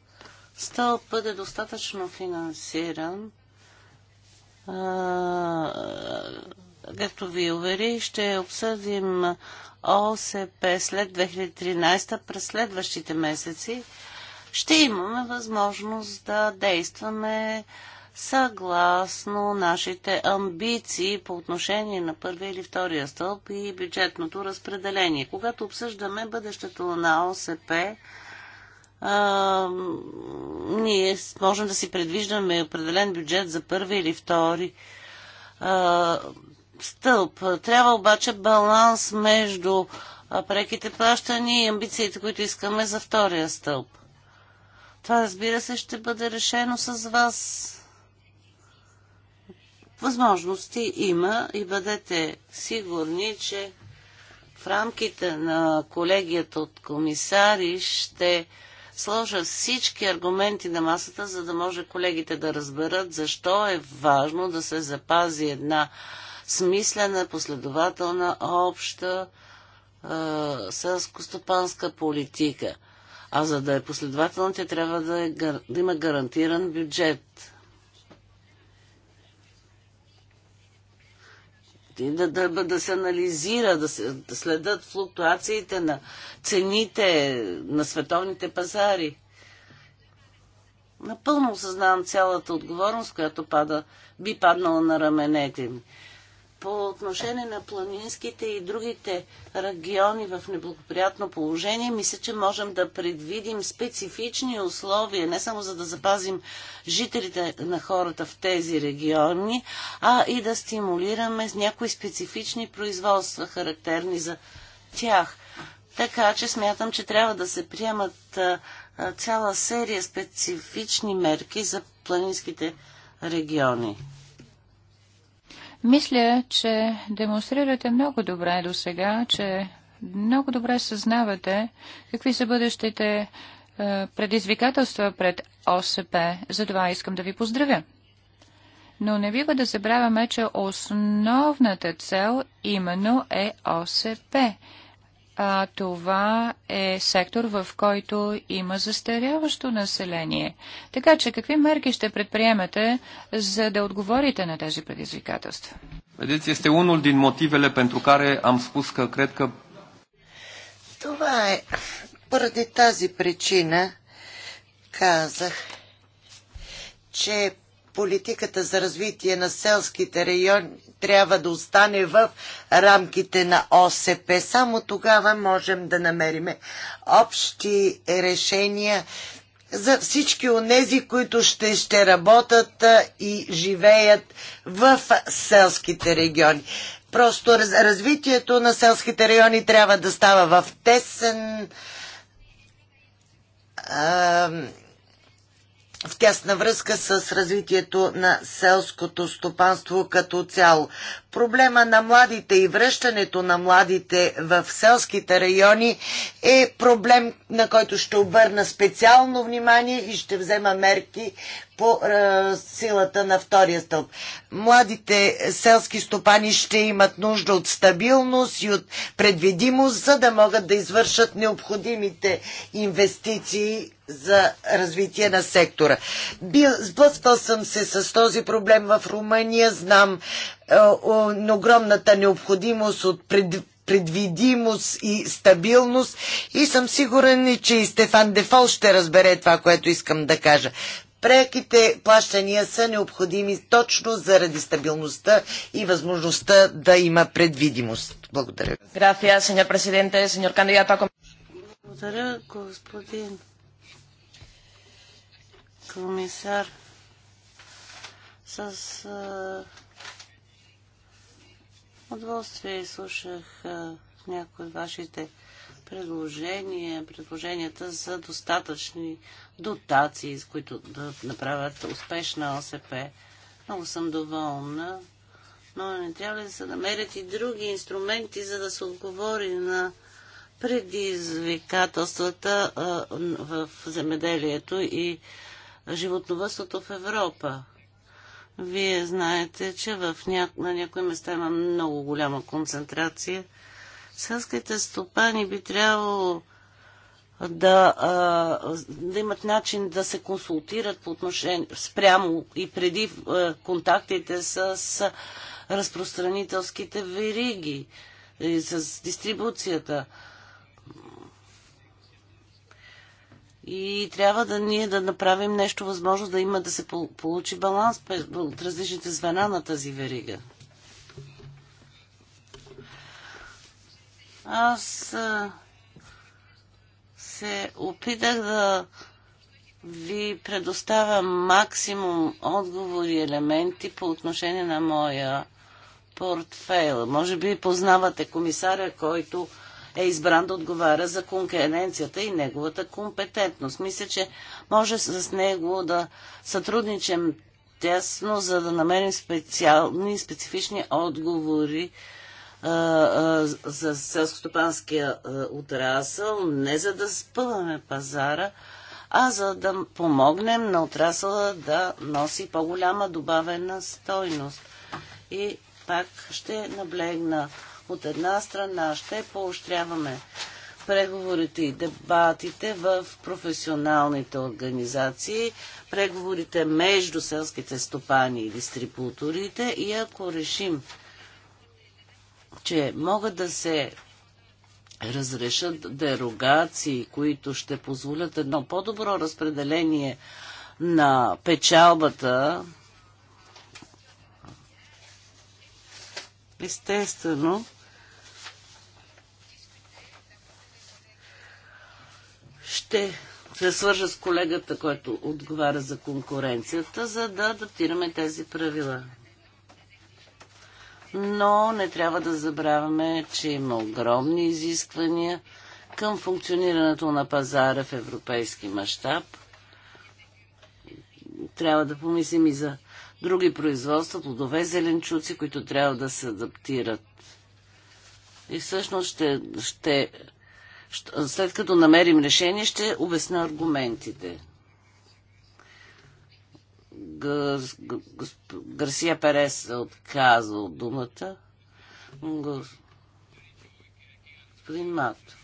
S5: стълб бъде
S3: достатъчно финансиран, както ви увери, ще обсъдим ОСП след 2013 през следващите месеци. Ще имаме възможност да действаме съгласно нашите амбиции по отношение на първия или втория стълб и бюджетното разпределение. Когато обсъждаме бъдещето на ОСП, а, ние можем да си предвиждаме определен бюджет за първи или втори а, стълб. Трябва обаче баланс между преките плащания и амбициите, които искаме за втория стълб. Това, разбира се, ще бъде решено с вас. Възможности има и бъдете сигурни, че в рамките на колегията от комисари ще сложа всички аргументи на масата, за да може колегите да разберат защо е важно да се запази една смислена, последователна, обща е, селско-стопанска политика. А за да е последователна, тя трябва да, е, да има гарантиран бюджет. И да, да, да се анализира, да, се, да следят флуктуациите на цените на световните пазари. Напълно осъзнавам цялата отговорност, която пада, би паднала на раменете ми по отношение на планинските и другите региони в неблагоприятно положение, мисля, че можем да предвидим специфични условия, не само за да запазим жителите на хората в тези региони, а и да стимулираме някои специфични производства, характерни за тях. Така че смятам, че трябва да се приемат цяла серия специфични мерки за планинските региони.
S5: Мисля, че демонстрирате много добре до сега, че много добре съзнавате какви са бъдещите е, предизвикателства пред ОСП. Затова искам да ви поздравя. Но не бива да забравяме, че основната цел именно е ОСП а това е сектор, в който има застаряващо население. Така че какви мерки ще предприемете, за да отговорите на тези предизвикателства?
S4: Vedeți, este unul din motivele pentru care am spus că cred că...
S5: Това
S1: е. Поради тази причина казах, че политиката за развитие на селските райони трябва да остане в рамките на ОСП. Само тогава можем да намериме общи решения за всички тези, които ще, ще работят и живеят в селските региони. Просто развитието на селските райони трябва да става в тесен в тясна връзка с развитието на селското стопанство като цяло. Проблема на младите и връщането на младите в селските райони е проблем, на който ще обърна специално внимание и ще взема мерки по е, силата на втория стълб. Младите селски стопани ще имат нужда от стабилност и от предвидимост, за да могат да извършат необходимите инвестиции за развитие на сектора. Бил, сблъсквал съм се с този проблем в Румъния, знам е, е, огромната необходимост от пред, предвидимост и стабилност и съм сигурен, че и Стефан Дефол ще разбере това, което искам да кажа. Преките плащания са необходими точно заради стабилността и възможността да има предвидимост. Благодаря.
S3: Благодаря, господин комисар, с удоволствие слушах някои от вашите предложения, предложенията за достатъчни дотации, с които да направят успешна ОСП. Много съм доволна, но не трябва да се намерят и други инструменти, за да се отговори на предизвикателствата а, в земеделието и животновъдството в Европа. Вие знаете, че в ня... на някои места има много голяма концентрация. Селските стопани би трябвало да, а, да имат начин да се консултират по отношение спрямо и преди а, контактите с, разпространителските вериги и с дистрибуцията. А, И трябва да ние да направим нещо възможно да има да се получи баланс от различните звена на тази верига. Аз се опитах да ви предоставя максимум отговори и елементи по отношение на моя портфейл. Може би познавате комисаря, който е избран да отговаря за конкуренцията и неговата компетентност. Мисля, че може с него да сътрудничим тясно, за да намерим специални, специфични отговори а, а, за селскостопанския отрасъл, не за да спъваме пазара, а за да помогнем на отрасъла да носи по-голяма добавена стойност. И пак ще наблегна от една страна ще поощряваме преговорите и дебатите в професионалните организации, преговорите между селските стопани и дистрибуторите и ако решим, че могат да се разрешат дерогации, които ще позволят едно по-добро разпределение на печалбата, естествено, Ще се свържа с колегата, който отговаря за конкуренцията, за да адаптираме тези правила. Но не трябва да забравяме, че има огромни изисквания към функционирането на пазара в европейски мащаб. Трябва да помислим и за други производства, плодове, зеленчуци, които трябва да се адаптират. И всъщност ще, ще след като намерим решение, ще обясня аргументите. Гарсия Перес е отказал думата. Господин Мато.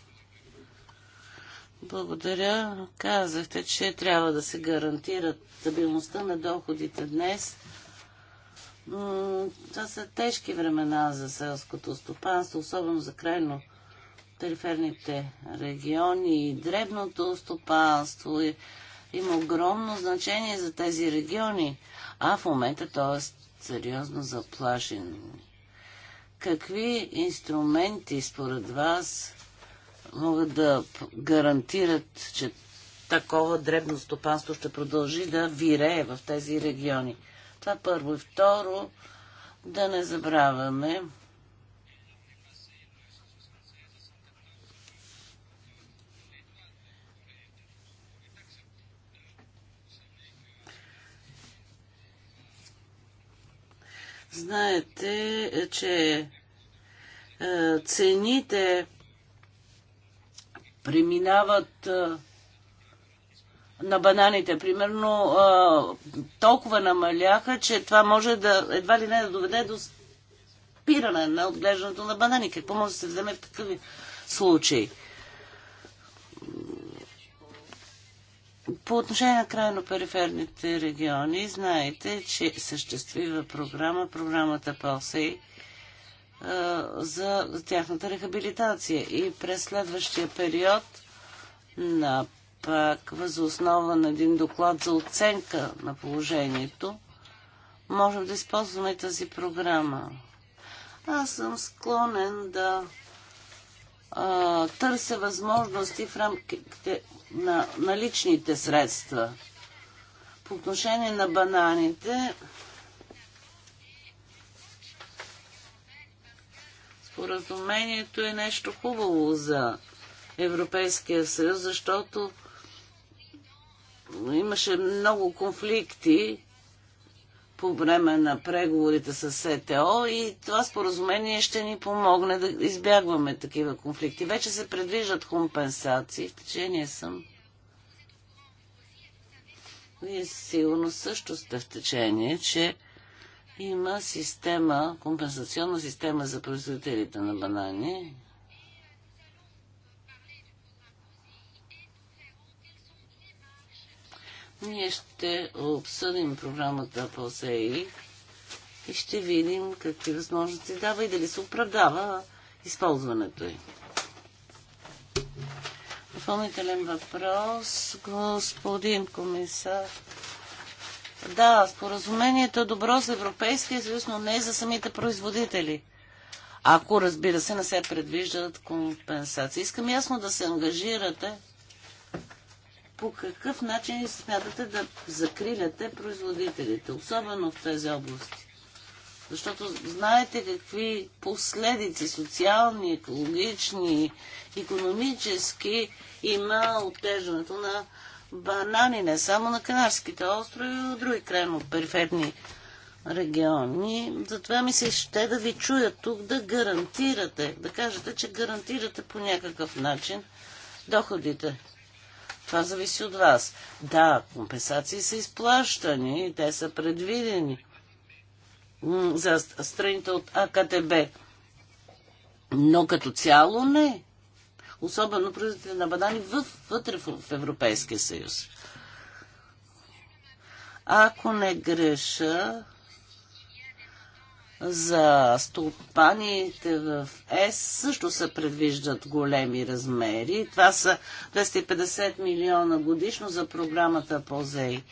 S3: Благодаря. Казахте, че трябва да се гарантират стабилността на доходите днес. Това са тежки времена за селското стопанство, особено за крайно периферните региони и дребното стопанство има огромно значение за тези региони, а в момента той е сериозно заплашен. Какви инструменти според вас могат да гарантират, че такова дребно стопанство ще продължи да вирее в тези региони? Това първо. И второ, да не забравяме, Знаете, че е, цените преминават е, на бананите, примерно, е, толкова намаляха, че това може да едва ли не да доведе до спиране на отглеждането на банани. Какво може да се вземе в такъв случай? По отношение на крайно периферните региони, знаете, че съществува програма, програмата ПОСЕЙ, е, за тяхната рехабилитация. И през следващия период на пак възоснова на един доклад за оценка на положението, можем да използваме тази програма. Аз съм склонен да а, търся възможности в рамките, на наличните средства. По отношение на бананите, споразумението е нещо хубаво за Европейския съюз, защото имаше много конфликти по време на преговорите с СТО и това споразумение ще ни помогне да избягваме такива конфликти. Вече се предвиждат компенсации. В течение съм вие сигурно също сте в течение, че има система, компенсационна система за производителите на банани. Ние ще обсъдим програмата по СЕИ и ще видим какви възможности дава и дали се оправдава използването й. Допълнителен въпрос, господин комисар. Да, споразумението е добро за Европейския съюз, но не за самите производители. Ако, разбира се, не се предвиждат компенсации. Искам ясно да се ангажирате по какъв начин смятате да закриляте производителите, особено в тези области. Защото знаете какви последици социални, екологични, економически има оттеждането на банани, не само на Канарските острови, но и други крайно периферни региони. Затова ми се ще да ви чуя тук да гарантирате, да кажете, че гарантирате по някакъв начин доходите. Това зависи от вас. Да, компенсации са изплащани, те са предвидени за страните от АКТБ. Но като цяло не. Особено производителите на банани вътре в Европейския съюз. Ако не греша, за стопаните в ЕС също се предвиждат големи размери. Това са 250 милиона годишно за програмата по ЗЕЙ.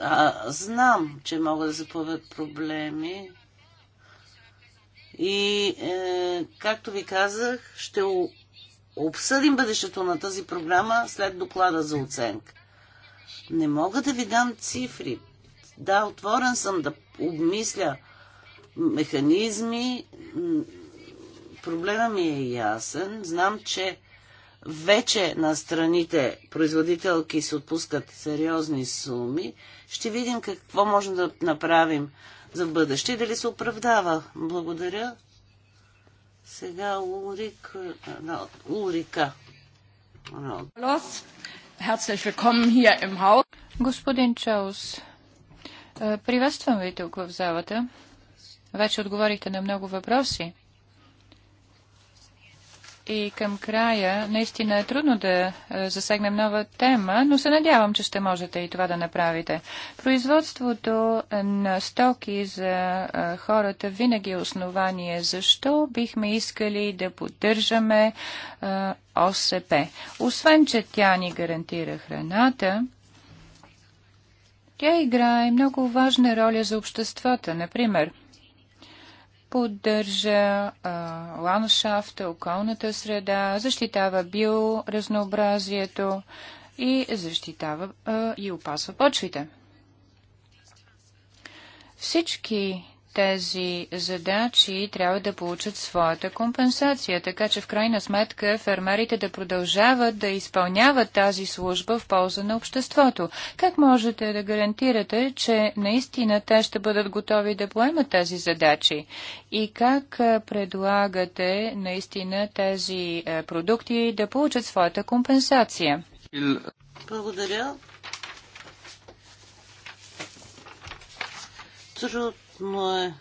S3: А, знам, че могат да се появят проблеми. И, е, както ви казах, ще обсъдим бъдещето на тази програма след доклада за оценка. Не мога да ви дам цифри. Да, отворен съм да обмисля механизми. Проблема ми е ясен. Знам, че вече на страните производителки се отпускат сериозни суми, ще видим какво можем да направим за бъдеще и дали се оправдава. Благодаря. Сега Урик, да, Урика.
S5: Господин Чаус, приветствам ви тук в залата. Вече отговорихте на много въпроси и към края наистина е трудно да е, засегнем нова тема, но се надявам, че ще можете и това да направите. Производството на стоки за е, хората винаги е основание. Защо бихме искали да поддържаме е, ОСП? Освен, че тя ни гарантира храната, тя играе много важна роля за обществата. Например, поддържа а, ландшафта, околната среда, защитава биоразнообразието и защитава а, и опасва почвите. Всички тези задачи трябва да получат своята компенсация, така че в крайна сметка фермерите да продължават да изпълняват тази служба в полза на обществото. Как можете да гарантирате, че наистина те ще бъдат готови да поемат тези задачи? И как предлагате наистина тези продукти да получат своята компенсация?
S3: Благодаря. Всъщност Важно е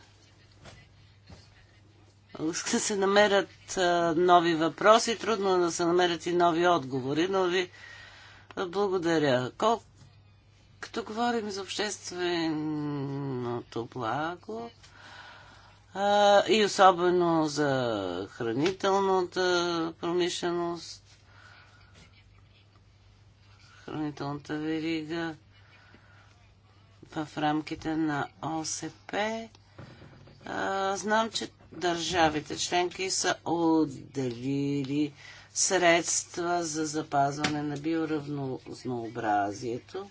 S3: да се намерят нови въпроси, трудно е да се намерят и нови отговори, но ви благодаря. Колко като говорим за общественото благо а, и особено за хранителната промишленост, хранителната верига, в рамките на ОСП. Знам, че държавите членки са отделили средства за запазване на биоравнознообразието.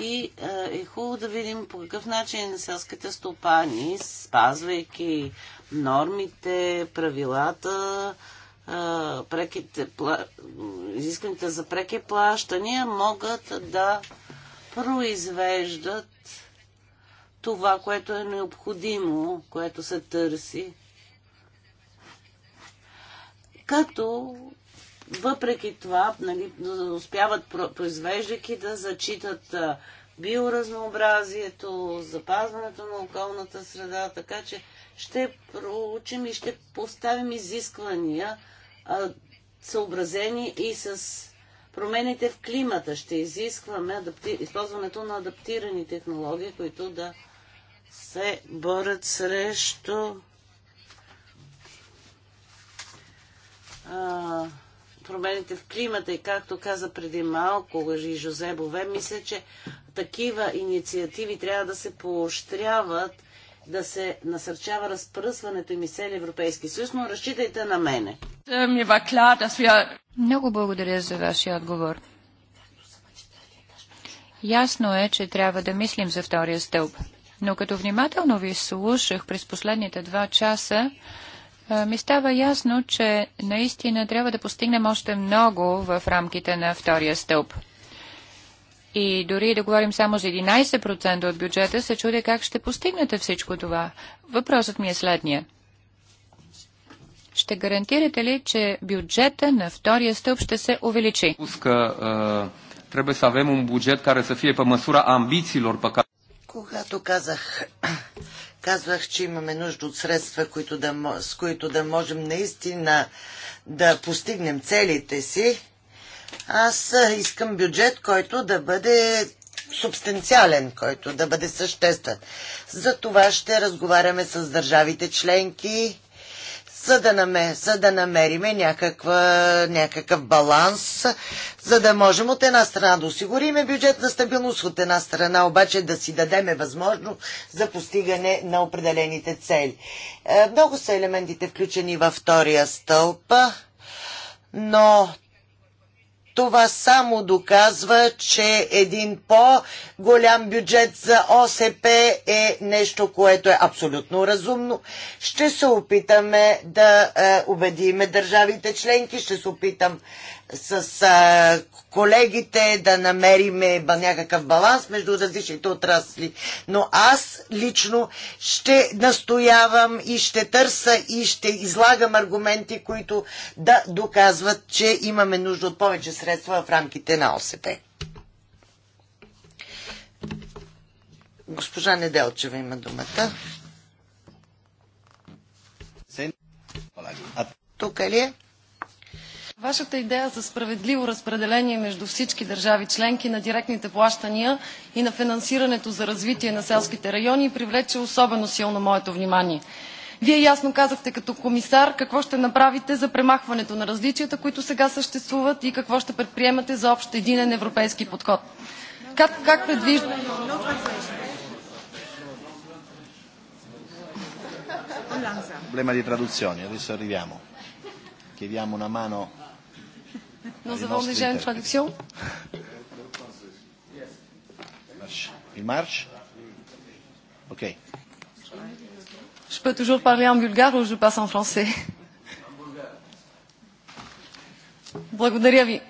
S3: И е хубаво да видим по какъв начин селските стопани, спазвайки нормите, правилата, преките, изискваните за преки плащания, могат да произвеждат това, което е необходимо, което се търси. Като въпреки това нали, успяват, произвеждайки да зачитат биоразнообразието, запазването на околната среда, така че ще проучим и ще поставим изисквания, съобразени и с промените в климата. Ще изискваме адапти... използването на адаптирани технологии, които да се борят срещу а, промените в климата. И както каза преди малко и Жозе Бове, мисля, че такива инициативи трябва да се поощряват да се насърчава разпръсването им из цели Европейски съюз, но разчитайте на мене.
S5: Е, много благодаря за вашия отговор. Ясно е, че трябва да мислим за втория стълб. Но като внимателно ви слушах през последните два часа, е, ми става ясно, че наистина трябва да постигнем още много в рамките на втория стълб и дори да говорим само за 11% от бюджета, се чудя как ще постигнете всичко това. Въпросът ми е следния. Ще гарантирате ли, че бюджета на втория стълб ще се увеличи? Когато казах,
S1: казвах, че имаме нужда от средства, които да, с които да можем наистина да постигнем целите си, аз искам бюджет, който да бъде субстанциален, който да бъде съществен. За това ще разговаряме с държавите членки, за да, намер, за да намериме някаква, някакъв баланс, за да можем от една страна да осигуриме бюджет на стабилност, от една страна обаче да си дадеме възможност за постигане на определените цели. Е, много са елементите включени във втория стълб, но това само доказва, че един по-голям бюджет за ОСП е нещо, което е абсолютно разумно. Ще се опитаме да е, убедиме държавите членки, ще се опитам с а, колегите, да намериме някакъв баланс между различните отрасли. Но аз лично ще настоявам и ще търса и ще излагам аргументи, които да доказват, че имаме нужда от повече средства в рамките на ОСП. Госпожа Неделчева има думата. Тук ли
S2: е? Вашата идея за справедливо разпределение между всички държави членки на директните плащания и на финансирането за развитие на селските райони привлече особено силно моето внимание. Вие ясно казахте като комисар какво ще направите за премахването на различията, които сега съществуват и какво ще предприемате за общ единен европейски подход. Как, как предвиждате... Problema di traduzione, adesso arriviamo. Chiediamo una mano
S5: Nous avons déjà une traduction
S2: Il marche Ok. Je peux toujours parler en bulgare ou je passe en français En Благодаря ви.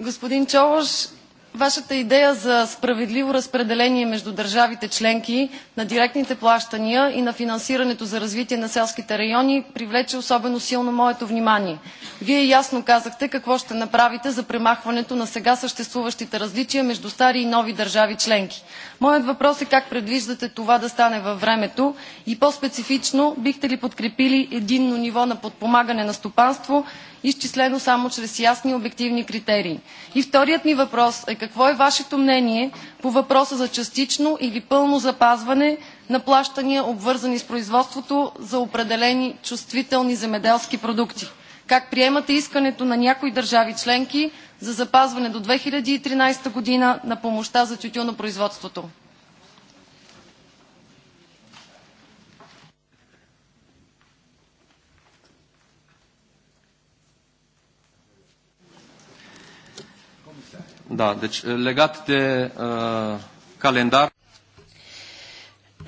S2: Господин Чолош, Вашата идея за справедливо разпределение между държавите членки на директните плащания и на финансирането за развитие на селските райони привлече особено силно моето внимание. Вие ясно казахте какво ще направите за премахването на сега съществуващите различия между стари и нови държави членки. Моят въпрос е как предвиждате това да стане във времето и по-специфично бихте ли подкрепили единно ниво на подпомагане на стопанство изчислено само чрез ясни и обективни критерии. И вторият ми въпрос е какво е Вашето мнение по въпроса за частично или пълно запазване на плащания, обвързани с производството за определени чувствителни земеделски продукти? Как приемате искането на някои държави членки за запазване до 2013 година на помощта за тютюнопроизводството?
S4: Da, deci eh, legat de uh, calendar.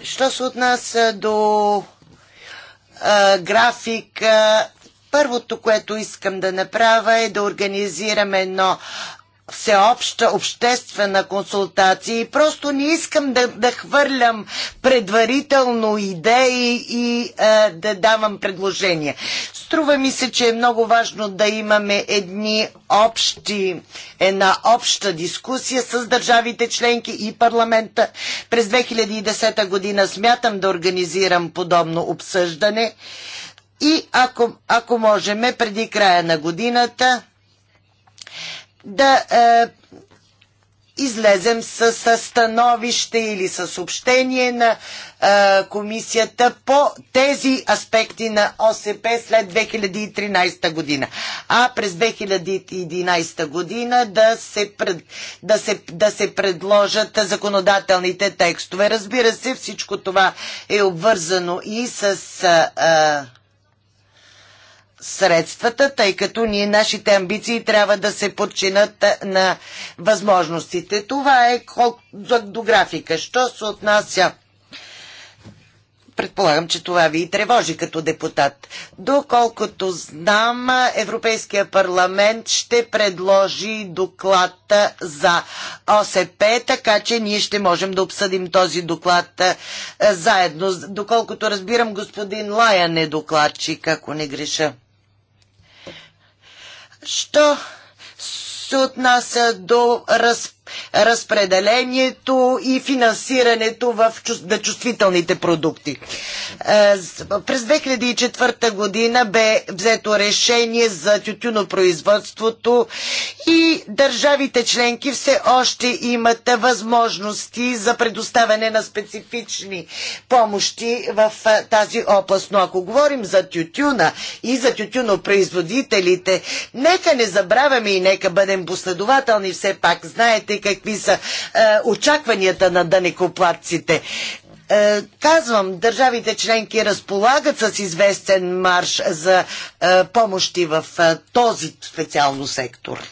S1: Що се отнася до uh, е, график, uh, първото, което искам да направя е да организирам едно всеобща обществена консултация и просто не искам да, да хвърлям предварително идеи и а, е, да давам предложения. Струва ми се, че е много важно да имаме едни общи, една обща дискусия с държавите членки и парламента. През 2010 година смятам да организирам подобно обсъждане и ако, ако можеме преди края на годината да е, излезем с, становище или с съобщение на е, комисията по тези аспекти на ОСП след 2013 година. А през 2011 година да се, пред, да се, да се предложат законодателните текстове. Разбира се, всичко това е обвързано и с. Е, средствата, тъй като ние нашите амбиции трябва да се подчинат на възможностите. Това е до графика. Що се отнася? Предполагам, че това ви и тревожи като депутат. Доколкото знам, Европейския парламент ще предложи доклад за ОСП, така че ние ще можем да обсъдим този доклад заедно. Доколкото разбирам, господин Лаян е докладчик, ако не греша. Що се отнася до разпределението, разпределението и финансирането в, на чувствителните продукти. Е, през 2004 година бе взето решение за тютюнопроизводството и държавите членки все още имат възможности за предоставяне на специфични помощи в е, тази област. Но ако говорим за тютюна и за тютюнопроизводителите, нека не забравяме и нека бъдем последователни все пак. Знаете, знаете какви са е, очакванията на данекоплатците е, казвам, държавите членки разполагат с известен марш за е, помощи в този специално сектор.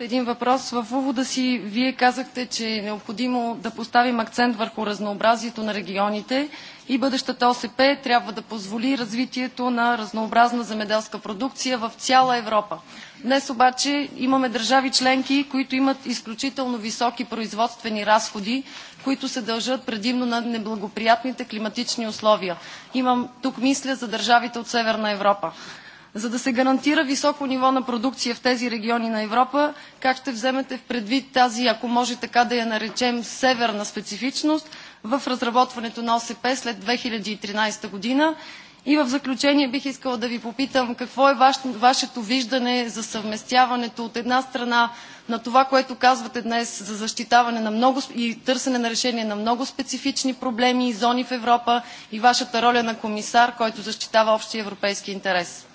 S2: Един въпрос. В увода си вие казахте, че е необходимо да поставим акцент върху разнообразието на регионите и бъдещата ОСП трябва да позволи развитието на разнообразна земеделска продукция в цяла Европа. Днес обаче имаме държави членки, които имат изключително високи производствени разходи, които се дължат предимно на неблагоприятните климатични условия. Имам тук мисля за държавите от Северна Европа. За да се гарантира високо ниво на продукция в тези региони на Европа, как ще вземете в предвид тази, ако може така да я наречем, северна специфичност в разработването на ОСП след 2013 година? И в заключение бих искала да ви попитам какво е вашето виждане за съвместяването от една страна на това, което казвате днес за защитаване на много и търсене на решение на много специфични проблеми и зони в Европа и вашата роля на комисар, който защитава общия европейски интерес.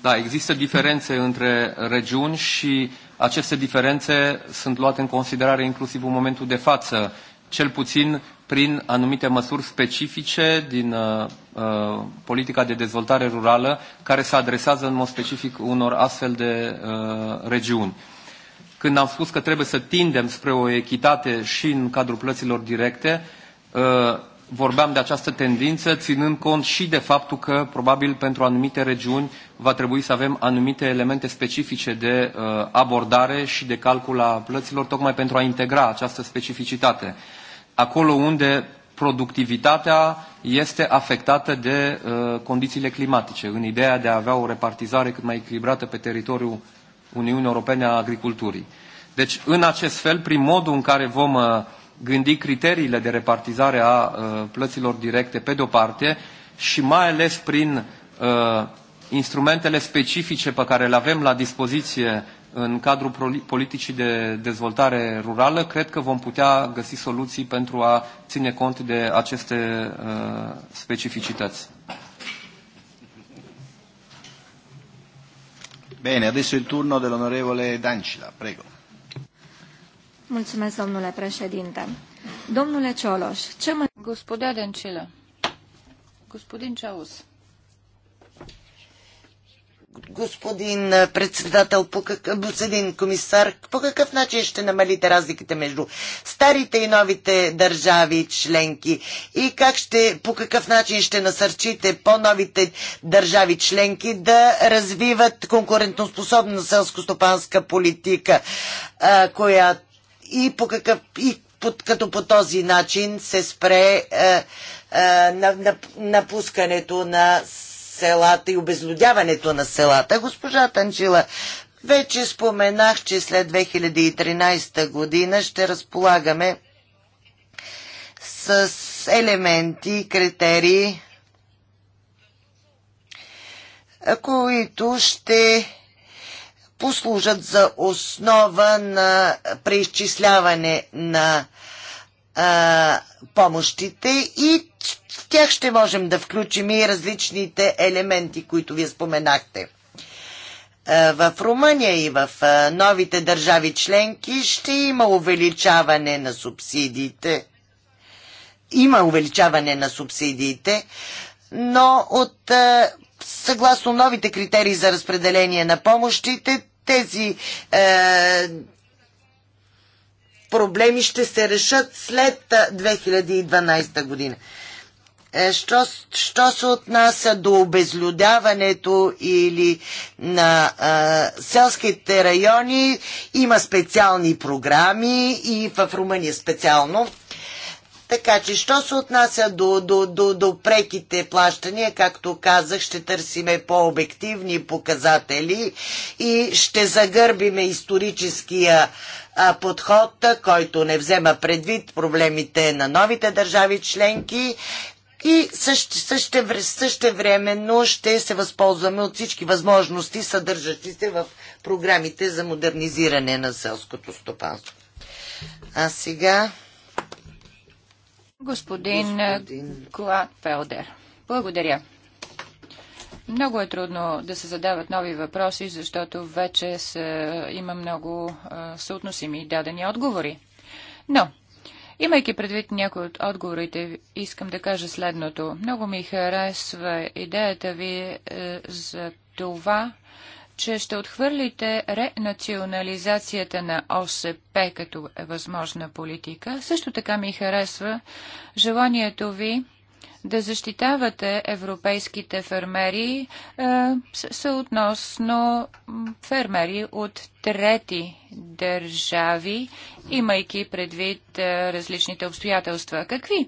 S4: Da, există diferențe între regiuni și aceste diferențe sunt luate în considerare inclusiv în momentul de față, cel puțin prin anumite măsuri specifice din uh, politica de dezvoltare rurală care se adresează în mod specific unor astfel de uh, regiuni. Când am spus că trebuie să tindem spre o echitate și în cadrul plăților directe, uh, vorbeam de această tendință, ținând cont și de faptul că, probabil, pentru anumite regiuni va trebui să avem anumite elemente specifice de uh, abordare și de calcul a plăților, tocmai pentru a integra această specificitate. Acolo unde productivitatea este afectată de uh, condițiile climatice, în ideea de a avea o repartizare cât mai echilibrată pe teritoriul Uniunii Europene a agriculturii. Deci, în acest fel, prin modul în care vom uh, gândi criteriile de repartizare a plăților directe pe de-o parte și mai ales prin instrumentele specifice pe care le avem la dispoziție în cadrul politicii de dezvoltare rurală, cred că vom putea găsi soluții pentru a ține cont de aceste specificități. Bene, adesso il turno dell'onorevole
S2: Dancila, prego.
S5: Mulțumesc, domnule președinte. Domnule Cioloș, ce mă... Gospodea Dencilă, господин Чаус. Eh,
S1: господин председател, по какъв, господин комисар, по какъв начин ще намалите разликите между старите и новите държави членки и как ще, по какъв начин ще насърчите по-новите държави членки да развиват конкурентоспособна селско-стопанска политика, eh, която и по какъв и под, като по този начин се спре е, е, на, на, напускането на селата и обезлюдяването на селата. Госпожа Танчила, вече споменах, че след 2013 година ще разполагаме с елементи, критерии, които ще послужат за основа на преизчисляване на а, помощите и в тях ще можем да включим и различните елементи, които вие споменахте. В Румъния и в новите държави членки ще има увеличаване на субсидиите. Има увеличаване на субсидиите, но от съгласно новите критерии за разпределение на помощите, тези е, проблеми ще се решат след 2012 е, година. Е, що, що се отнася до обезлюдяването или на а, е, селските райони, има специални програми и в Румъния специално така че, що се отнася до, до, до, до преките плащания, както казах, ще търсиме по-обективни показатели и ще загърбиме историческия подход, който не взема предвид проблемите на новите държави членки и също, също, ще се възползваме от всички възможности, съдържащи се в програмите за модернизиране на селското стопанство. А сега
S5: Господин, е, Господин... Гладфелдер, благодаря. Много е трудно да се задават нови въпроси, защото вече са, има много а, е, съотносими дадени отговори. Но, имайки предвид някои от отговорите, искам да кажа следното. Много ми харесва идеята ви а, е, за това, че ще отхвърлите ренационализацията на ОСП като е възможна политика. Също така ми харесва желанието ви да защитавате европейските фермери е, съотносно фермери от трети държави, имайки предвид е, различните обстоятелства. Какви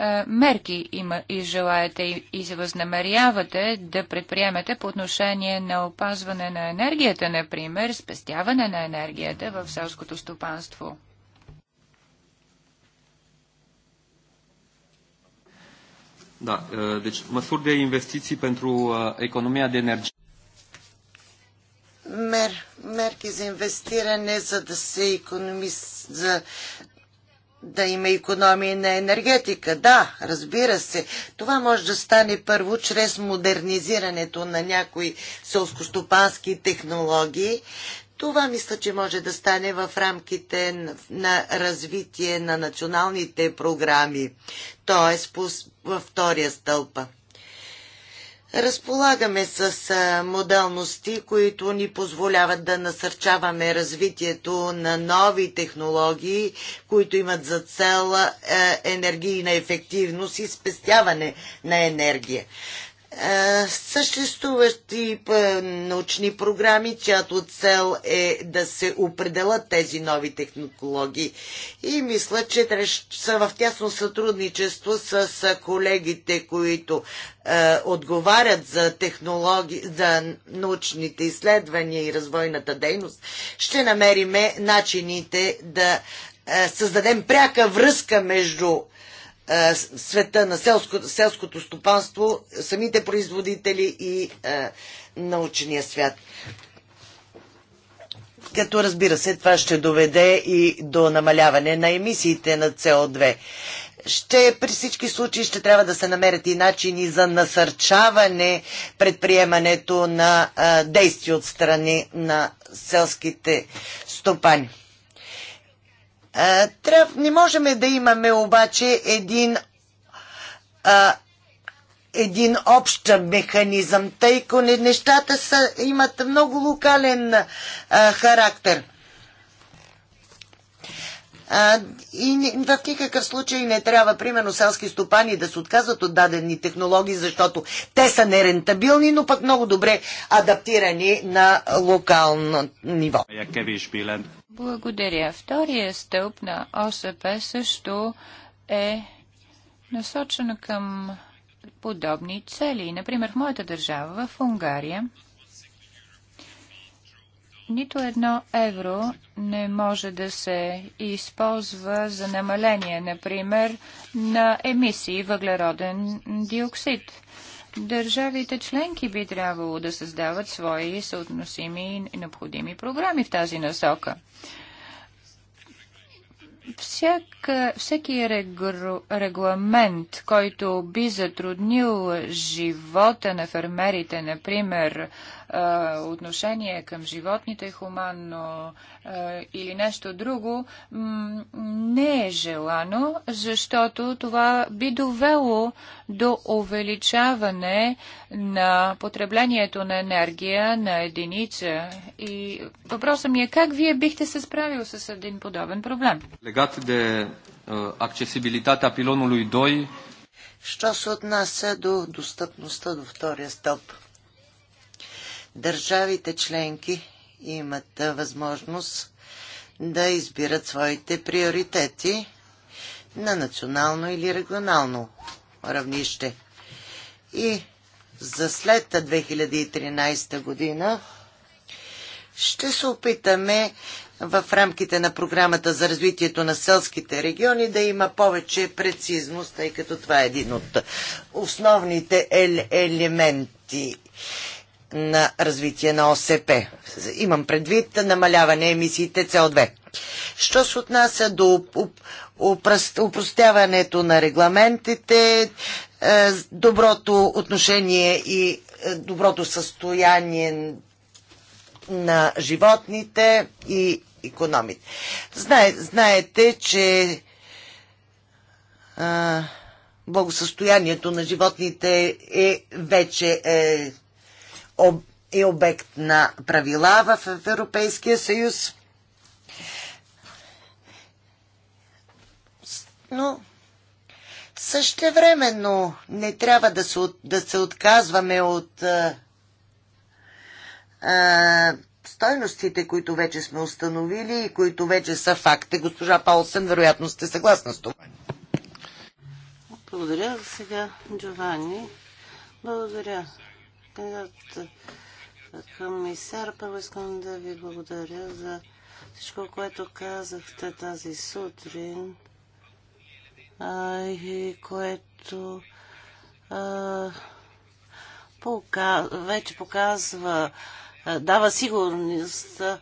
S5: е, мерки има и желаете и се възнамерявате да предприемете по отношение на опазване на енергията, например, спестяване на енергията в селското стопанство?
S4: Да, deci е, măsuri de investiții pentru е, economia de energie.
S1: Мер, мерки за инвестиране, за да се економи, за да има економии на енергетика. Да, разбира се. Това може да стане първо чрез модернизирането на някои селскостопански технологии. Това мисля, че може да стане в рамките на развитие на националните програми, т.е. във втория стълпа. Разполагаме с модалности, които ни позволяват да насърчаваме развитието на нови технологии, които имат за цел енергийна ефективност и спестяване на енергия. Е, Съществуващи е, научни програми, чиято цел е да се определят тези нови технологии. И мисля, че са в тясно сътрудничество с колегите, които е, отговарят за, технологии, за научните изследвания и развойната дейност. Ще намериме начините да създадем пряка връзка между е, света на селско, селското стопанство, самите производители и е, научния свят. Като разбира се, това ще доведе и до намаляване на емисиите на СО2 ще при всички случаи ще трябва да се намерят и начини за насърчаване предприемането на а, е, действия от страни на селските стопани. Трябва. не можем да имаме обаче един, а, един общ механизъм, тъй като нещата са, имат много локален а, характер. А, и в никакъв случай не трябва, примерно, селски стопани да се отказват от дадени технологии, защото те са нерентабилни, но пък много добре адаптирани на локално ниво.
S5: Благодаря. Втория стълб на ОСП също е насочен към подобни цели. Например, в моята държава, в Унгария, нито едно евро не може да се използва за намаление, например, на емисии въглероден диоксид. Държавите членки би трябвало да създават свои съотносими и необходими програми в тази насока. Всяк, всеки регру, регламент, който би затруднил живота на фермерите, например, отношение към животните хуманно или нещо друго, не е желано, защото това би довело до увеличаване на потреблението на енергия на единица. И въпросът ми е как вие бихте се справил с един подобен проблем?
S4: Легат де акцесибилитата пилонului 2
S1: Що
S5: се отнася до достъпността до
S1: втория стълб? Държавите членки имат възможност да избират своите приоритети на национално или регионално равнище. И за след 2013 година ще се опитаме в рамките на програмата за развитието на селските региони да има повече прецизност, тъй като това е един от основните ел- елементи на развитие на ОСП. Имам предвид намаляване емисиите СО2. Що се отнася до упростяването на регламентите, е, доброто отношение и е, доброто състояние на животните и економите. Знае, знаете, че а, е, благосъстоянието на животните е вече е е обект на правила в Европейския съюз. Но същевременно не трябва да се, да се отказваме от а, а, стойностите, които вече сме установили и които вече са факти. Е, госпожа Паулсен, вероятно сте съгласна с това.
S3: Благодаря. Сега Джовани. Благодаря. Комисар, първо искам да ви благодаря за всичко, което казахте тази сутрин а, и което а, вече показва, а, дава сигурност а,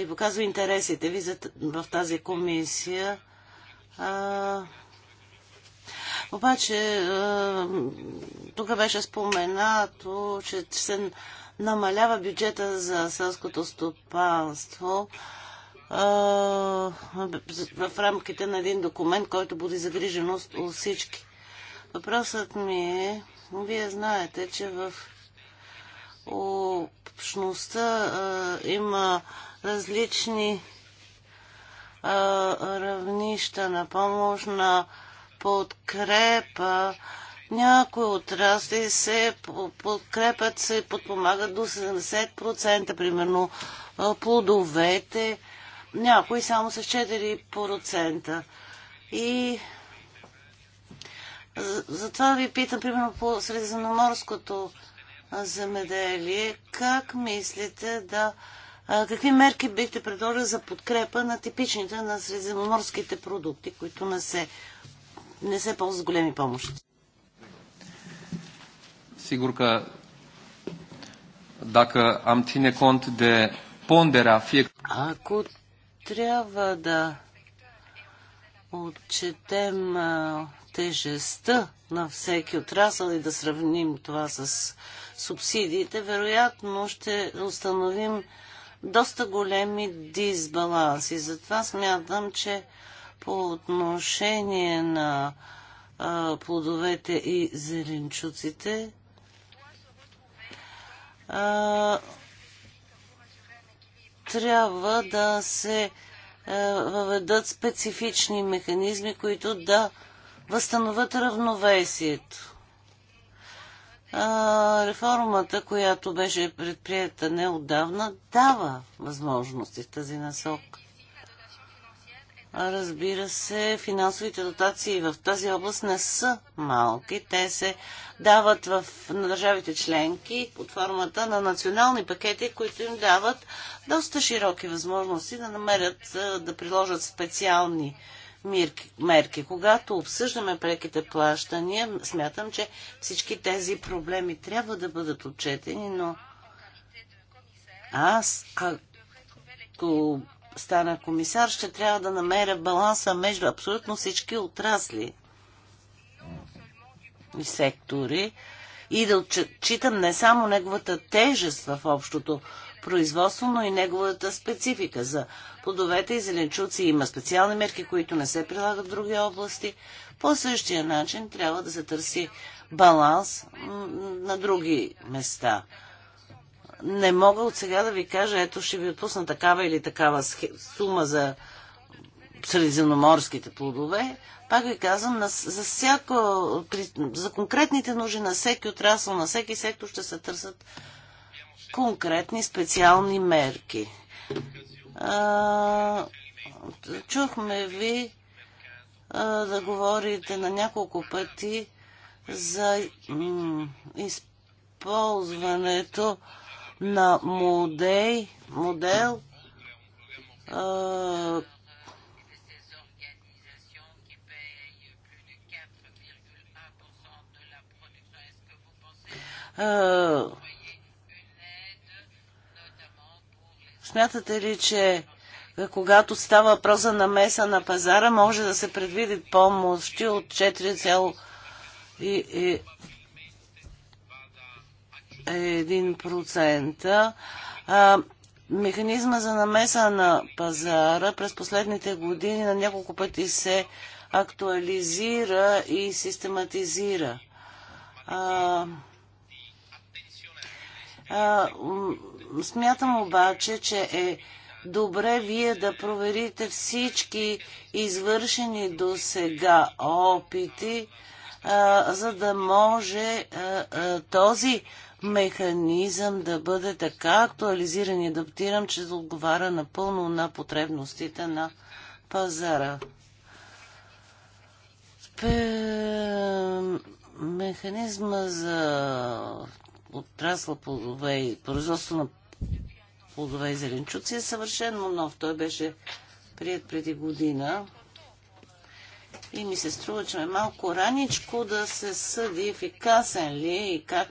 S3: и показва интересите ви за, в тази комисия. А, обаче е, тук беше споменато, че се намалява бюджета за селското стопанство е, в рамките на един документ, който буди загриженост от всички. Въпросът ми е, вие знаете, че в общността е, има различни равнища на помощ на подкрепа. Някои отрасли се подкрепят, се подпомагат до 70%, примерно плодовете, някои само с 4%. И затова ви питам, примерно по средиземноморското земеделие, как мислите да Какви мерки бихте предложили за подкрепа на типичните на средиземноморските продукти, които не се не се ползва с големи помощи.
S4: Сигурка. дака ам am ține cont de ponderea
S3: Ако трябва да отчетем тежестта на всеки отрасъл и да сравним това с субсидиите, вероятно ще установим доста големи дисбаланси. Затова смятам, че по отношение на плодовете и зеленчуците, трябва да се въведат специфични механизми, които да възстановят равновесието. реформата, която беше предприята неодавна, дава възможности в тази насока. Разбира се, финансовите дотации в тази област не са малки. Те се дават в, на държавите членки под формата на национални пакети, които им дават доста широки възможности да намерят да приложат специални мерки. Когато обсъждаме преките плащания, смятам, че всички тези проблеми трябва да бъдат отчетени, но аз, ако стана комисар, ще трябва да намеря баланса между абсолютно всички отрасли и сектори и да отчитам не само неговата тежест в общото производство, но и неговата специфика. За плодовете и зеленчуци има специални мерки, които не се прилагат в други области. По същия начин трябва да се търси баланс на други места не мога от сега да ви кажа, ето ще ви отпусна такава или такава сума за средиземноморските плодове. Пак ви казвам, за, всяко, за конкретните нужди на всеки отрасъл, на всеки сектор ще се търсят конкретни специални мерки. А, чухме ви а, да говорите на няколко пъти за използването на модей, модел а, а, Смятате ли, че когато става въпрос за намеса на пазара, може да се предвиди помощи от 1%. механизма за намеса на пазара през последните години на няколко пъти се актуализира и систематизира. смятам обаче, че е добре вие да проверите всички извършени до сега опити, за да може този механизъм да бъде така актуализиран и адаптиран, че да отговаря напълно на потребностите на пазара. Пе... Механизма за отрасла плодове и производство на плодове и зеленчуци е съвършено нов. Той беше прият преди година. И ми се струва, че е малко раничко да се съди ефикасен ли и как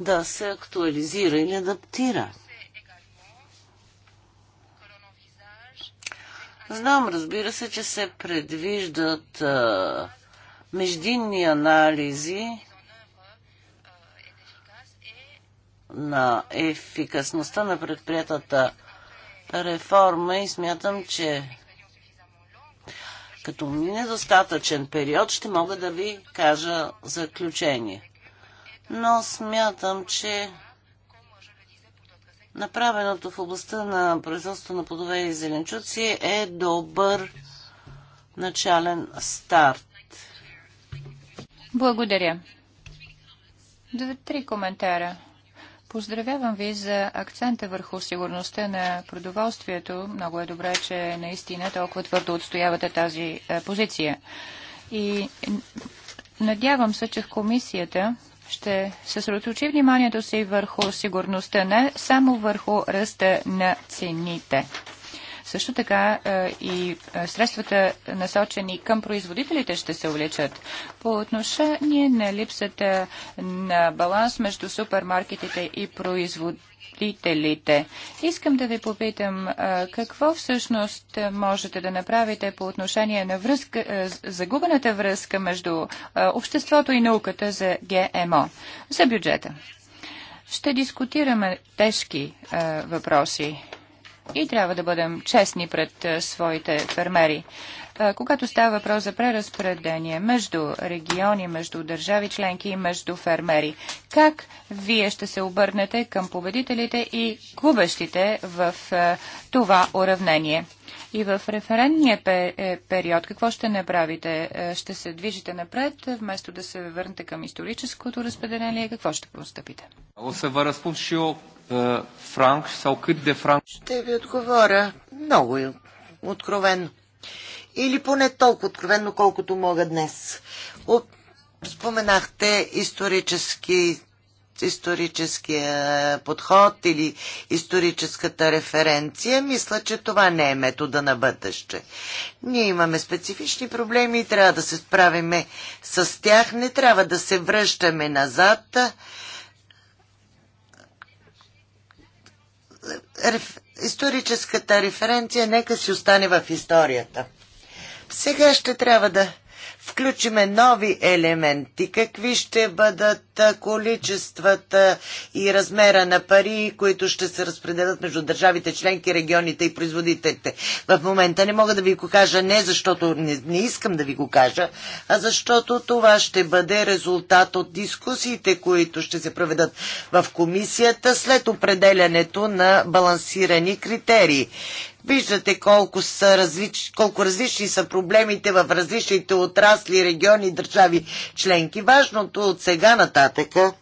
S3: да се актуализира или адаптира. Знам, разбира се, че се предвиждат а, междинни анализи на ефикасността на предприятата реформа и смятам, че като мине достатъчен период, ще мога да ви кажа заключение но смятам, че направеното в областта на производство на плодове и зеленчуци е добър начален старт.
S5: Благодаря. Две, три коментара. Поздравявам ви за акцента върху сигурността на продоволствието. Много е добре, че наистина толкова твърдо отстоявате тази е, позиция. И надявам се, че в комисията ще съсредоточи вниманието си върху сигурността, не само върху ръста на цените. Също така е, и е, средствата насочени към производителите ще се увеличат. По отношение на липсата на баланс между супермаркетите и производителите, Искам да ви попитам е, какво всъщност можете да направите по отношение на връзка, загубената връзка между обществото и науката за ГМО, за бюджета. Ще дискутираме тежки въпроси и трябва да бъдем честни пред е, своите фермери. Е, когато става въпрос за преразпределение между региони, между държави членки и между фермери, как вие ще се обърнете към победителите и губещите в е, това уравнение? И в референтния е, период какво ще направите? Е, ще се движите напред, вместо да се върнете към историческото разпределение? Какво ще постъпите? Е, ще ви отговоря
S1: много откровенно. Или поне толкова откровенно, колкото мога днес. Споменахте исторически историческия подход или историческата референция, мисля, че това не е метода на бъдеще. Ние имаме специфични проблеми и трябва да се справиме с тях. Не трябва да се връщаме назад. Реф... Историческата референция нека си остане в историята. Сега ще трябва да включиме нови елементи, какви ще бъдат количествата и размера на пари, които ще се разпределят между държавите, членки, регионите и производителите. В момента не мога да ви го кажа не защото не, не искам да ви го кажа, а защото това ще бъде резултат от дискусиите, които ще се проведат в комисията след определянето на балансирани критерии. Виждате колко, са различ, колко различни са проблемите в различните отрасли, региони, държави, членки. Важното от сега нататъка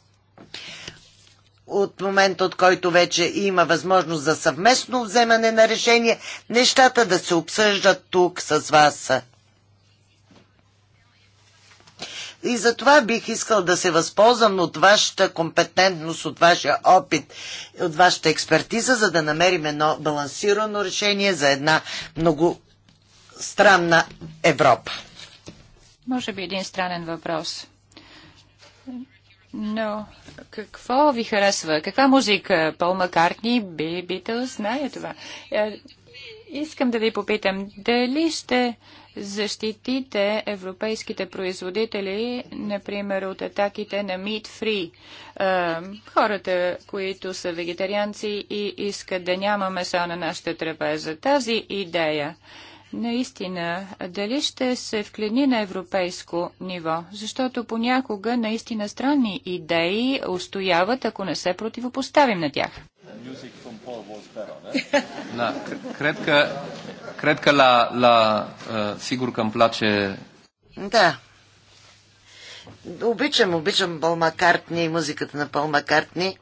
S1: от момента, от който вече има възможност за съвместно вземане на решение, нещата да се обсъждат тук с вас. И за това бих искал да се възползвам от вашата компетентност, от вашия опит, от вашата експертиза, за да намерим едно балансирано решение за една много странна Европа.
S5: Може би един странен въпрос. Но какво ви харесва? Каква музика? Пол Маккартни, Би Битълс, знае това. Е, искам да ви попитам, дали ще защитите европейските производители, например от атаките на Meat Free. хората, които са вегетарианци и искат да няма месо на нашата трапеза. Тази идея наистина дали ще се вклини на европейско ниво, защото понякога наистина странни идеи устояват, ако не се противопоставим на тях.
S4: Music from Paul was better, Da, cred că, cred că la, la uh, sigur că îmi place...
S1: Da. Обичам, обичам Пол Маккартни и музиката на Пол Маккартни.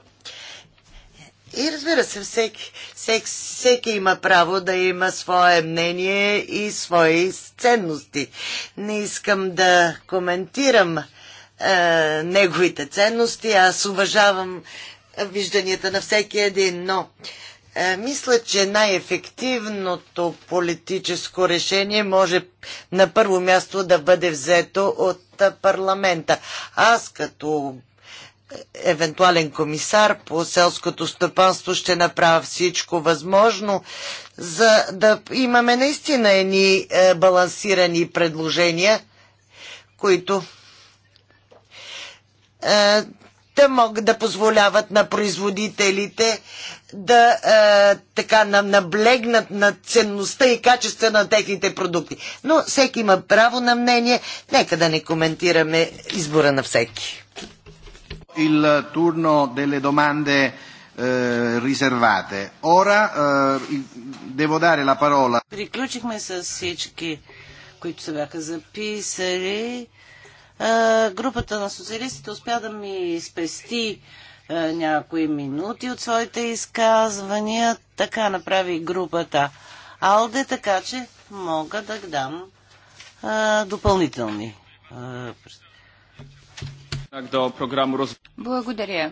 S1: И разбира се, всеки, всеки, всеки има право да има свое мнение и свои ценности. Не искам да коментирам е, неговите ценности. Аз уважавам вижданията на всеки един, но е, мисля, че най-ефективното политическо решение може на първо място да бъде взето от е, парламента. Аз като е, евентуален комисар по селското стопанство ще направя всичко възможно, за да имаме наистина едни балансирани предложения, които те могат да позволяват на производителите да е, така наблегнат на ценността и качество на техните продукти. Но всеки има право на мнение. Нека да не коментираме избора на всеки.
S5: Il turno
S2: delle domande eh, riservate. Ora eh, devo dare la parola.
S3: Приключихме с всички, които се бяха записали. Е, групата на социалистите успя да ми спести е, някои минути от своите изказвания. Така направи групата Алде, така че мога да дам е, допълнителни.
S5: Благодаря.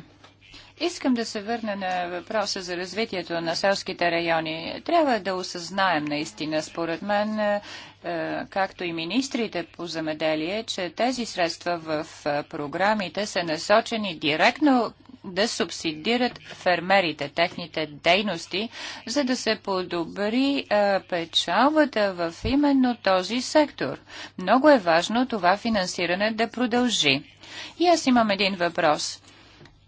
S5: Искам да се върна на въпроса за развитието на селските райони. Трябва да осъзнаем наистина, според мен, е, както и министрите по замеделие, че тези средства в е, програмите са насочени директно да субсидират фермерите, техните дейности, за да се подобри е, печалбата в именно този сектор. Много е важно това финансиране да продължи. И аз имам един въпрос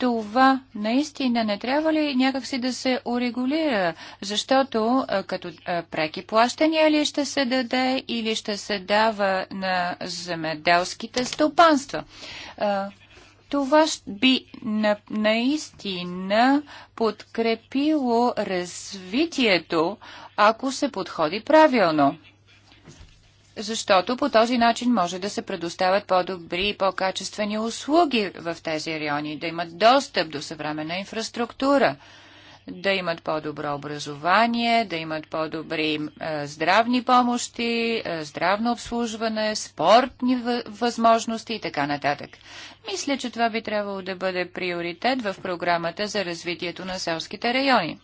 S5: това наистина не трябва ли някакси да се урегулира? Защото като преки плащания ли ще се даде или ще се дава на земеделските стопанства? Това би на, наистина подкрепило развитието, ако се подходи правилно защото по този начин може да се предоставят по-добри и по-качествени услуги в тези райони, да имат достъп до съвременна инфраструктура, да имат по-добро образование, да имат по-добри е, здравни помощи, е, здравно обслужване, спортни възможности и така нататък. Мисля, че това би трябвало да бъде приоритет в програмата за развитието на селските райони.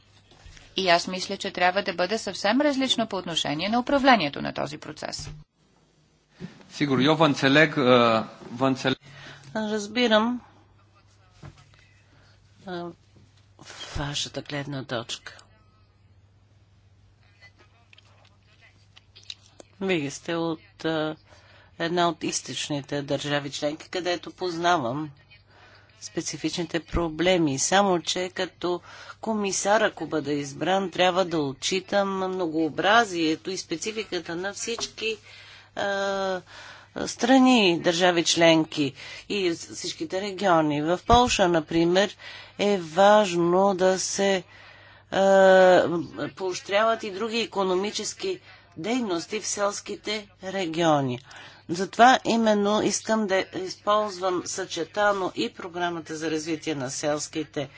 S5: И аз мисля, че трябва да бъде съвсем различно по отношение на управлението на този процес.
S4: Сигур, йо ванцелег, ванцелег.
S5: Разбирам
S3: вашата гледна точка. Вие сте от една от източните държави членки, където познавам специфичните проблеми. Само, че като комисар, ако бъда избран, трябва да отчитам многообразието и спецификата на всички а, страни, държави членки и всичките региони. В Полша, например, е важно да се а, поощряват и други економически дейности в селските региони. Затова именно искам да използвам съчетано и програмата за развитие на селските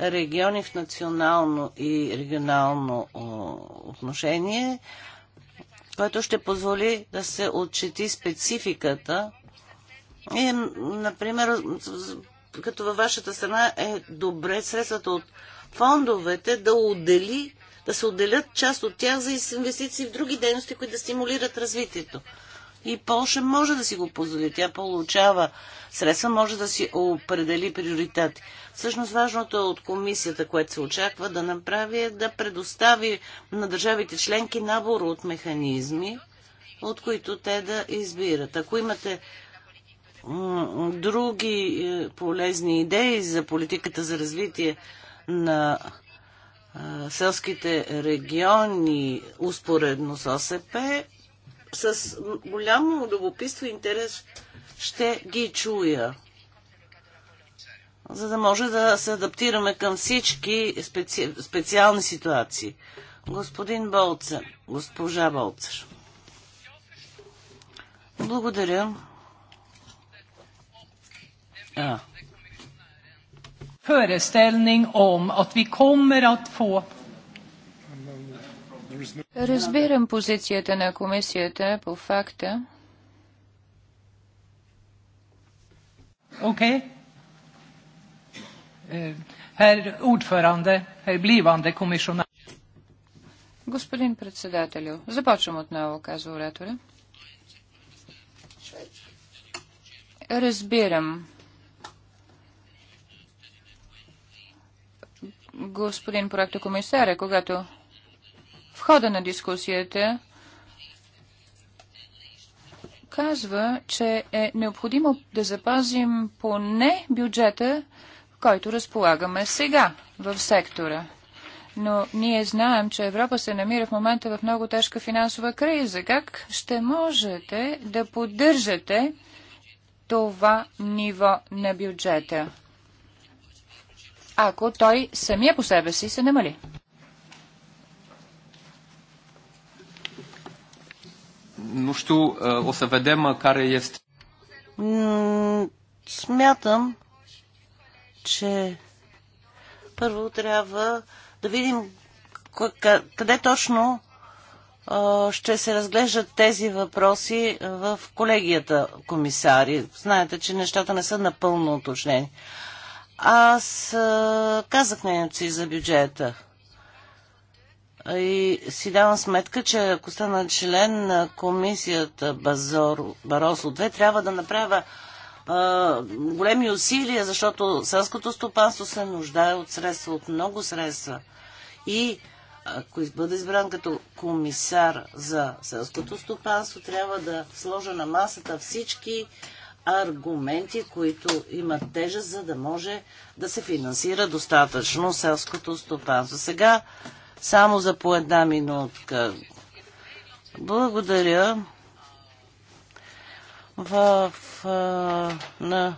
S3: региони в национално и регионално отношение, което ще позволи да се отчети спецификата. И, например, като във вашата страна е добре средствата от фондовете да отдели, да се отделят част от тях за инвестиции в други дейности, които да стимулират развитието. И Польша може да си го позволи. Тя получава средства, може да си определи приоритети. Всъщност важното е от комисията, което се очаква да направи, е да предостави на държавите членки набор от механизми, от които те да избират. Ако имате други е, полезни идеи за политиката за развитие на селските региони успоредно с ОСП, с голямо любопитство и интерес ще ги чуя, за да може да се адаптираме към всички специ... специални ситуации. Господин Болцер, госпожа Болцер. Благодаря.
S5: А. Föreställning om att vi kommer att få Разбирам позицията на комисията по факта. Окей. Е, хер ordförande, хер Бливанде kommissionär. Господин председателю, започвам отново, казва оратора. Разбирам. Господин проектокомисаря, когато в хода на дискусията казва, че е необходимо да запазим поне бюджета, който разполагаме сега в сектора. Но ние знаем, че Европа се намира в момента в много тежка финансова криза. Как ще можете да поддържате това ниво на бюджета, ако той самия по себе си се намали?
S4: Nu știu, o să vedem care este.
S3: Смятам, че първо трябва да видим къде точно ще се разглеждат тези въпроси в колегията комисари. Знаете, че нещата не са напълно уточнени. Аз казах нещо си за бюджета. И си давам сметка, че ако стана член на комисията Базор, Баросо 2, трябва да направя а, големи усилия, защото селското стопанство се нуждае от средства, от много средства. И ако бъда избран като комисар за селското стопанство, трябва да сложа на масата всички аргументи, които имат тежест, за да може да се финансира достатъчно селското стопанство. Сега само за по една минутка. Благодаря. В, на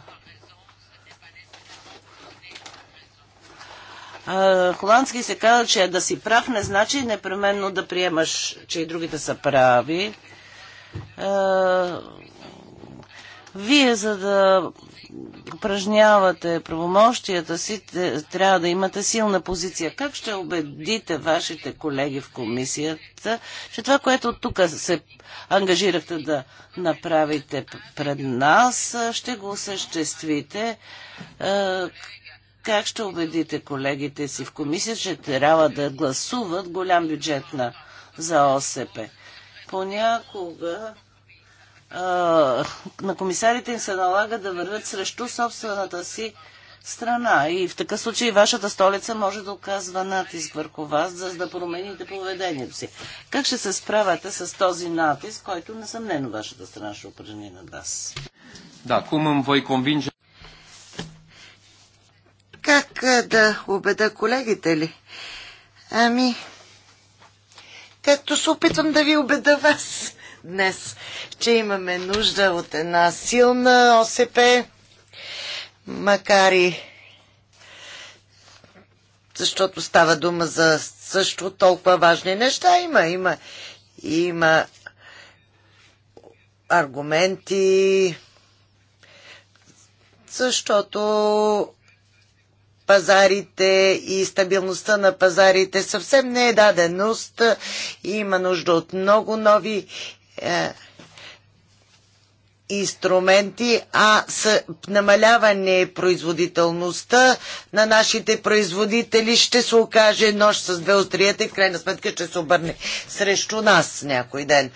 S3: холандски се казва, че да си прав не значи непременно да приемаш, че и другите са прави. вие, за да упражнявате правомощията си, трябва да имате силна позиция. Как ще убедите вашите колеги в комисията, че това, което тук се ангажирахте да направите пред нас, ще го осъществите? Е, как ще убедите колегите си в комисията, че трябва да гласуват голям бюджет на, за ОСП? Понякога на комисарите им се налага да вървят срещу собствената си страна. И в такъв случай вашата столица може да оказва натиск върху вас, за да промените поведението си. Как ще се справяте с този натиск, който несъмнено вашата страна ще упражни над вас?
S4: Да, кумам вой конвинжа.
S1: Как да убеда колегите ли? Ами, както се опитвам да ви убеда вас днес, че имаме нужда от една силна ОСП, макар и защото става дума за също толкова важни неща. Има, има, има аргументи, защото пазарите и стабилността на пазарите съвсем не е даденост. Има нужда от много нови е, инструменти, а с намаляване производителността на нашите производители ще се окаже нож с две острията и в крайна сметка ще се обърне срещу нас някой ден.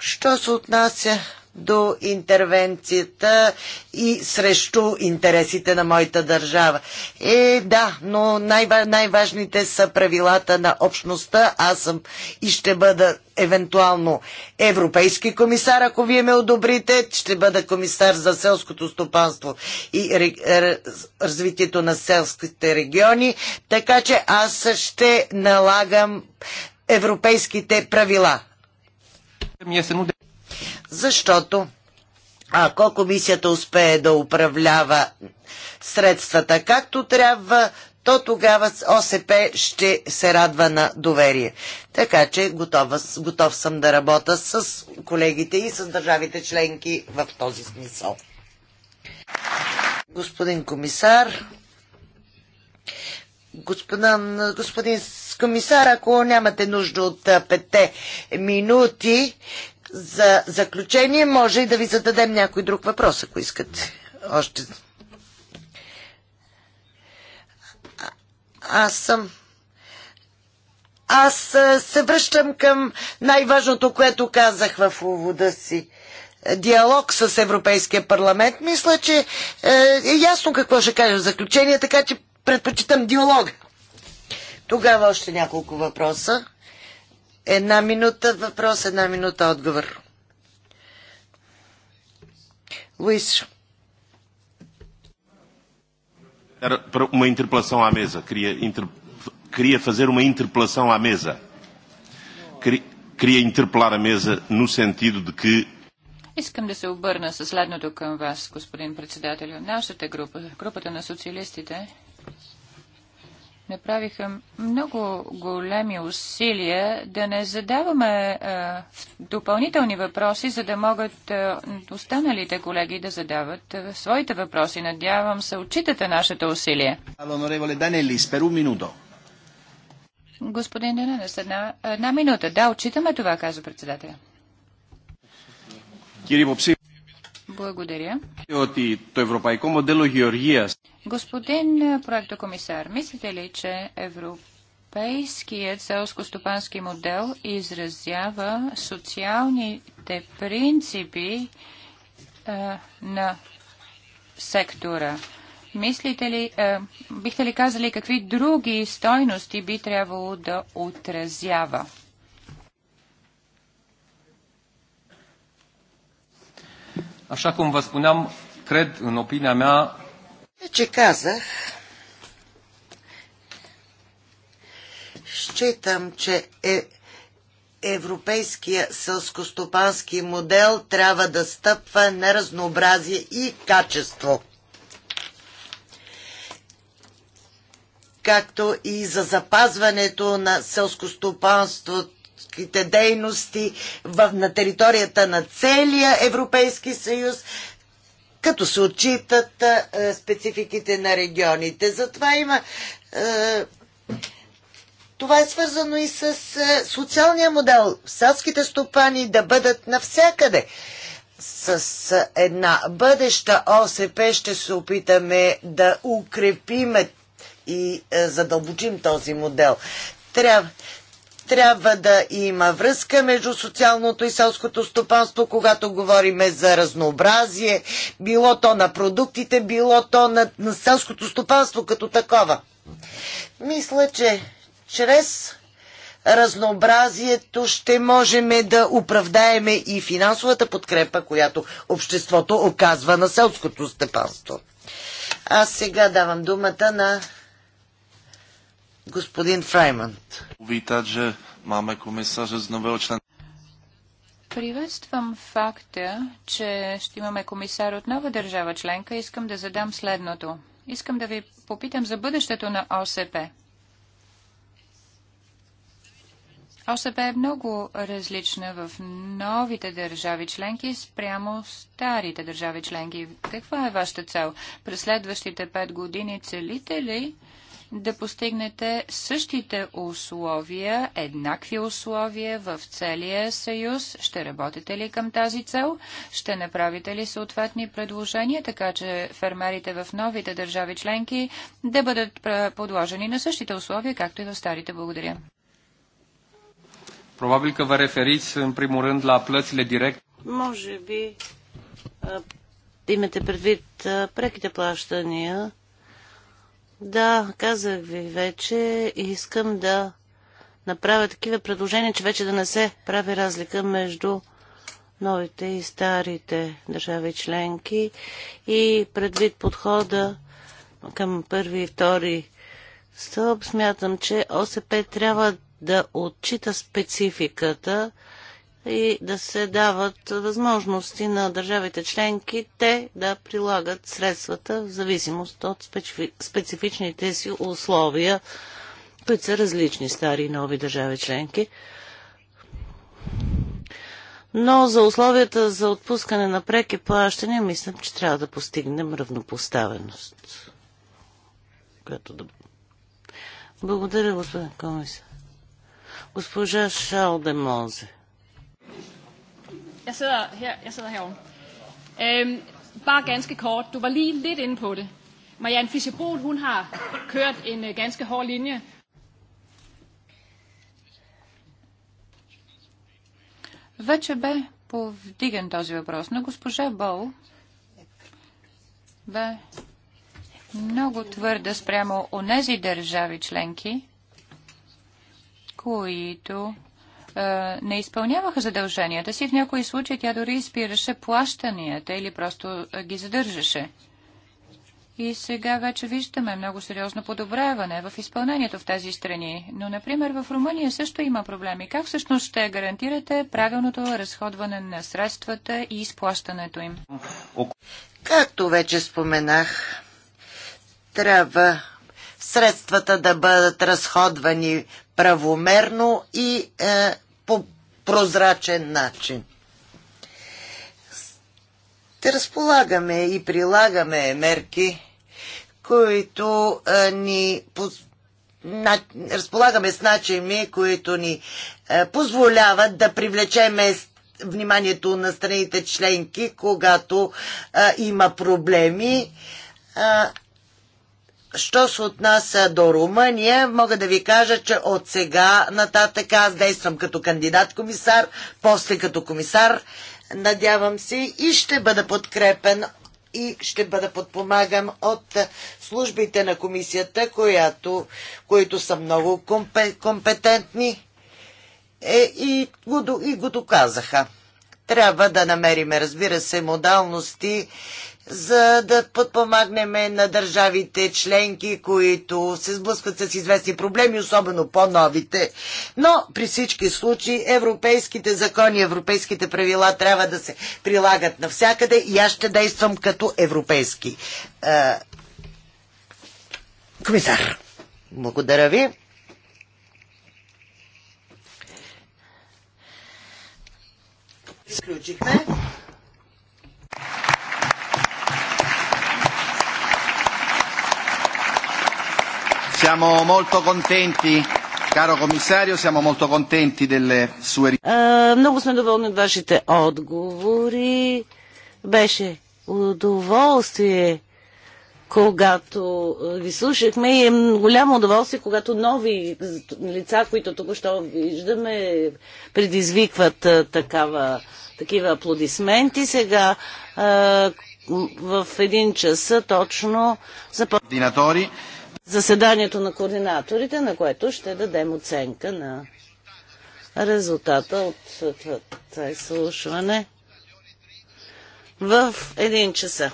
S1: Що се отнася до интервенцията и срещу интересите на моята държава. Е, да, но най- най-важните са правилата на общността. Аз съм и ще бъда евентуално европейски комисар, ако вие ме одобрите, ще бъда комисар за селското стопанство и развитието на селските региони, така че аз ще налагам европейските правила. Е защото ако комисията успее да управлява средствата както трябва, то тогава ОСП ще се радва на доверие. Така че готова, готов съм да работя с колегите и с държавите членки в този смисъл. Господин комисар, господин, господин комисар, ако нямате нужда от пете минути, за заключение може и да ви зададем някой друг въпрос, ако искате. Още. А, аз съм. Аз се връщам към най-важното, което казах в увода си. Диалог с Европейския парламент. Мисля, че е, е ясно какво ще кажа в заключение, така че предпочитам диалог. Тогава още няколко въпроса. Една минута въпрос, една минута отговор. Луис.
S4: Era para uma interpelação à mesa. Queria, inter... Queria fazer uma interpelação à mesa. Queria, Queria interpelar a mesa no sentido de que
S5: Искам да се обърна със следното към вас, господин председател. Нашата група, групата на социалистите, направиха много големи усилия да не задаваме а, допълнителни въпроси, за да могат а, останалите колеги да задават а, своите въпроси. Надявам се, отчитате нашето усилие. Господин Денелис, една, една минута. Да, отчитаме това, казва председателя. Кири Попси, благодаря. Господин проектокомисар, мислите ли, че европейският селско модел изразява социалните принципи а, е, на сектора? Мислите ли, а, е, бихте ли казали какви други стойности би трябвало да отразява?
S4: Așa cum vă spuneam, cred, în opinia mea...
S1: Вече казах, считам, че е, европейския сълскостопански модел трябва да стъпва на разнообразие и качество. както и за запазването на селскостопанството търговските дейности в, на територията на целия Европейски съюз, като се отчитат а, спецификите на регионите. Затова има. А, това е свързано и с а, социалния модел. Селските стопани да бъдат навсякъде. С една бъдеща ОСП ще се опитаме да укрепиме и задълбочим този модел. Трябва, трябва да има връзка между социалното и селското стопанство, когато говорим за разнообразие, било то на продуктите, било то на, на селското стопанство като такова. Мисля, че чрез разнообразието ще можем да оправдаеме и финансовата подкрепа, която обществото оказва на селското стъпанство. Аз сега давам думата на Господин Фраймант.
S2: Витат, че
S1: комисаря с член.
S5: Приветствам факта, че ще имаме комисар от нова държава членка. Искам да задам следното. Искам да ви попитам за бъдещето на ОСП. ОСП е много различна в новите държави членки спрямо старите държави членки. Каква е вашата цел? През следващите пет години целите ли да постигнете същите условия, еднакви условия в целия съюз? Ще работите ли към тази цел? Ще направите ли съответни предложения, така че фермерите в новите държави членки да бъдат подложени на същите условия, както и в старите? Благодаря.
S4: Probabil că vă referiți în primul rând la plățile
S3: Може би имате предвид преките плащания да, казах ви вече и искам да направя такива предложения, че вече да не се прави разлика между новите и старите държави членки и предвид подхода към първи и втори стълб, смятам, че ОСП трябва да отчита спецификата и да се дават възможности на държавите членки те да прилагат средствата в зависимост от специфичните си условия, които са различни стари и нови държави членки. Но за условията за отпускане на преки плащания, мисля, че трябва да постигнем равнопоставеност. Която да... Благодаря, господин комисар. Госпожа Шалде Мозе.
S5: Jeg sidder, her, jeg sidder herovre. Øhm, bare ganske kort. Du var lige lidt inde på det. Marianne Fischerbrot, hun har kørt en øh, ganske hård linje. Вече бе повдиган този въпрос, но госпожа Бол бе много твърда спрямо онези държави членки, които е, не изпълняваха задълженията си. В някои случаи тя дори изпираше плащанията или просто е, ги задържаше. И сега вече виждаме много сериозно подобряване в изпълнението в тези страни. Но, например, в Румъния също има проблеми. Как всъщност ще гарантирате правилното разходване на средствата и изплащането им?
S1: Както вече споменах, трябва средствата да бъдат разходвани правомерно и е, прозрачен начин. Те разполагаме и прилагаме мерки, които а, ни поз... на... разполагаме с начини, които ни а, позволяват да привлечеме вниманието на страните членки, когато а, има проблеми. А, Що се отнася до Румъния, мога да ви кажа, че от сега нататък аз действам като кандидат-комисар, после като комисар, надявам се, и ще бъда подкрепен и ще бъда подпомаган от службите на комисията, която, които са много компетентни е, и, го, и го доказаха. Трябва да намериме, разбира се, модалности, за да подпомагнеме на държавите членки, които се сблъскват с известни проблеми, особено по-новите. Но при всички случаи европейските закони, европейските правила трябва да се прилагат навсякъде и аз ще действам като европейски е, комисар. Благодаря ви. Изключихме.
S2: Siamo molto contenti, caro commissario, siamo molto contenti delle
S3: sue risposte. Е, много сме доволни от вашите отговори. Беше удоволствие, когато е, ви слушахме и е голямо удоволствие, когато нови лица, които току-що виждаме, предизвикват е, такава, такива аплодисменти. Сега в един час точно започваме заседанието на координаторите, на което ще дадем оценка на резултата от това изслушване в един часа.